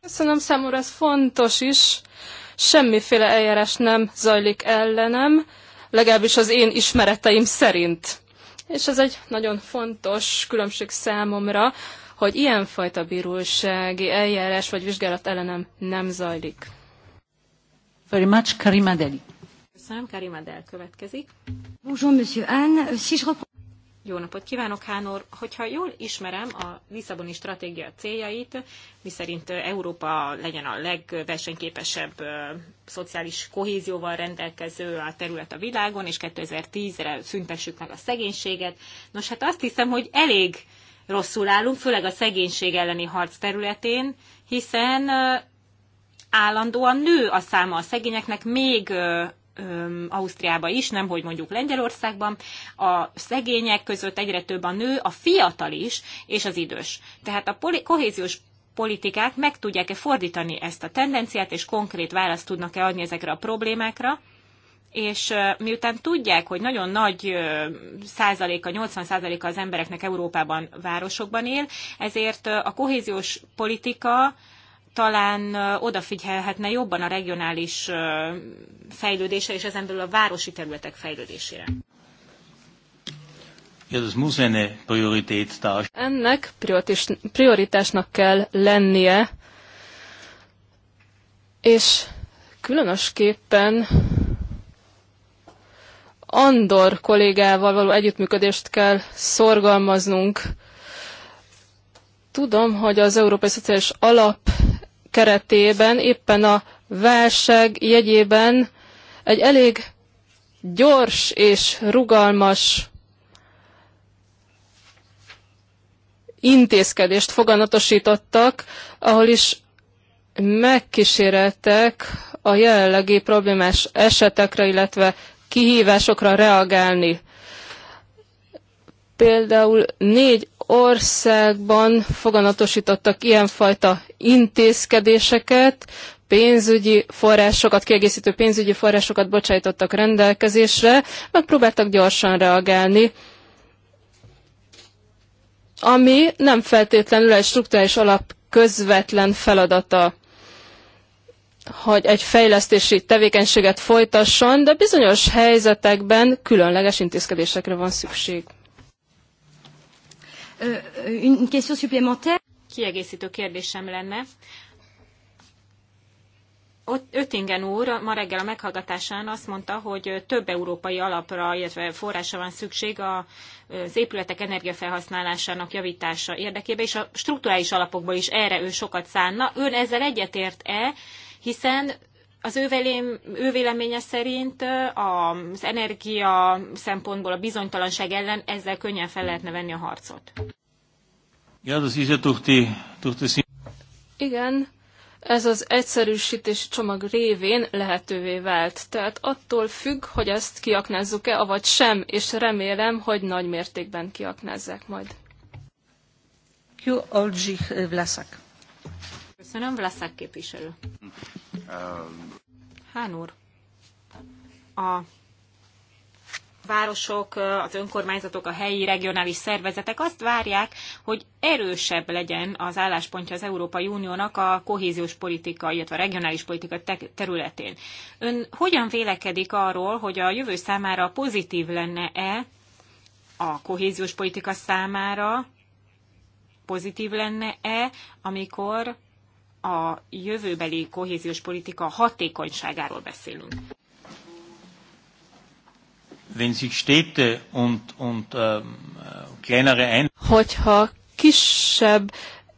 Speaker 3: Köszönöm számomra, ez fontos is. Semmiféle eljárás nem zajlik ellenem, legalábbis az én ismereteim szerint. És ez egy nagyon fontos különbség számomra, hogy ilyenfajta bírósági eljárás vagy vizsgálat ellenem nem zajlik.
Speaker 5: Very much, Karima Deli.
Speaker 3: Köszönöm, Karima Del következik. Bonjour,
Speaker 5: monsieur Anne. Euh, si je reprends... Jó napot kívánok, Hánor! Hogyha jól ismerem a Lisszaboni stratégia céljait, miszerint Európa legyen a legversenyképesebb szociális kohézióval rendelkező a terület a világon, és 2010-re szüntessük meg a szegénységet. Nos, hát azt hiszem, hogy elég rosszul állunk, főleg a szegénység elleni harc területén, hiszen állandóan nő a száma a szegényeknek, még Ausztriában is, nem hogy mondjuk Lengyelországban, a szegények között egyre több a nő, a fiatal is, és az idős. Tehát a poli- kohéziós politikák meg tudják-e fordítani ezt a tendenciát, és konkrét választ tudnak-e adni ezekre a problémákra, és miután tudják, hogy nagyon nagy százaléka, 80 százaléka az embereknek Európában városokban él, ezért a kohéziós politika talán odafigyelhetne jobban a regionális fejlődése, és ezen belül a városi területek fejlődésére.
Speaker 3: Ennek prioritásnak kell lennie, és különösképpen Andor kollégával való együttműködést kell szorgalmaznunk. Tudom, hogy az Európai Szociális Alap keretében éppen a válság jegyében egy elég gyors és rugalmas intézkedést foganatosítottak, ahol is megkíséreltek a jelenlegi problémás esetekre, illetve kihívásokra reagálni. Például négy országban foganatosítottak ilyenfajta intézkedéseket, pénzügyi forrásokat, kiegészítő pénzügyi forrásokat bocsájtottak rendelkezésre, megpróbáltak gyorsan reagálni, ami nem feltétlenül egy struktúrális alap közvetlen feladata hogy egy fejlesztési tevékenységet folytasson, de bizonyos helyzetekben különleges intézkedésekre van szükség.
Speaker 5: Kiegészítő kérdésem lenne. Ott Öttingen úr ma reggel a meghallgatásán azt mondta, hogy több európai alapra, illetve forrásra van szükség az épületek energiafelhasználásának javítása érdekében, és a strukturális alapokból is erre ő sokat szánna. Ön ezzel egyetért-e, hiszen az ő, velém, ő véleménye szerint az energia szempontból a bizonytalanság ellen ezzel könnyen fel lehetne venni a harcot.
Speaker 2: Ja,
Speaker 3: Igen, ez az egyszerűsítési csomag révén lehetővé vált. Tehát attól függ, hogy ezt kiaknázzuk-e, avagy sem, és remélem, hogy nagy mértékben kiaknázzák majd. Kiu Olgyi Vlaszak. Köszönöm, Vlaszák képviselő.
Speaker 5: Hán úr, a városok, az önkormányzatok, a helyi regionális szervezetek azt várják, hogy erősebb legyen az álláspontja az Európai Uniónak a kohéziós politika, illetve a regionális politika területén. Ön hogyan vélekedik arról, hogy a jövő számára pozitív lenne-e a kohéziós politika számára pozitív lenne-e, amikor a jövőbeli kohéziós politika hatékonyságáról beszélünk.
Speaker 2: Ähm, äh,
Speaker 3: Hogyha kisebb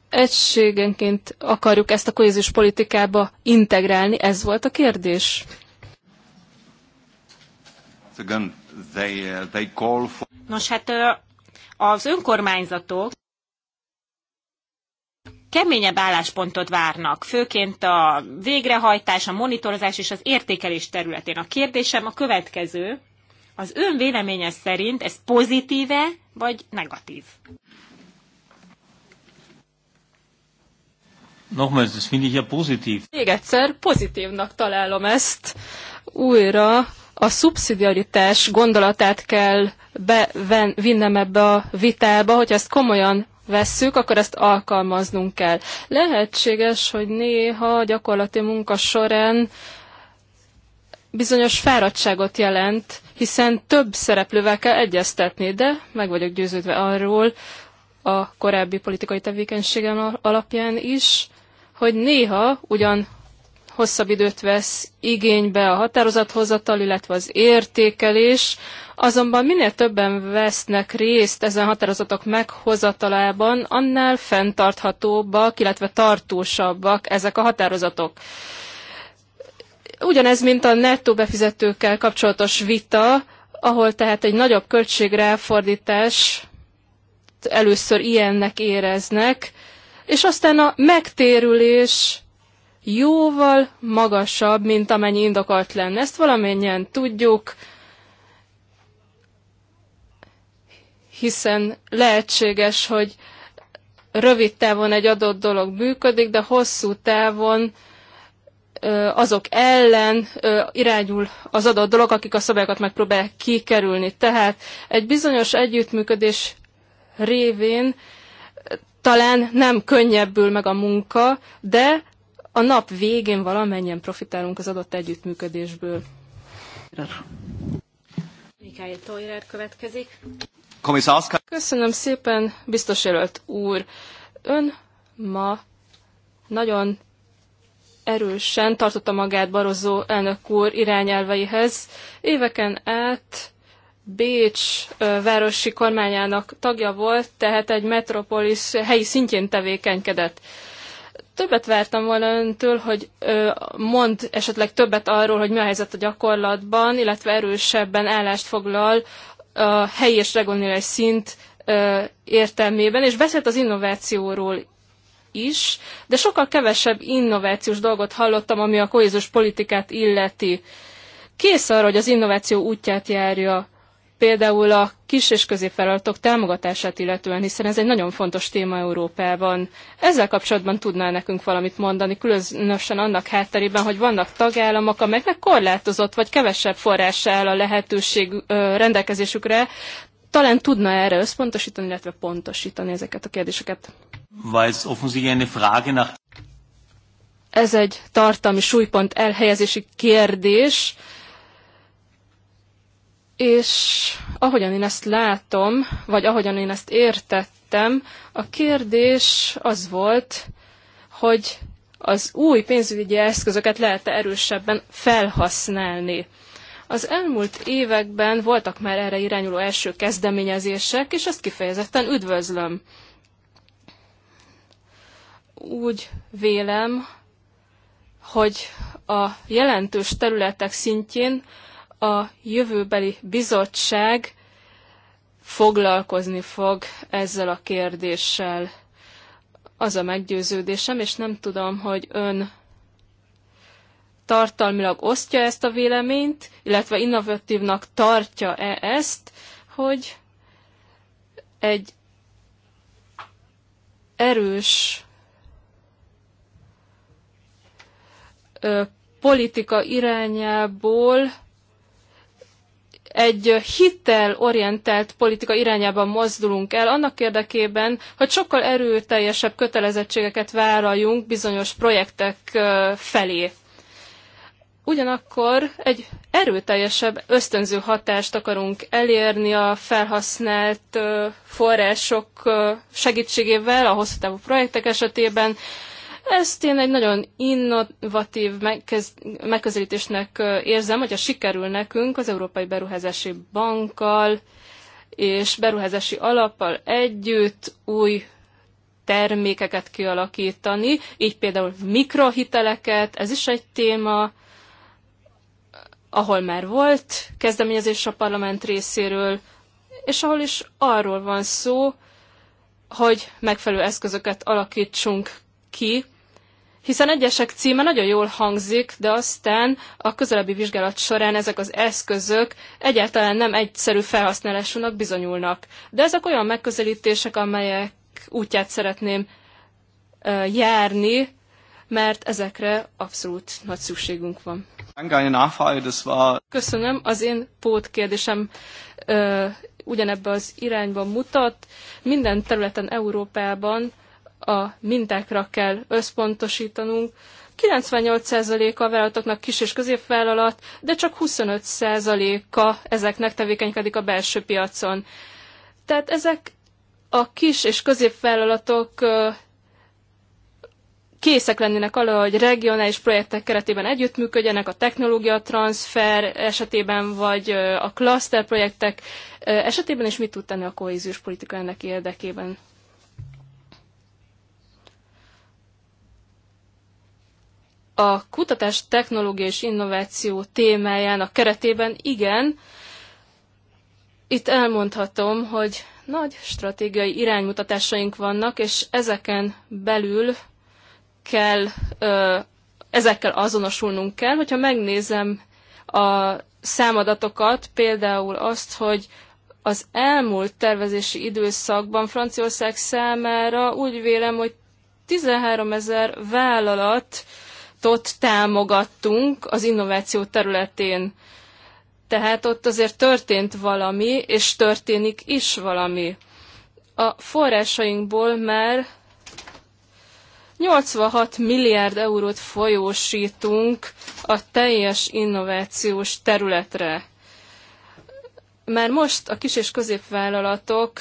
Speaker 3: egységenként akarjuk ezt a kohéziós politikába integrálni, ez volt a kérdés.
Speaker 2: Uh,
Speaker 5: Nos, hát az önkormányzatok keményebb álláspontot várnak, főként a végrehajtás, a monitorozás és az értékelés területén. A kérdésem a következő, az ön véleménye szerint ez pozitíve vagy negatív?
Speaker 2: Nochmals, ez mindig ja pozitív.
Speaker 3: Még egyszer, pozitívnak találom ezt. Újra a szubszidiaritás gondolatát kell bevinnem ebbe a vitába, hogy ezt komolyan vesszük, akkor ezt alkalmaznunk kell. Lehetséges, hogy néha gyakorlati munka során bizonyos fáradtságot jelent, hiszen több szereplővel kell egyeztetni, de meg vagyok győződve arról a korábbi politikai tevékenységem alapján is, hogy néha ugyan hosszabb időt vesz igénybe a határozathozatal, illetve az értékelés, Azonban minél többen vesznek részt ezen határozatok meghozatalában, annál fenntarthatóbbak, illetve tartósabbak ezek a határozatok. Ugyanez, mint a nettó befizetőkkel kapcsolatos vita, ahol tehát egy nagyobb költségráfordítás először ilyennek éreznek, és aztán a megtérülés jóval magasabb, mint amennyi indokolt lenne. Ezt valamennyien tudjuk, hiszen lehetséges, hogy rövid távon egy adott dolog működik, de hosszú távon azok ellen irányul az adott dolog, akik a szabályokat megpróbálják kikerülni. Tehát egy bizonyos együttműködés révén talán nem könnyebbül meg a munka, de a nap végén valamennyien profitálunk az adott együttműködésből.
Speaker 5: Mikály Tojrer következik.
Speaker 3: Köszönöm szépen, biztos jelölt úr. Ön ma nagyon erősen tartotta magát Barozó elnök úr irányelveihez. Éveken át Bécs városi kormányának tagja volt, tehát egy metropolis helyi szintjén tevékenykedett. Többet vártam volna öntől, hogy mond esetleg többet arról, hogy mi a helyzet a gyakorlatban, illetve erősebben állást foglal a helyi és regionális szint értelmében, és beszélt az innovációról is, de sokkal kevesebb innovációs dolgot hallottam, ami a kohéziós politikát illeti. Kész arra, hogy az innováció útját járja például a kis és középvállalatok támogatását illetően, hiszen ez egy nagyon fontos téma Európában. Ezzel kapcsolatban tudnál nekünk valamit mondani, különösen annak hátterében, hogy vannak tagállamok, amelyeknek korlátozott vagy kevesebb forrása áll a lehetőség rendelkezésükre. Talán tudna erre összpontosítani, illetve pontosítani ezeket a kérdéseket. Ez egy tartalmi súlypont elhelyezési kérdés és ahogyan én ezt látom, vagy ahogyan én ezt értettem, a kérdés az volt, hogy az új pénzügyi eszközöket lehet -e erősebben felhasználni. Az elmúlt években voltak már erre irányuló első kezdeményezések, és ezt kifejezetten üdvözlöm. Úgy vélem, hogy a jelentős területek szintjén a jövőbeli bizottság foglalkozni fog ezzel a kérdéssel. Az a meggyőződésem, és nem tudom, hogy ön tartalmilag osztja ezt a véleményt, illetve innovatívnak tartja-e ezt, hogy egy erős ö, politika irányából egy hitelorientált politika irányába mozdulunk el, annak érdekében, hogy sokkal erőteljesebb kötelezettségeket vállaljunk bizonyos projektek felé. Ugyanakkor egy erőteljesebb ösztönző hatást akarunk elérni a felhasznált források segítségével a hosszú távú projektek esetében, ezt én egy nagyon innovatív megközelítésnek érzem, hogyha sikerül nekünk az Európai Beruházási Bankkal és beruházási alappal együtt új termékeket kialakítani, így például mikrohiteleket, ez is egy téma, ahol már volt kezdeményezés a parlament részéről, és ahol is arról van szó, hogy megfelelő eszközöket alakítsunk ki hiszen egyesek címe nagyon jól hangzik, de aztán a közelebbi vizsgálat során ezek az eszközök egyáltalán nem egyszerű felhasználásúnak bizonyulnak. De ezek olyan megközelítések, amelyek útját szeretném járni, mert ezekre abszolút nagy szükségünk van. Köszönöm, az én pótkérdésem ugyanebben az irányban mutat. Minden területen Európában a mintákra kell összpontosítanunk. 98% a vállalatoknak kis és középvállalat, de csak 25%-a ezeknek tevékenykedik a belső piacon. Tehát ezek a kis és középvállalatok készek lennének arra, hogy regionális projektek keretében együttműködjenek, a technológia transfer esetében, vagy a cluster projektek esetében, és mit tud tenni a kohéziós politika ennek érdekében. a kutatás, technológia és innováció témájának keretében igen, itt elmondhatom, hogy nagy stratégiai iránymutatásaink vannak, és ezeken belül kell, ezekkel azonosulnunk kell. Hogyha megnézem a számadatokat, például azt, hogy az elmúlt tervezési időszakban Franciaország számára úgy vélem, hogy 13 ezer vállalat piacot támogattunk az innováció területén. Tehát ott azért történt valami, és történik is valami. A forrásainkból már 86 milliárd eurót folyósítunk a teljes innovációs területre. Már most a kis és középvállalatok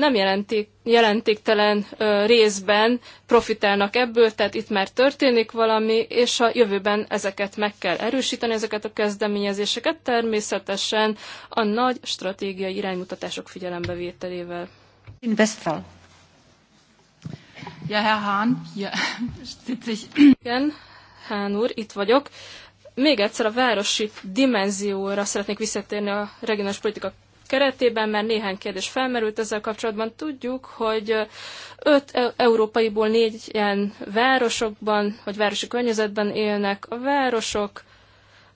Speaker 3: nem jelentik, jelentéktelen részben profitálnak ebből, tehát itt már történik valami, és a jövőben ezeket meg kell erősíteni, ezeket a kezdeményezéseket természetesen a nagy stratégiai iránymutatások figyelembevételével. Investál. Ja, Herr Hahn, ja, Igen, Hán úr, itt vagyok. Még egyszer a városi dimenzióra szeretnék visszatérni a regionális politika keretében, mert néhány kérdés felmerült ezzel kapcsolatban. Tudjuk, hogy öt e- európaiból négy ilyen városokban, vagy városi környezetben élnek a városok,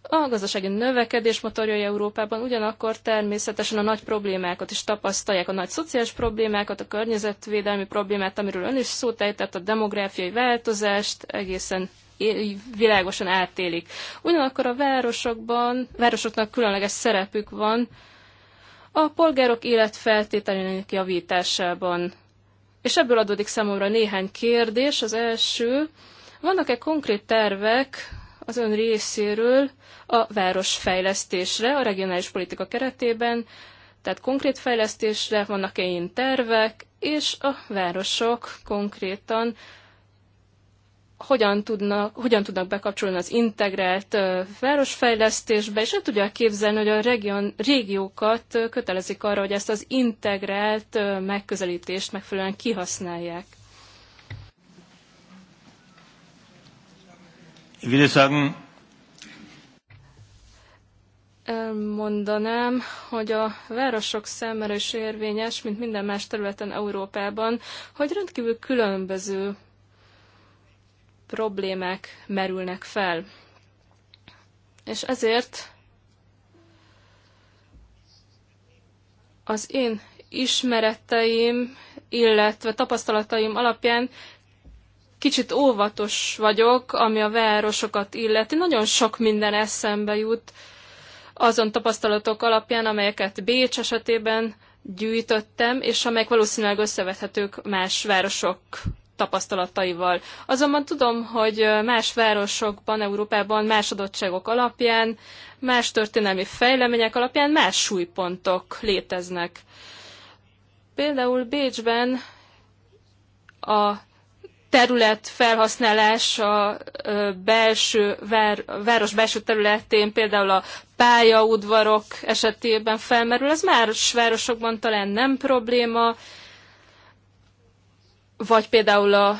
Speaker 3: a gazdasági növekedés motorjai Európában ugyanakkor természetesen a nagy problémákat is tapasztalják, a nagy szociális problémákat, a környezetvédelmi problémát, amiről ön is szót ejtett, a demográfiai változást egészen világosan átélik. Ugyanakkor a városokban, városoknak különleges szerepük van, a polgárok életfeltételének javításában. És ebből adódik számomra néhány kérdés. Az első, vannak-e konkrét tervek az ön részéről a városfejlesztésre, a regionális politika keretében, tehát konkrét fejlesztésre vannak-e ilyen tervek, és a városok konkrétan hogyan tudnak, hogyan tudnak bekapcsolni az integrált városfejlesztésbe, és nem tudják képzelni, hogy a region, régiókat kötelezik arra, hogy ezt az integrált megközelítést megfelelően kihasználják. Mondanám, hogy a városok számára is érvényes, mint minden más területen Európában, hogy rendkívül különböző problémák merülnek fel. És ezért az én ismereteim, illetve tapasztalataim alapján kicsit óvatos vagyok, ami a városokat illeti. Nagyon sok minden eszembe jut azon tapasztalatok alapján, amelyeket Bécs esetében gyűjtöttem, és amelyek valószínűleg összevethetők más városok tapasztalataival. Azonban tudom, hogy más városokban, Európában más adottságok alapján, más történelmi fejlemények alapján más súlypontok léteznek. Például Bécsben a terület felhasználás a belső, vár, város belső területén, például a pályaudvarok esetében felmerül. Ez más városokban talán nem probléma, vagy például a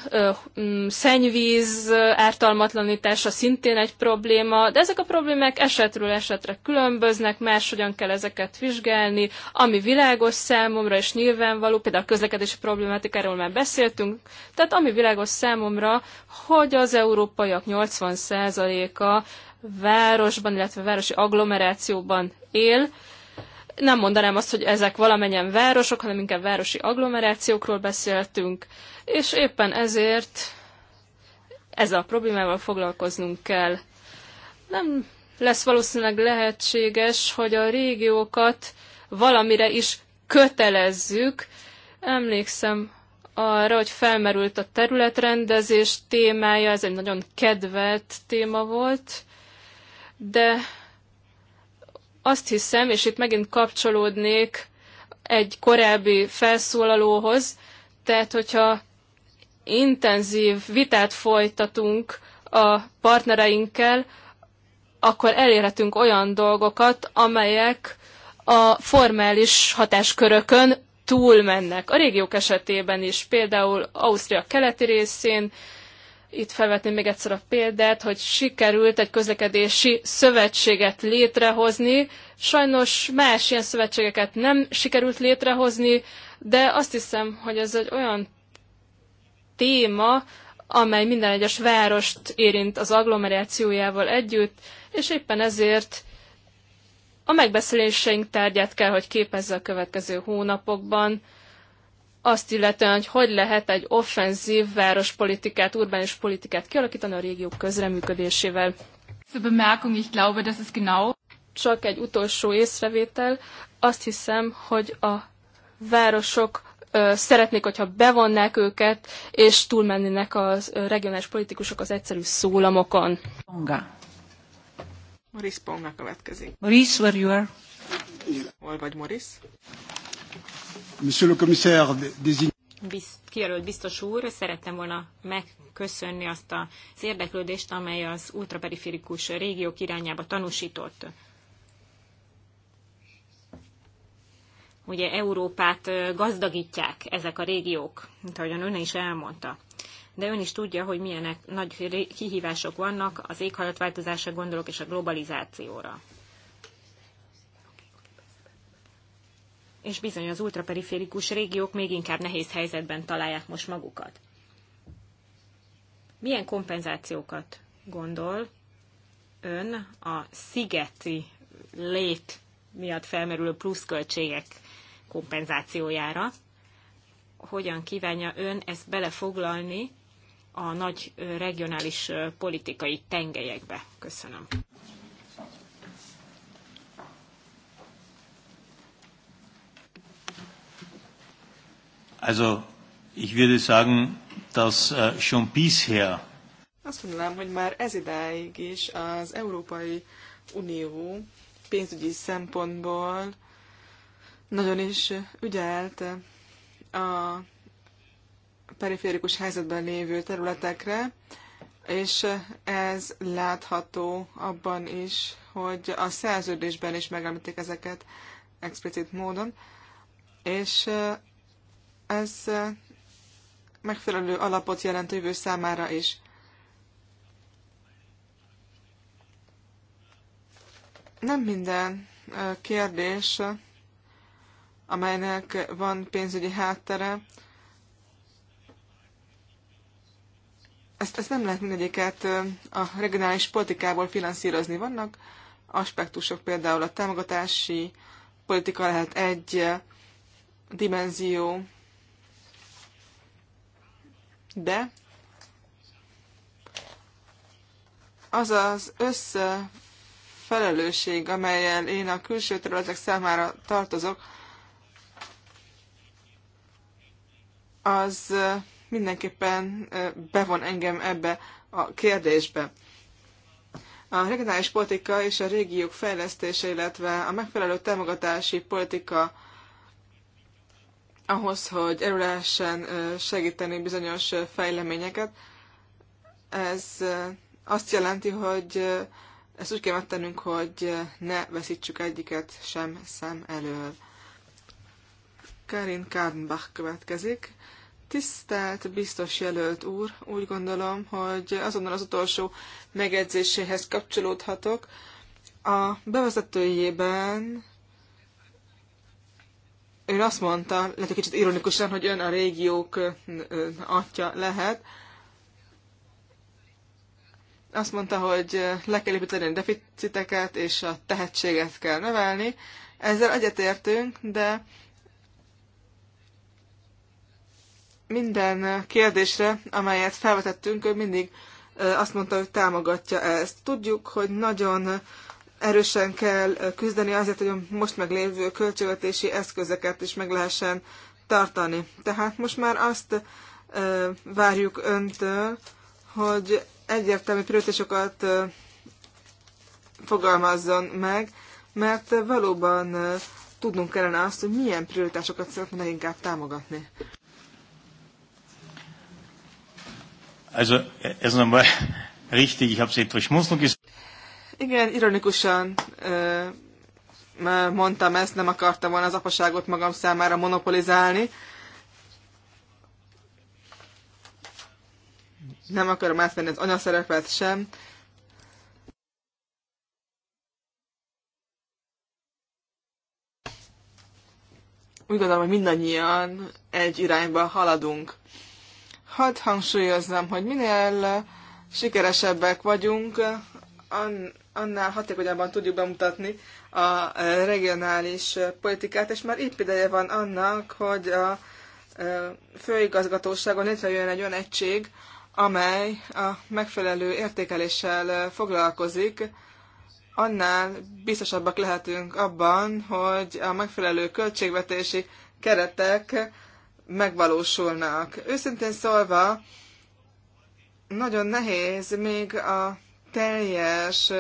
Speaker 3: szennyvíz ártalmatlanítása szintén egy probléma, de ezek a problémák esetről esetre különböznek, máshogyan kell ezeket vizsgálni, ami világos számomra és nyilvánvaló, például a közlekedési problématikáról már beszéltünk, tehát ami világos számomra, hogy az európaiak 80%-a városban, illetve városi agglomerációban él, nem mondanám azt, hogy ezek valamennyien városok, hanem inkább városi agglomerációkról beszéltünk, és éppen ezért ezzel a problémával foglalkoznunk kell. Nem lesz valószínűleg lehetséges, hogy a régiókat valamire is kötelezzük. Emlékszem arra, hogy felmerült a területrendezés témája, ez egy nagyon kedvelt téma volt, de azt hiszem, és itt megint kapcsolódnék egy korábbi felszólalóhoz, tehát hogyha intenzív vitát folytatunk a partnereinkkel, akkor elérhetünk olyan dolgokat, amelyek a formális hatáskörökön túlmennek. A régiók esetében is, például Ausztria keleti részén itt felvetném még egyszer a példát, hogy sikerült egy közlekedési szövetséget létrehozni. Sajnos más ilyen szövetségeket nem sikerült létrehozni, de azt hiszem, hogy ez egy olyan téma, amely minden egyes várost érint az agglomerációjával együtt, és éppen ezért a megbeszéléseink tárgyát kell, hogy képezze a következő hónapokban, azt illetően, hogy hogy lehet egy offenzív várospolitikát, urbánis politikát kialakítani a régiók közreműködésével. Csak egy utolsó észrevétel. Azt hiszem, hogy a városok ö, szeretnék, hogyha bevonnák őket, és túlmennének a regionális politikusok az egyszerű szólamokon. Ponga.
Speaker 1: Maurice Ponga következik.
Speaker 3: Maurice, where you are?
Speaker 1: Hol vagy, Maurice?
Speaker 4: Monsieur le commissaire désigné.
Speaker 5: kijelölt biztos úr, szerettem volna megköszönni azt az érdeklődést, amely az ultraperiférikus régiók irányába tanúsított. Ugye Európát gazdagítják ezek a régiók, mint ahogyan ön is elmondta. De ön is tudja, hogy milyenek nagy kihívások vannak az éghajlatváltozásra gondolok és a globalizációra. és bizony az ultraperiférikus régiók még inkább nehéz helyzetben találják most magukat. Milyen kompenzációkat gondol ön a szigeti lét miatt felmerülő pluszköltségek kompenzációjára? Hogyan kívánja ön ezt belefoglalni a nagy regionális politikai tengelyekbe? Köszönöm.
Speaker 2: Also ich würde sagen, dass äh, schon bisher
Speaker 1: azt mondanám, hogy már ez idáig is az Európai Unió pénzügyi szempontból nagyon is ügyelt a periférikus helyzetben lévő területekre, és ez látható abban is, hogy a szerződésben is megemlítik ezeket explicit módon, és ez megfelelő alapot jelent jövő számára is. Nem minden kérdés, amelynek van pénzügyi háttere, ezt, ezt nem lehet mindegyiket a regionális politikából finanszírozni. Vannak aspektusok, például a támogatási politika lehet egy dimenzió, de az az összefelelősség, amelyel én a külső területek számára tartozok, az mindenképpen bevon engem ebbe a kérdésbe. A regionális politika és a régiók fejlesztése, illetve a megfelelő támogatási politika ahhoz, hogy erről lehessen segíteni bizonyos fejleményeket. Ez azt jelenti, hogy ezt úgy kell megtennünk, hogy ne veszítsük egyiket sem szem elől. Karin Kárnbach következik. Tisztelt biztos jelölt úr, úgy gondolom, hogy azonnal az utolsó megjegyzéséhez kapcsolódhatok. A bevezetőjében ön azt mondta, lehet egy kicsit ironikusan, hogy ön a régiók atya lehet. Azt mondta, hogy le kell építeni a deficiteket, és a tehetséget kell növelni. Ezzel egyetértünk, de minden kérdésre, amelyet felvetettünk, ő mindig azt mondta, hogy támogatja ezt. Tudjuk, hogy nagyon erősen kell küzdeni azért, hogy a most meglévő költségvetési eszközeket is meg lehessen tartani. Tehát most már azt várjuk öntől, hogy egyértelmű prioritásokat fogalmazzon meg, mert valóban tudnunk kellene azt, hogy milyen prioritásokat szeretne leginkább támogatni.
Speaker 2: Also, erst einmal richtig, ich habe es etwas schmunzeln
Speaker 1: igen, ironikusan mondtam ezt, nem akartam volna az apaságot magam számára monopolizálni. Nem akarom átvenni az anyaszerepet sem. Úgy gondolom, hogy mindannyian egy irányba haladunk. Hadd hangsúlyoznám, hogy minél sikeresebbek vagyunk, an annál hatékonyabban tudjuk bemutatni a eh, regionális eh, politikát, és már itt ideje van annak, hogy a eh, főigazgatóságon létrejön egy olyan egység, amely a megfelelő értékeléssel foglalkozik, annál biztosabbak lehetünk abban, hogy a megfelelő költségvetési keretek megvalósulnak. Őszintén szólva, nagyon nehéz még a teljes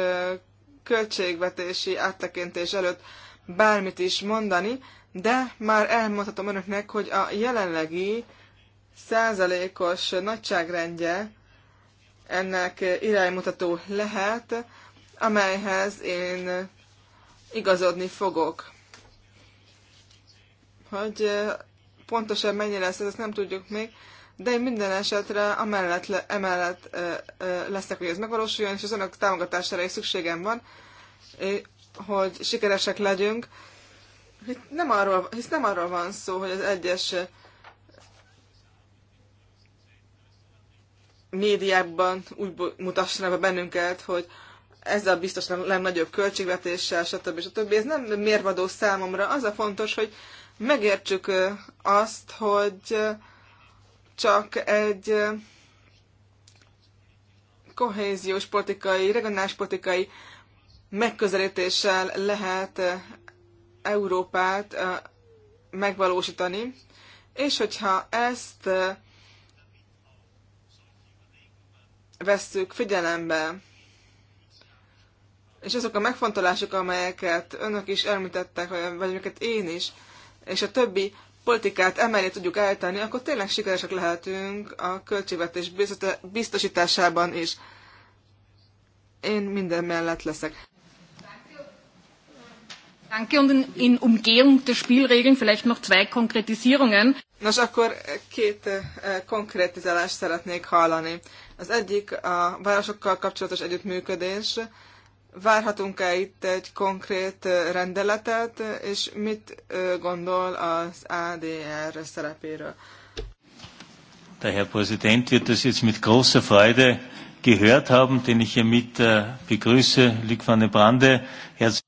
Speaker 1: költségvetési áttekintés előtt bármit is mondani, de már elmondhatom önöknek, hogy a jelenlegi százalékos nagyságrendje ennek iránymutató lehet, amelyhez én igazodni fogok. Hogy pontosan mennyi lesz, ezt nem tudjuk még, de én minden esetre amellett, le, emellett ö, ö, leszek, hogy ez megvalósuljon, és az önök támogatására is szükségem van, hogy sikeresek legyünk. Hisz nem arról, hisz nem arról van szó, hogy az egyes médiában úgy mutassanak be bennünket, hogy ezzel biztos nem legnagyobb költségvetéssel, stb. stb. Ez nem mérvadó számomra. Az a fontos, hogy megértsük azt, hogy csak egy kohéziós politikai, regionális politikai megközelítéssel lehet Európát megvalósítani, és hogyha ezt vesszük figyelembe, és azok a megfontolások, amelyeket önök is említettek, vagy amiket én is, és a többi politikát emelni tudjuk eltenni, akkor tényleg sikeresek lehetünk a költségvetés biztosításában is. Én minden mellett
Speaker 3: leszek. Danke und in Umgehung der Spielregeln vielleicht noch zwei Konkretisierungen.
Speaker 1: Nos, akkor két eh, konkretizálást szeretnék hallani. Az egyik a városokkal kapcsolatos együttműködés. Várhatunk-e itt egy konkrét rendeletet, és mit gondol az ADR szerepéről?
Speaker 2: Der Herr Präsident wird das jetzt mit großer Freude gehört haben, den ich mit äh, begrüße, Luc van der Brande. Herz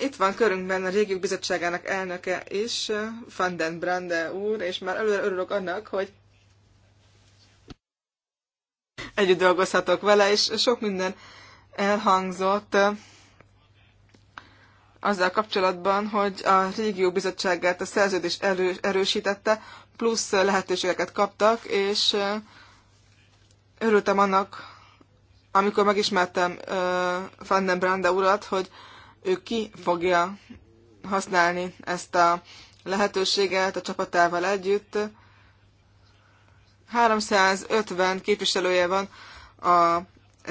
Speaker 1: Itt van körünkben a régiók bizottságának elnöke is, Van den Brande úr, és már előre örülök annak, hogy együtt dolgozhatok vele, és sok minden elhangzott azzal kapcsolatban, hogy a régió bizottságát a szerződés elő, erősítette, plusz lehetőségeket kaptak, és örültem annak, amikor megismertem uh, Van den Brande urat, hogy ő ki fogja használni ezt a lehetőséget a csapatával együtt. 350 képviselője van a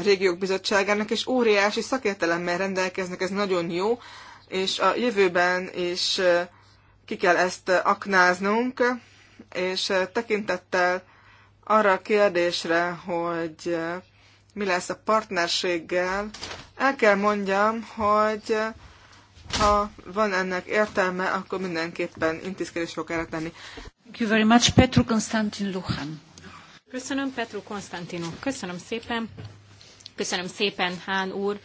Speaker 1: régiók bizottságának, és óriási szakértelemmel rendelkeznek, ez nagyon jó, és a jövőben is ki kell ezt aknáznunk, és tekintettel arra a kérdésre, hogy mi lesz a partnerséggel, el kell mondjam, hogy ha van ennek értelme, akkor mindenképpen intézkedés fog erre tenni.
Speaker 5: Thank you very much, Petru Konstantin Luhan. Köszönöm, Petru Konstantinok. Köszönöm szépen. Köszönöm szépen, Hán úr,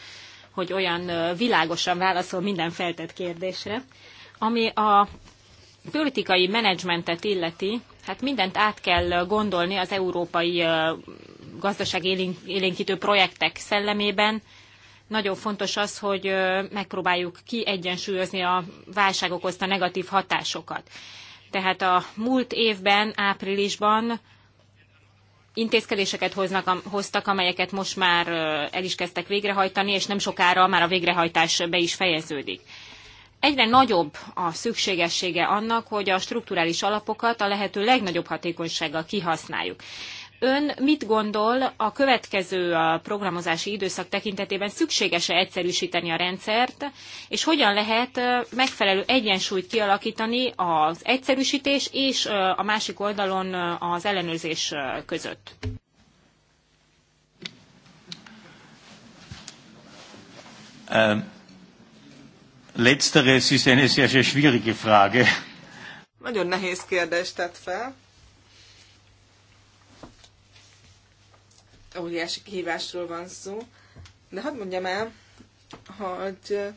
Speaker 5: hogy olyan világosan válaszol minden feltett kérdésre. Ami a politikai menedzsmentet illeti, hát mindent át kell gondolni az európai gazdaság élénkítő projektek szellemében. Nagyon fontos az, hogy megpróbáljuk kiegyensúlyozni a válság okozta negatív hatásokat. Tehát a múlt évben, áprilisban intézkedéseket hoznak, hoztak, amelyeket most már el is kezdtek végrehajtani, és nem sokára már a végrehajtás be is fejeződik. Egyre nagyobb a szükségessége annak, hogy a strukturális alapokat a lehető legnagyobb hatékonysággal kihasználjuk. Ön mit gondol a következő programozási időszak tekintetében szükséges-e egyszerűsíteni a rendszert, és hogyan lehet megfelelő egyensúlyt kialakítani az egyszerűsítés és a másik oldalon az ellenőrzés között?
Speaker 2: Ähm, Letzteres ist eine sehr, sehr schwierige Frage.
Speaker 1: Nagyon nehéz kérdést tett fel. óriási kihívásról van szó. De hadd mondjam el, hogy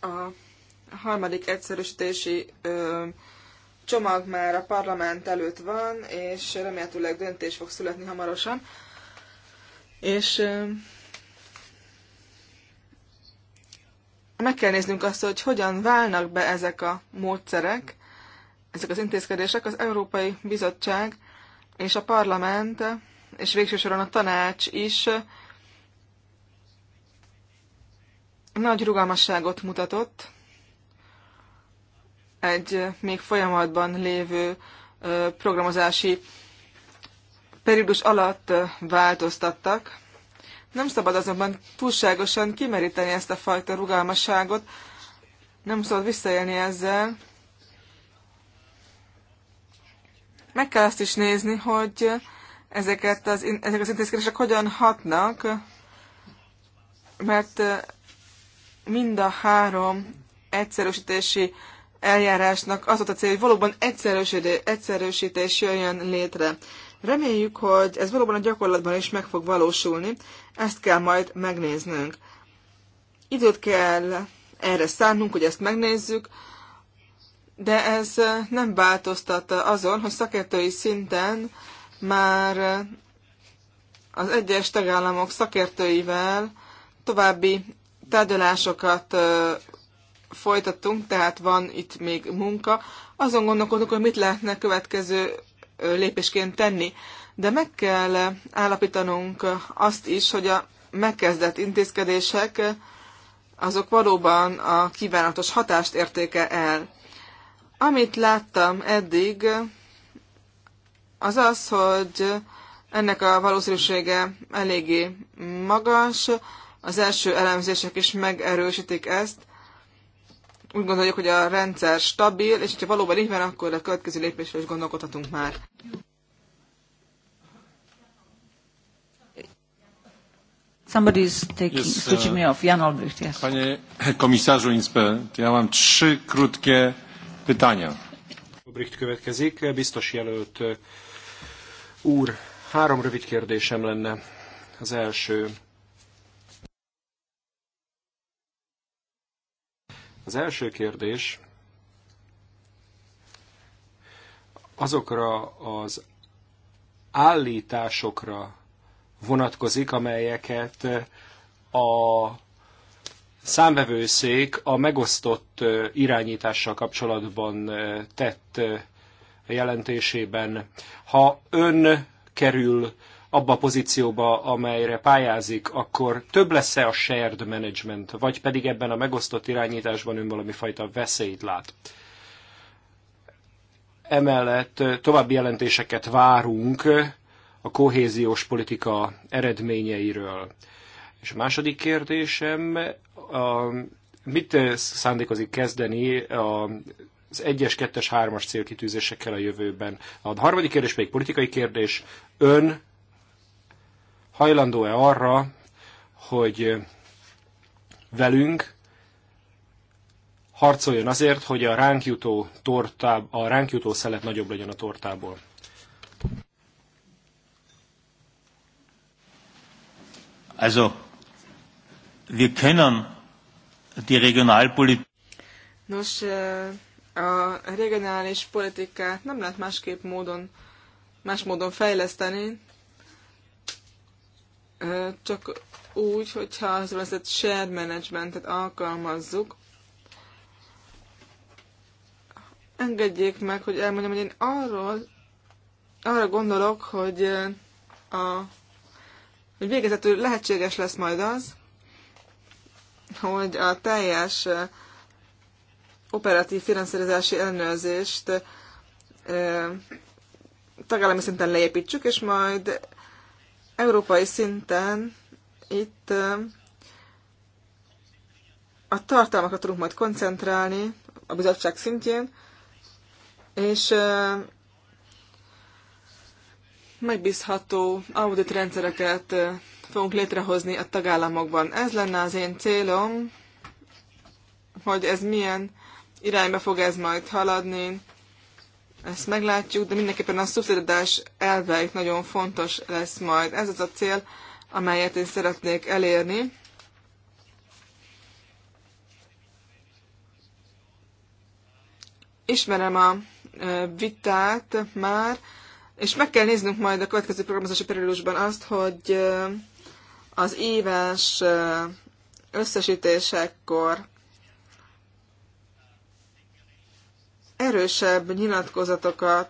Speaker 1: a harmadik egyszerűsítési csomag már a parlament előtt van, és remélhetőleg döntés fog születni hamarosan. És meg kell néznünk azt, hogy hogyan válnak be ezek a módszerek, ezek az intézkedések. Az Európai Bizottság és a parlament, és végső soron a tanács is nagy rugalmasságot mutatott egy még folyamatban lévő programozási periódus alatt változtattak. Nem szabad azonban túlságosan kimeríteni ezt a fajta rugalmasságot, nem szabad visszaélni ezzel, Meg kell azt is nézni, hogy ezeket az, ezek az intézkedések hogyan hatnak, mert mind a három egyszerűsítési eljárásnak az volt a cél, hogy valóban egyszerűsítés jöjjön létre. Reméljük, hogy ez valóban a gyakorlatban is meg fog valósulni, ezt kell majd megnéznünk. Időt kell erre szánnunk, hogy ezt megnézzük, de ez nem változtat azon, hogy szakértői szinten már az egyes tagállamok szakértőivel további tárgyalásokat folytattunk, tehát van itt még munka. Azon gondolkodunk, hogy mit lehetne következő lépésként tenni. De meg kell állapítanunk azt is, hogy a megkezdett intézkedések azok valóban a kívánatos hatást értéke el. Amit láttam eddig, az az, hogy ennek a valószínűsége eléggé magas, az első elemzések is megerősítik ezt. Úgy gondoljuk, hogy a rendszer stabil, és ha valóban így van, akkor a következő lépésre is gondolkodhatunk már. Somebody's taking, yes, switching uh, me off. Jan Albrecht, yes. Panie
Speaker 2: komisarzu Inspe, ja mam trzy krótkie Pytania.
Speaker 4: következik. Biztos jelölt úr, három rövid kérdésem lenne. Az első. Az első kérdés azokra az állításokra vonatkozik, amelyeket a számvevőszék a megosztott irányítással kapcsolatban tett jelentésében. Ha ön kerül abba a pozícióba, amelyre pályázik, akkor több lesz-e a shared management, vagy pedig ebben a megosztott irányításban ön valami fajta veszélyt lát? Emellett további jelentéseket várunk a kohéziós politika eredményeiről. És a második kérdésem a, mit szándékozik kezdeni a az 1-es, 2-es, 3-as célkitűzésekkel a jövőben. A harmadik kérdés pedig politikai kérdés. Ön hajlandó-e arra, hogy velünk harcoljon azért, hogy a ránk jutó, tortá, a ránk jutó szelet nagyobb legyen a tortából?
Speaker 2: Also, wir können die Regionalpolitik.
Speaker 1: Nos, eh, a regionális politikát nem lehet másképp módon, más módon fejleszteni, eh, csak úgy, hogyha az vezet shared managementet alkalmazzuk. Engedjék meg, hogy elmondjam, hogy én arról, arra gondolok, hogy eh, a hogy végezetül lehetséges lesz majd az, hogy a teljes operatív finanszírozási ellenőrzést tagállami szinten leépítsük, és majd európai szinten itt a tartalmakra tudunk majd koncentrálni a bizottság szintjén, és megbízható audit rendszereket fogunk létrehozni a tagállamokban. Ez lenne az én célom, hogy ez milyen irányba fog ez majd haladni, ezt meglátjuk, de mindenképpen a szubszidadás elveik nagyon fontos lesz majd. Ez az a cél, amelyet én szeretnék elérni. Ismerem a vitát már, és meg kell néznünk majd a következő programozási periódusban azt, hogy az éves összesítésekkor erősebb nyilatkozatokat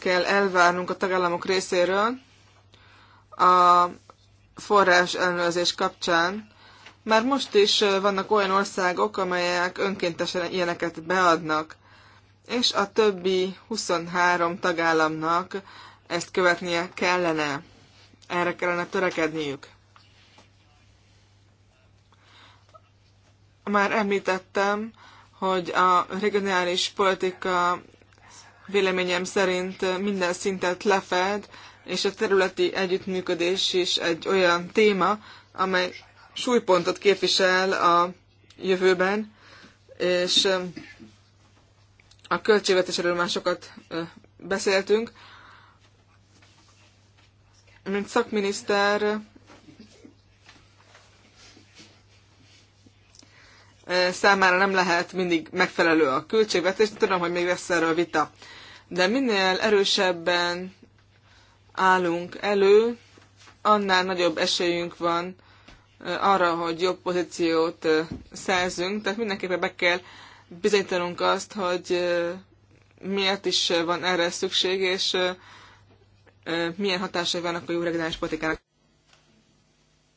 Speaker 1: kell elvárnunk a tagállamok részéről a forrás ellenőrzés kapcsán. Már most is vannak olyan országok, amelyek önkéntesen ilyeneket beadnak, és a többi 23 tagállamnak ezt követnie kellene. Erre kellene törekedniük. Már említettem, hogy a regionális politika véleményem szerint minden szintet lefed, és a területi együttműködés is egy olyan téma, amely súlypontot képvisel a jövőben, és a költségvetésről már sokat beszéltünk. Mint szakminiszter számára nem lehet mindig megfelelő a költségvetés, tudom, hogy még lesz erről vita. De minél erősebben állunk elő, annál nagyobb esélyünk van arra, hogy jobb pozíciót szerzünk, tehát mindenképpen be kell bizonyítanunk azt, hogy miért is van erre szükség, és milyen hatásai vannak a jó regionális politikának.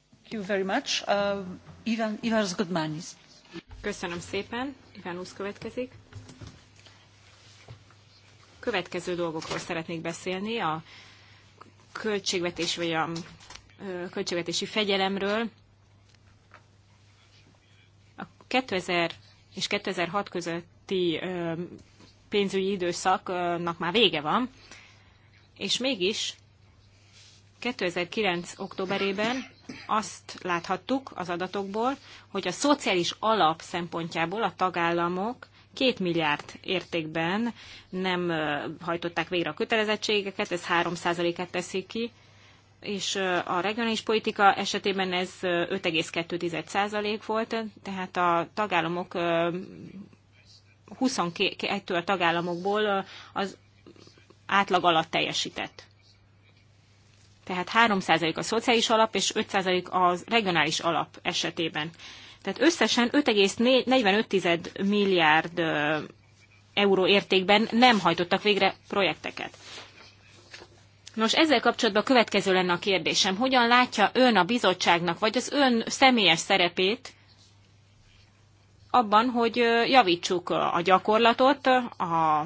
Speaker 5: Thank you very much. Uh, Ivan, Ivan Zgodmanis. Köszönöm szépen. Iván Úsz következik. Következő dolgokról szeretnék beszélni, a költségvetés vagy a költségvetési fegyelemről. A 2000 és 2006 közötti pénzügyi időszaknak már vége van, és mégis 2009. októberében azt láthattuk az adatokból, hogy a szociális alap szempontjából a tagállamok 2 milliárd értékben nem hajtották végre a kötelezettségeket, ez 3 százaléket teszi ki, és a regionális politika esetében ez 5,2% volt, tehát a tagállamok 22 a tagállamokból az átlag alatt teljesített. Tehát 3% a szociális alap és 5% a regionális alap esetében. Tehát összesen 5,45 milliárd euró értékben nem hajtottak végre projekteket. Nos, ezzel kapcsolatban következő lenne a kérdésem. Hogyan látja ön a bizottságnak, vagy az ön személyes szerepét abban, hogy javítsuk a gyakorlatot, a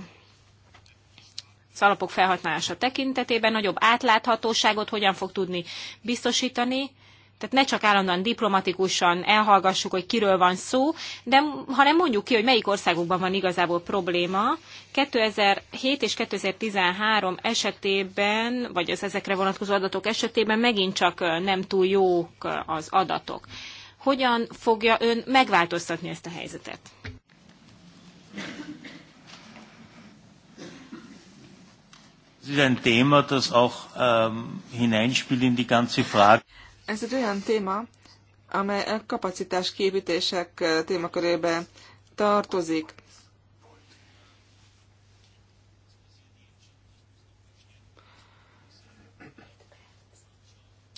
Speaker 5: az alapok felhasználása tekintetében nagyobb átláthatóságot hogyan fog tudni biztosítani, tehát ne csak állandóan diplomatikusan elhallgassuk, hogy kiről van szó, de hanem mondjuk ki, hogy melyik országokban van igazából probléma. 2007 és 2013 esetében, vagy az ezekre vonatkozó adatok esetében megint csak nem túl jók az adatok. Hogyan fogja ön megváltoztatni ezt a helyzetet?
Speaker 2: ist ein Thema, das auch ähm, hineinspielt in die ganze Frage.
Speaker 1: Ez egy olyan téma, amely a kapacitás képítések témakörébe tartozik.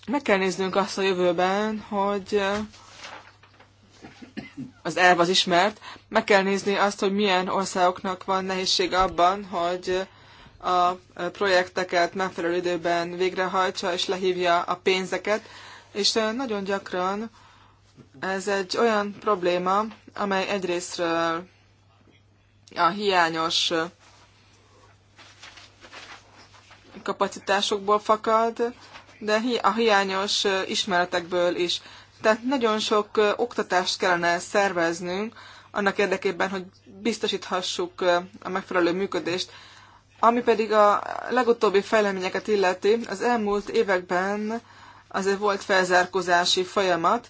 Speaker 1: Meg kell néznünk azt a jövőben, hogy az elv az ismert, meg kell nézni azt, hogy milyen országoknak van nehézség abban, hogy a projekteket megfelelő időben végrehajtsa és lehívja a pénzeket, és nagyon gyakran ez egy olyan probléma, amely egyrészt a hiányos kapacitásokból fakad, de a hiányos ismeretekből is. Tehát nagyon sok oktatást kellene szerveznünk annak érdekében, hogy biztosíthassuk a megfelelő működést ami pedig a legutóbbi fejleményeket illeti, az elmúlt években azért volt felzárkozási folyamat,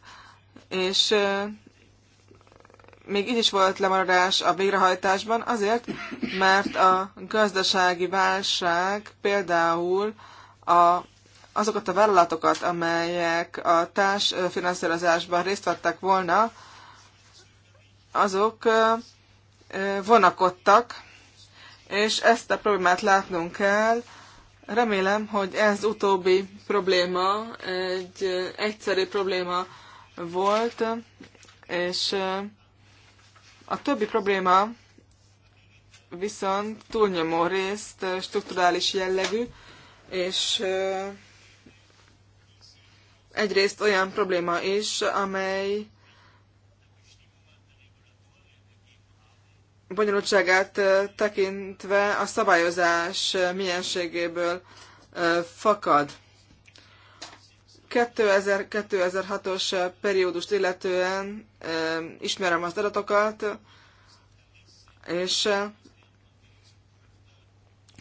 Speaker 1: és még így is volt lemaradás a végrehajtásban, azért, mert a gazdasági válság például a, azokat a vállalatokat, amelyek a társfinanszírozásban részt vettek volna, azok vonakodtak, és ezt a problémát látnunk kell. Remélem, hogy ez utóbbi probléma egy egyszerű probléma volt, és a többi probléma viszont túlnyomó részt strukturális jellegű, és egyrészt olyan probléma is, amely bonyolultságát tekintve a szabályozás mienségéből fakad. 2000-2006-os periódust illetően ismerem az adatokat, és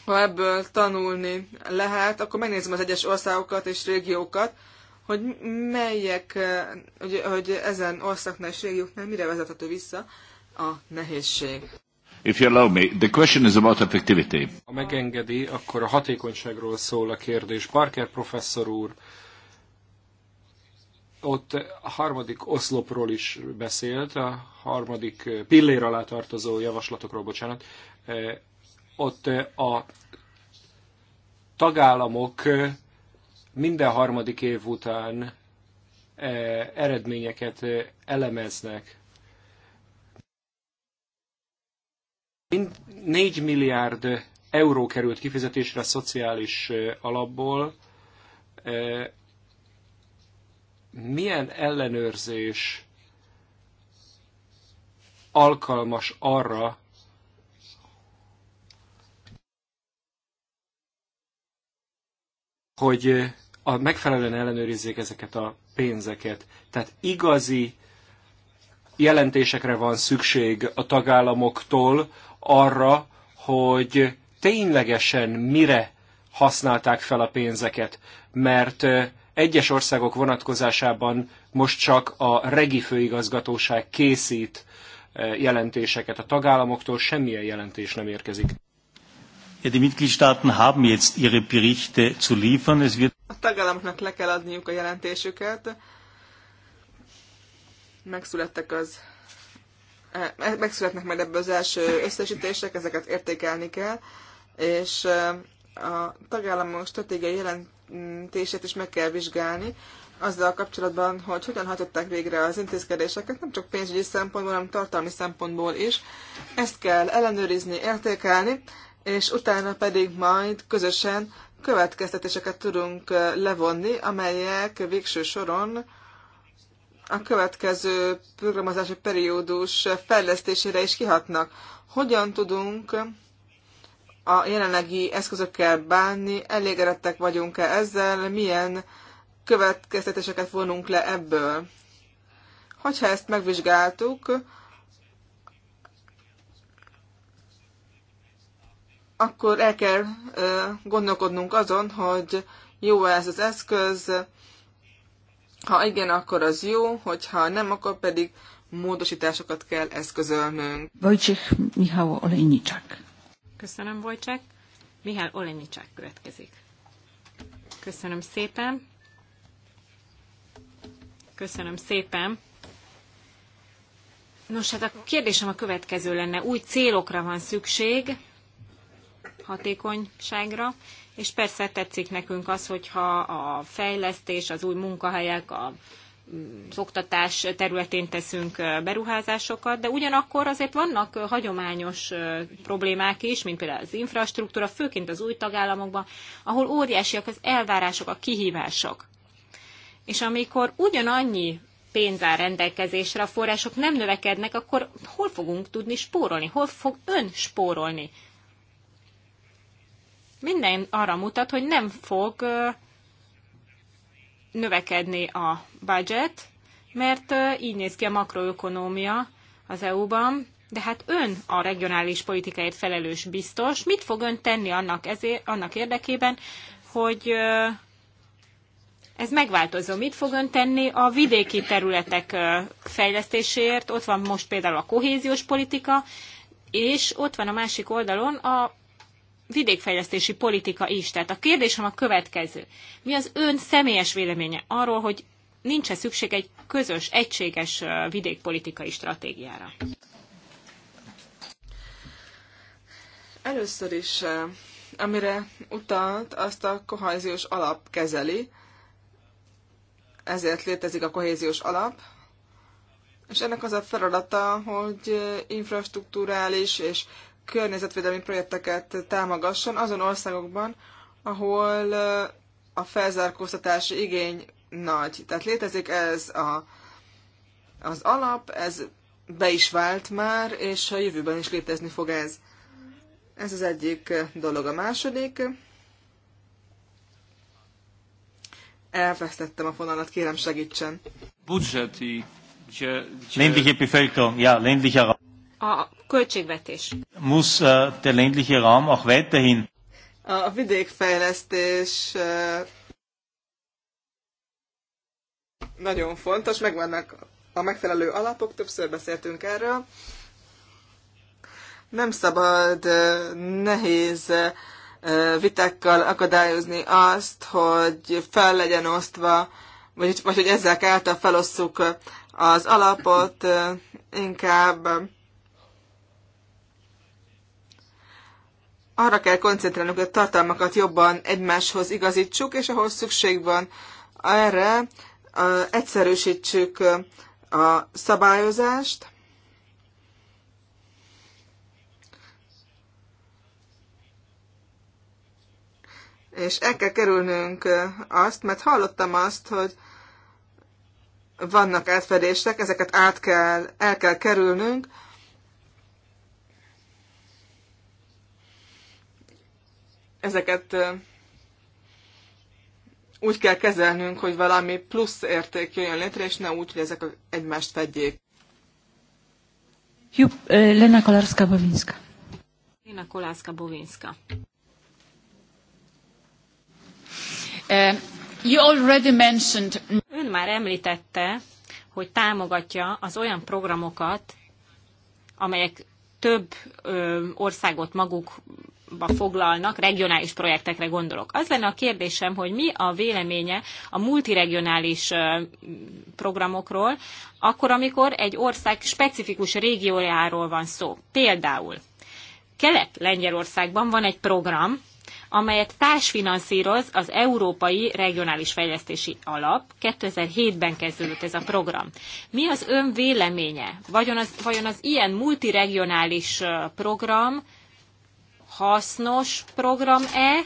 Speaker 1: ha ebből tanulni lehet, akkor megnézem az egyes országokat és régiókat, hogy melyek, hogy, hogy ezen országnál és régióknál mire vezethető vissza
Speaker 4: a nehézség. If you allow me, the question is about effectivity. Ha megengedi, akkor a hatékonyságról szól a kérdés. Parker professzor úr ott a harmadik oszlopról is beszélt, a harmadik pillér alá tartozó javaslatokról, bocsánat. E, ott a tagállamok minden harmadik év után e, eredményeket elemeznek 4 milliárd euró került kifizetésre a szociális alapból. Milyen ellenőrzés alkalmas arra, hogy a megfelelően ellenőrizzék ezeket a pénzeket. Tehát igazi jelentésekre van szükség a tagállamoktól arra, hogy ténylegesen mire használták fel a pénzeket, mert egyes országok vonatkozásában most csak a regi főigazgatóság készít jelentéseket. A tagállamoktól semmilyen jelentés nem érkezik. die
Speaker 2: Mitgliedstaaten haben jetzt ihre Berichte zu liefern. Es wird
Speaker 1: a tagállamoknak le kell adniuk a jelentésüket. Megszülettek az Eh, megszületnek majd ebből az első összesítések, ezeket értékelni kell, és eh, a tagállamok stratégiai jelentését is meg kell vizsgálni, azzal kapcsolatban, hogy hogyan hatották végre az intézkedéseket, nem csak pénzügyi szempontból, hanem tartalmi szempontból is. Ezt kell ellenőrizni, értékelni, és utána pedig majd közösen következtetéseket tudunk eh, levonni, amelyek végső soron a következő programozási periódus fejlesztésére is kihatnak. Hogyan tudunk a jelenlegi eszközökkel bánni, elégedettek vagyunk-e ezzel, milyen következtetéseket vonunk le ebből. Hogyha ezt megvizsgáltuk, akkor el kell gondolkodnunk azon, hogy jó -e ez az eszköz, ha igen, akkor az jó, hogyha nem, akkor pedig módosításokat kell eszközölnünk.
Speaker 3: Vojcsik Mihály Olenicsák.
Speaker 1: Köszönöm, Vojcsek.
Speaker 5: Mihály Olenicsák következik. Köszönöm szépen. Köszönöm szépen. Nos, hát a kérdésem a következő lenne. Új célokra van szükség, hatékonyságra, és persze tetszik nekünk az, hogyha a fejlesztés, az új munkahelyek, a az oktatás területén teszünk beruházásokat, de ugyanakkor azért vannak hagyományos problémák is, mint például az infrastruktúra, főként az új tagállamokban, ahol óriásiak az elvárások, a kihívások. És amikor ugyanannyi pénz áll rendelkezésre, a források nem növekednek, akkor hol fogunk tudni spórolni? Hol fog ön spórolni? minden arra mutat, hogy nem fog növekedni a budget, mert így néz ki a makroökonómia az EU-ban, de hát ön a regionális politikáért felelős biztos. Mit fog ön tenni annak, ezért, annak érdekében, hogy ez megváltozó. Mit fog ön tenni a vidéki területek fejlesztéséért? Ott van most például a kohéziós politika, és ott van a másik oldalon a vidékfejlesztési politika is. Tehát a kérdésem a következő. Mi az ön személyes véleménye arról, hogy nincs-e szükség egy közös, egységes vidékpolitikai stratégiára?
Speaker 1: Először is, amire utalt, azt a kohéziós alap kezeli, ezért létezik a kohéziós alap, és ennek az a feladata, hogy infrastruktúrális és környezetvédelmi projekteket támogasson azon országokban, ahol a felzárkóztatási igény nagy. Tehát létezik ez a, az alap, ez be is vált már, és a jövőben is létezni fog ez. Ez az egyik dolog. A második, elvesztettem a fonalat, kérem segítsen.
Speaker 2: Budżeti. Ländliche Bevölkerung, ja, ländlicher
Speaker 1: a költségvetés.
Speaker 2: Musz äh, der ländliche Raum auch weiterhin
Speaker 1: a vidékfejlesztés äh, nagyon fontos, vannak a megfelelő alapok, többször beszéltünk erről. Nem szabad nehéz vitákkal akadályozni azt, hogy fel legyen osztva, vagy, vagy hogy ezzel által felosszuk az alapot, inkább arra kell koncentrálnunk, hogy a tartalmakat jobban egymáshoz igazítsuk, és ahol szükség van erre, egyszerűsítsük a szabályozást, és el kell kerülnünk azt, mert hallottam azt, hogy vannak átfedések, ezeket át kell, el kell kerülnünk, ezeket úgy kell kezelnünk, hogy valami plusz érték jöjjön létre, és ne úgy, hogy ezek egymást fedjék.
Speaker 3: Jó, Lena Kolarska-Bovinska.
Speaker 1: Lena Kolarska-Bovinska.
Speaker 5: Uh,
Speaker 3: you already mentioned...
Speaker 5: Ön már említette, hogy támogatja az olyan programokat, amelyek több ö, országot maguk foglalnak, regionális projektekre gondolok. Az lenne a kérdésem, hogy mi a véleménye a multiregionális programokról, akkor, amikor egy ország specifikus régiójáról van szó. Például Kelet-Lengyelországban van egy program, amelyet társfinanszíroz az Európai Regionális Fejlesztési Alap. 2007-ben kezdődött ez a program. Mi az ön véleménye? Vajon az, vajon az ilyen multiregionális program hasznos program-e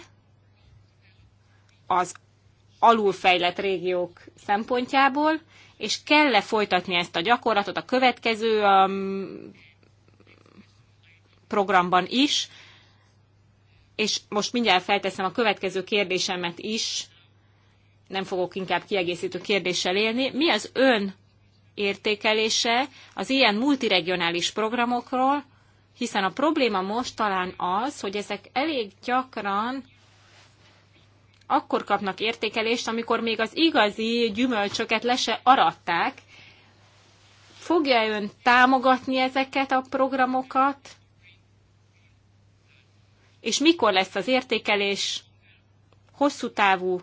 Speaker 5: az alulfejlett régiók szempontjából, és kell-e folytatni ezt a gyakorlatot a következő um, programban is, és most mindjárt felteszem a következő kérdésemet is, nem fogok inkább kiegészítő kérdéssel élni. Mi az ön értékelése az ilyen multiregionális programokról, hiszen a probléma most talán az, hogy ezek elég gyakran akkor kapnak értékelést, amikor még az igazi gyümölcsöket le se aratták. Fogja ön támogatni ezeket a programokat? És mikor lesz az értékelés? Hosszú távú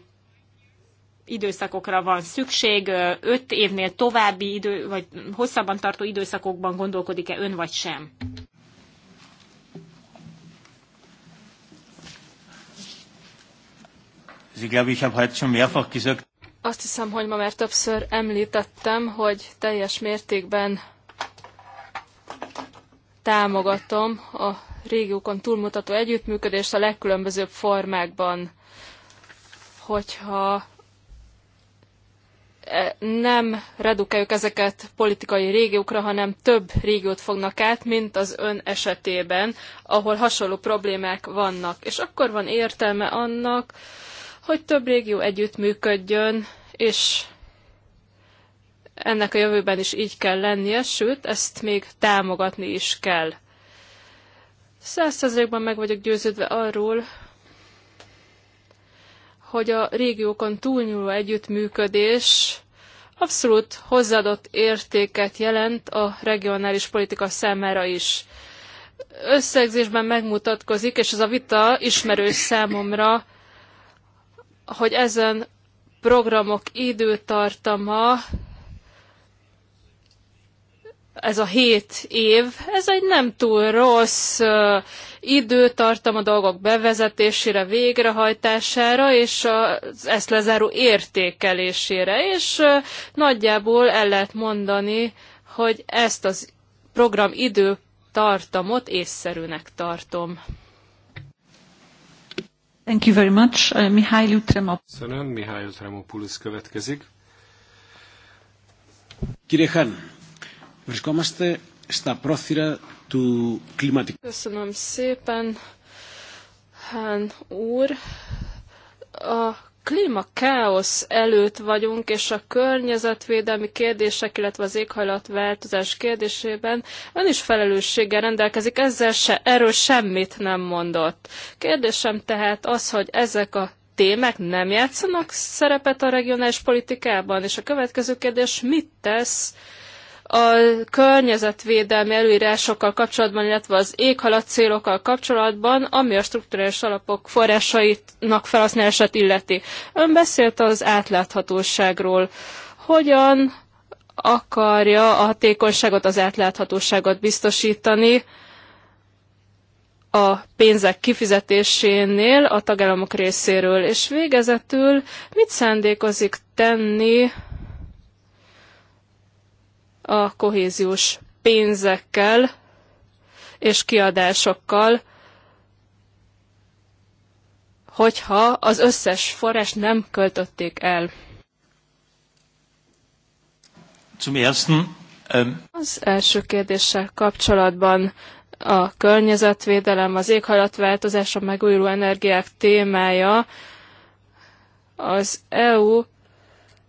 Speaker 5: időszakokra van szükség, öt évnél további idő, vagy hosszabban tartó időszakokban gondolkodik-e ön vagy
Speaker 3: sem?
Speaker 2: glaube ich, habe heute schon mehrfach gesagt.
Speaker 3: Azt hiszem, hogy ma már többször említettem, hogy teljes mértékben támogatom a régiókon túlmutató együttműködést a legkülönbözőbb formákban. Hogyha e, nem redukáljuk ezeket politikai régiókra, hanem több régiót fognak át, mint az ön esetében, ahol hasonló problémák vannak. És akkor van értelme annak, hogy több régió együttműködjön, és ennek a jövőben is így kell lennie, sőt, ezt még támogatni is kell. Százszerzékben meg vagyok győződve arról, hogy a régiókon túlnyúló együttműködés abszolút hozzáadott értéket jelent a regionális politika számára is. Összegzésben megmutatkozik, és ez a vita ismerős számomra, hogy ezen programok időtartama ez a hét év, ez egy nem túl rossz időtartam a dolgok bevezetésére, végrehajtására és az ezt lezáró értékelésére, és nagyjából el lehet mondani, hogy ezt az program időtartamot észszerűnek tartom.
Speaker 4: Thank you very much. Uh, Mihály Utremopoulos. Köszönöm. Mihály Utremopoulos következik. Κύριε Χάν, βρισκόμαστε στα πρόθυρα
Speaker 2: του κλιματικού.
Speaker 3: Köszönöm szépen, Hán úr. A klímakáosz előtt vagyunk, és a környezetvédelmi kérdések, illetve az éghajlatváltozás kérdésében ön is felelősséggel rendelkezik, ezzel se, erről semmit nem mondott. Kérdésem tehát az, hogy ezek a témák nem játszanak szerepet a regionális politikában, és a következő kérdés, mit tesz a környezetvédelmi előírásokkal kapcsolatban, illetve az éghalat célokkal kapcsolatban, ami a strukturális alapok forrásainak felhasználását illeti. Ön beszélt az átláthatóságról. Hogyan akarja a hatékonyságot, az átláthatóságot biztosítani a pénzek kifizetésénél a tagállamok részéről, és végezetül mit szándékozik tenni a kohéziós pénzekkel és kiadásokkal, hogyha az összes forrás nem költötték el.
Speaker 2: Zum ersten, ähm,
Speaker 3: Az első kérdéssel kapcsolatban a környezetvédelem, az éghajlatváltozás, a megújuló energiák témája az EU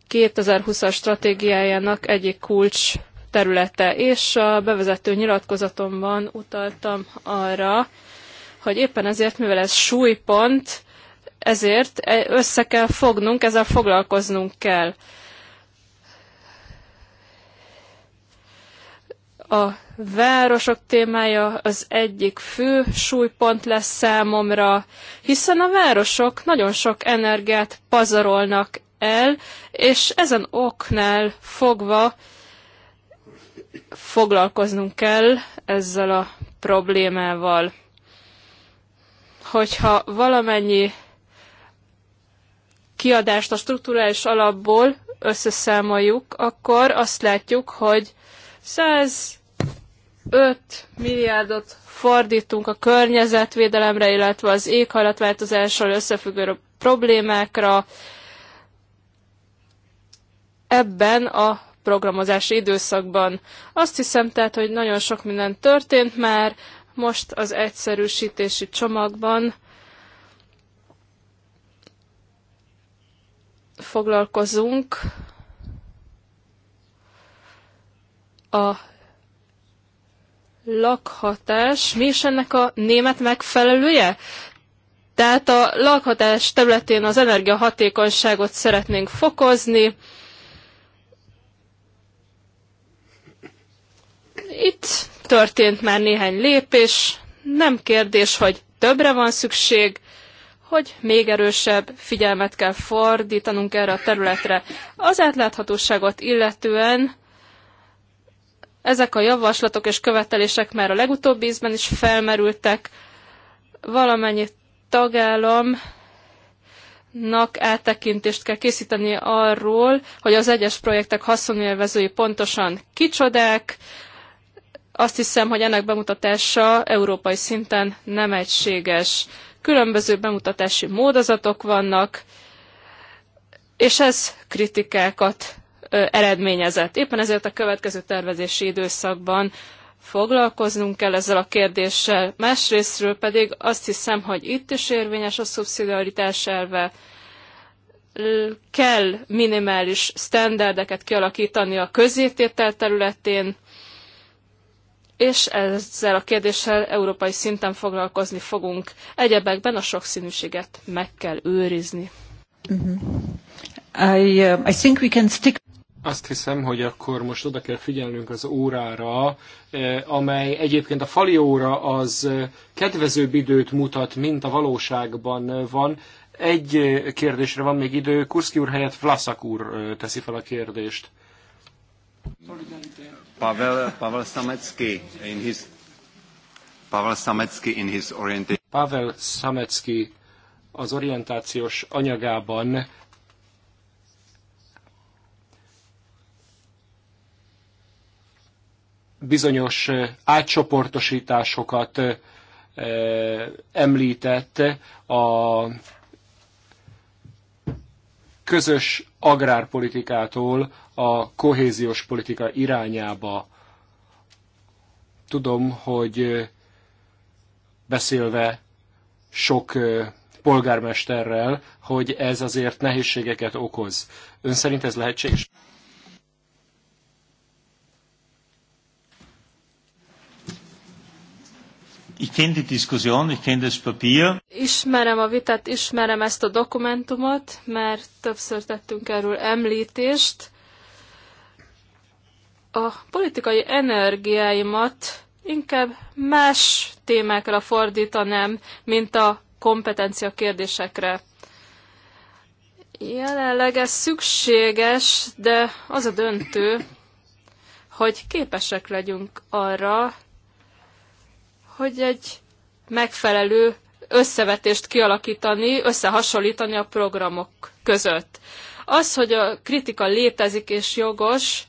Speaker 3: 2020-as stratégiájának egyik kulcs területe, és a bevezető nyilatkozatomban utaltam arra, hogy éppen ezért, mivel ez súlypont, ezért e- össze kell fognunk, ezzel foglalkoznunk kell. A városok témája az egyik fő súlypont lesz számomra, hiszen a városok nagyon sok energiát pazarolnak el, és ezen oknál fogva foglalkoznunk kell ezzel a problémával. Hogyha valamennyi kiadást a strukturális alapból összeszámoljuk, akkor azt látjuk, hogy 105 milliárdot fordítunk a környezetvédelemre, illetve az éghajlatváltozással összefüggő problémákra. Ebben a programozási időszakban. Azt hiszem tehát, hogy nagyon sok minden történt már, most az egyszerűsítési csomagban foglalkozunk a lakhatás. Mi is ennek a német megfelelője? Tehát a lakhatás területén az energiahatékonyságot szeretnénk fokozni, Itt történt már néhány lépés, nem kérdés, hogy többre van szükség, hogy még erősebb figyelmet kell fordítanunk erre a területre. Az átláthatóságot illetően ezek a javaslatok és követelések már a legutóbbi ízben is felmerültek. Valamennyi tagállamnak áttekintést kell készíteni arról, hogy az egyes projektek haszonélvezői pontosan kicsodák, azt hiszem, hogy ennek bemutatása európai szinten nem egységes. Különböző bemutatási módozatok vannak, és ez kritikákat eredményezett. Éppen ezért a következő tervezési időszakban foglalkoznunk kell ezzel a kérdéssel. Másrésztről pedig azt hiszem, hogy itt is érvényes a szubszidiaritás elve. Kell minimális sztenderdeket kialakítani a közététel területén, és ezzel a kérdéssel európai szinten foglalkozni fogunk. Egyebekben a sokszínűséget meg kell őrizni. Mm-hmm. I, uh, I think we can stick...
Speaker 4: Azt hiszem, hogy akkor most oda kell figyelnünk az órára, eh, amely egyébként a fali óra az eh, kedvezőbb időt mutat, mint a valóságban eh, van. Egy kérdésre van még idő, Kurszki úr helyett Vlaszak úr teszi fel a kérdést. Solidarité. Pavel, Pavel Sametsky in his Pavel in his orientation. Pavel az orientációs anyagában bizonyos eh, átcsoportosításokat eh, említett a közös agrárpolitikától a kohéziós politika irányába. Tudom, hogy beszélve sok polgármesterrel, hogy ez azért nehézségeket okoz. Ön szerint ez lehetséges?
Speaker 2: Ich kenne die Diskussion, ich kenne das Papier.
Speaker 3: Ismerem a vitát, ismerem ezt a dokumentumot, mert többször tettünk erről említést. A politikai energiáimat inkább más témákra fordítanám, mint a kompetencia kérdésekre. Jelenleg ez szükséges, de az a döntő, hogy képesek legyünk arra, hogy egy megfelelő összevetést kialakítani, összehasonlítani a programok között. Az, hogy a kritika létezik és jogos,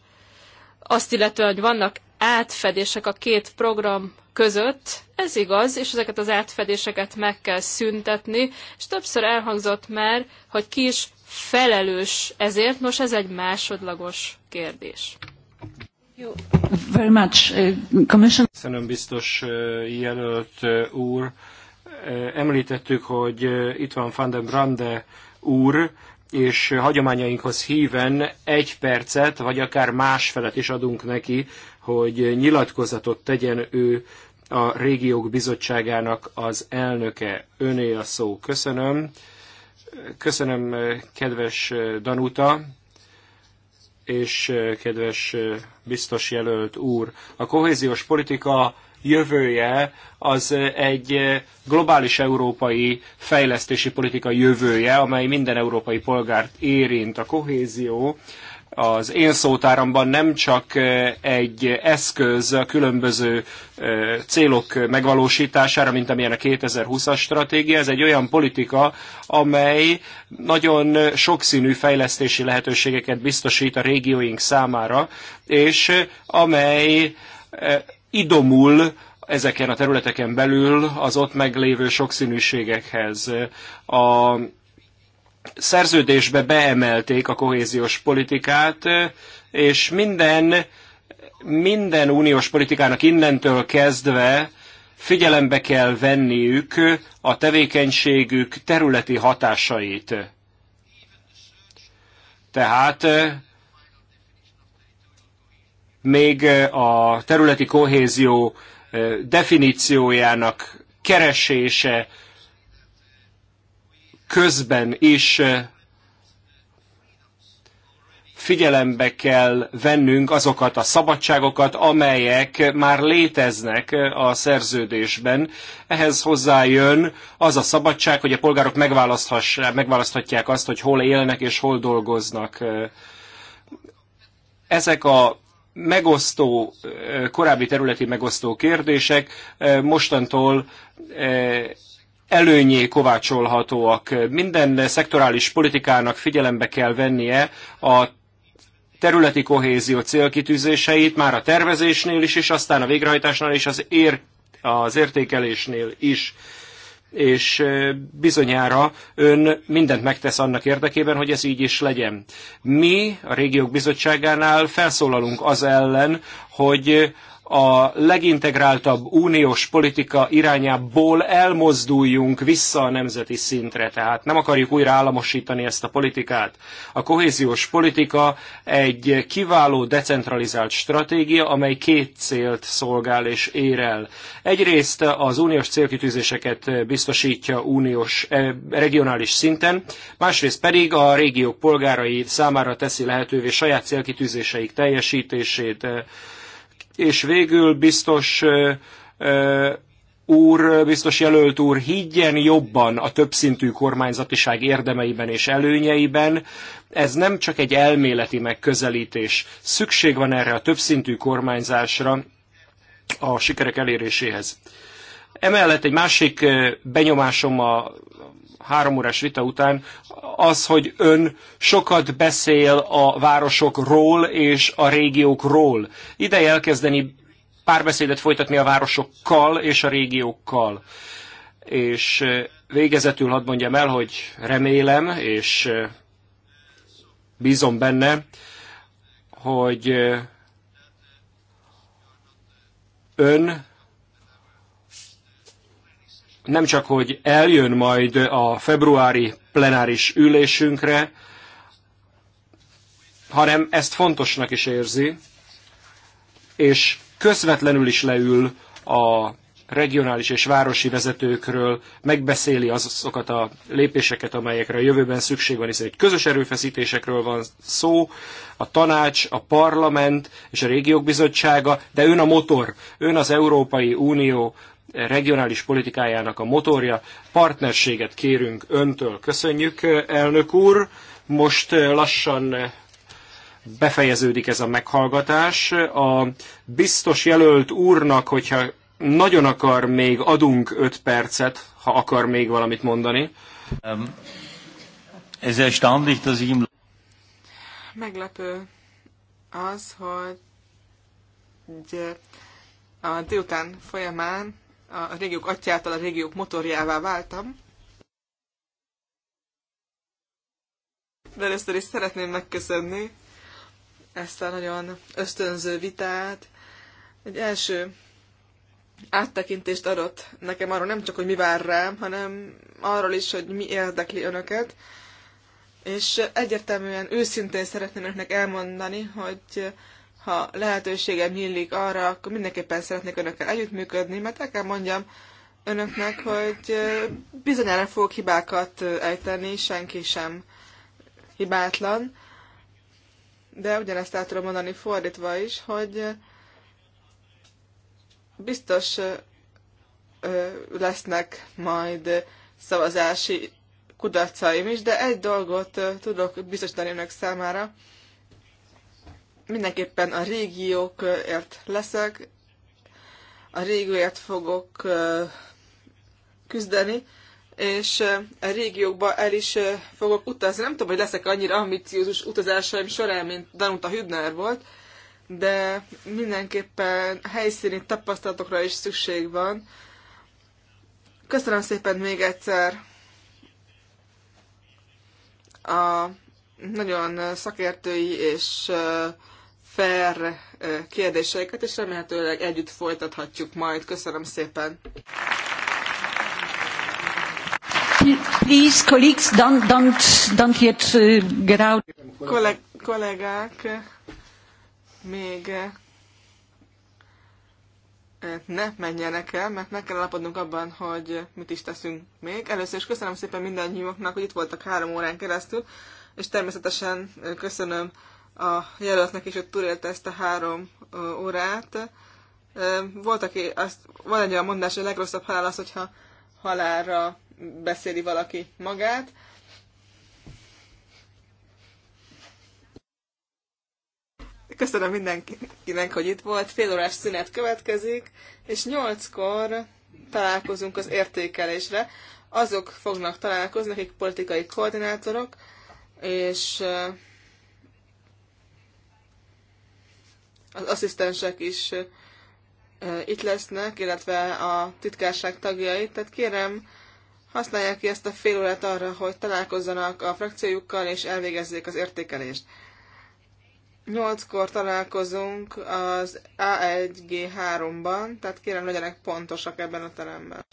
Speaker 3: azt illetően, hogy vannak átfedések a két program között, ez igaz, és ezeket az átfedéseket meg kell szüntetni, és többször elhangzott már, hogy ki is felelős ezért, most ez egy másodlagos kérdés.
Speaker 4: Uh, Köszönöm biztos uh, jelölt uh, úr. Említettük, hogy itt van Van den Brande úr, és hagyományainkhoz híven egy percet, vagy akár másfelet is adunk neki, hogy nyilatkozatot tegyen ő a régiók bizottságának az elnöke. Öné a szó. Köszönöm. Köszönöm, kedves Danuta és kedves biztos jelölt úr, a kohéziós politika jövője az egy globális európai fejlesztési politika jövője, amely minden európai polgárt érint. A kohézió az én szótáramban nem csak egy eszköz a különböző célok megvalósítására, mint amilyen a 2020-as stratégia, ez egy olyan politika, amely nagyon sokszínű fejlesztési lehetőségeket biztosít a régióink számára, és amely idomul ezeken a területeken belül az ott meglévő sokszínűségekhez. A szerződésbe beemelték a kohéziós politikát, és minden, minden uniós politikának innentől kezdve figyelembe kell venniük a tevékenységük területi hatásait. Tehát még a területi kohézió definíciójának keresése, közben is figyelembe kell vennünk azokat a szabadságokat, amelyek már léteznek a szerződésben. Ehhez hozzájön az a szabadság, hogy a polgárok megválaszthatják azt, hogy hol élnek és hol dolgoznak. Ezek a megosztó, korábbi területi megosztó kérdések mostantól előnyé kovácsolhatóak. Minden szektorális politikának figyelembe kell vennie a területi kohézió célkitűzéseit már a tervezésnél is, és aztán a végrehajtásnál és az, ér, az értékelésnél is. És bizonyára ön mindent megtesz annak érdekében, hogy ez így is legyen. Mi a Régiók Bizottságánál felszólalunk az ellen, hogy a legintegráltabb uniós politika irányából elmozduljunk vissza a nemzeti szintre. Tehát nem akarjuk újra államosítani ezt a politikát. A kohéziós politika egy kiváló decentralizált stratégia, amely két célt szolgál és ér el. Egyrészt az uniós célkitűzéseket biztosítja uniós eh, regionális szinten, másrészt pedig a régiók polgárai számára teszi lehetővé saját célkitűzéseik teljesítését, eh, és végül biztos úr, biztos jelölt úr, higgyen jobban a többszintű kormányzatiság érdemeiben és előnyeiben. Ez nem csak egy elméleti megközelítés. Szükség van erre a többszintű kormányzásra a sikerek eléréséhez. Emellett egy másik benyomásom a három órás vita után az, hogy ön sokat beszél a városokról és a régiókról. Ideje elkezdeni párbeszédet folytatni a városokkal és a régiókkal. És végezetül hadd mondjam el, hogy remélem, és bízom benne, hogy ön nem csak, hogy eljön majd a februári plenáris ülésünkre, hanem ezt fontosnak is érzi, és közvetlenül is leül a regionális és városi vezetőkről, megbeszéli azokat a lépéseket, amelyekre a jövőben szükség van, hiszen egy közös erőfeszítésekről van szó, a tanács, a parlament és a régiók bizottsága, de ön a motor, ön az Európai Unió regionális politikájának a motorja. Partnerséget kérünk öntől. Köszönjük, elnök úr. Most eh, lassan eh, befejeződik ez a meghallgatás. A biztos jelölt úrnak, hogyha nagyon akar még, adunk öt percet, ha akar még valamit mondani. Um, ez egy standicht az im...
Speaker 1: Meglepő az, hogy a délután folyamán a régiók atyától a régiók motorjává váltam. De először is szeretném megköszönni ezt a nagyon ösztönző vitát. Egy első áttekintést adott nekem arról nem csak, hogy mi vár rám, hanem arról is, hogy mi érdekli önöket. És egyértelműen őszintén szeretném önöknek elmondani, hogy ha lehetőségem nyílik arra, akkor mindenképpen szeretnék önökkel együttműködni, mert el kell mondjam önöknek, hogy bizonyára fogok hibákat ejteni, senki sem hibátlan, de ugyanezt el tudom mondani fordítva is, hogy biztos lesznek majd szavazási kudarcaim is, de egy dolgot tudok biztosítani önök számára, mindenképpen a régiókért leszek, a régióért fogok küzdeni, és a régiókba el is fogok utazni. Nem tudom, hogy leszek annyira ambiciózus utazásaim során, mint Danuta Hübner volt, de mindenképpen helyszíni tapasztalatokra is szükség van. Köszönöm szépen még egyszer a nagyon szakértői és fair kérdéseiket, és remélhetőleg együtt folytathatjuk majd. Köszönöm szépen! Please,
Speaker 5: colleagues, don't, don't, don't yet get out.
Speaker 1: Kolleg, kollégák, még ne menjenek el, mert meg kell alapodnunk abban, hogy mit is teszünk még. Először is köszönöm szépen mindannyiuknak, hogy itt voltak három órán keresztül, és természetesen köszönöm a jelöltnek is, hogy túlélte ezt a három órát. Volt, aki azt, van egy olyan mondás, hogy a legrosszabb halál az, hogyha halálra beszéli valaki magát. Köszönöm mindenkinek, hogy itt volt. Fél órás szünet következik, és nyolckor találkozunk az értékelésre. Azok fognak találkozni, akik politikai koordinátorok, és az asszisztensek is itt lesznek, illetve a titkárság tagjai. Tehát kérem, használják ki ezt a fél órát arra, hogy találkozzanak a frakciójukkal és elvégezzék az értékelést. Nyolckor találkozunk az A1G3-ban, tehát kérem legyenek pontosak ebben a teremben.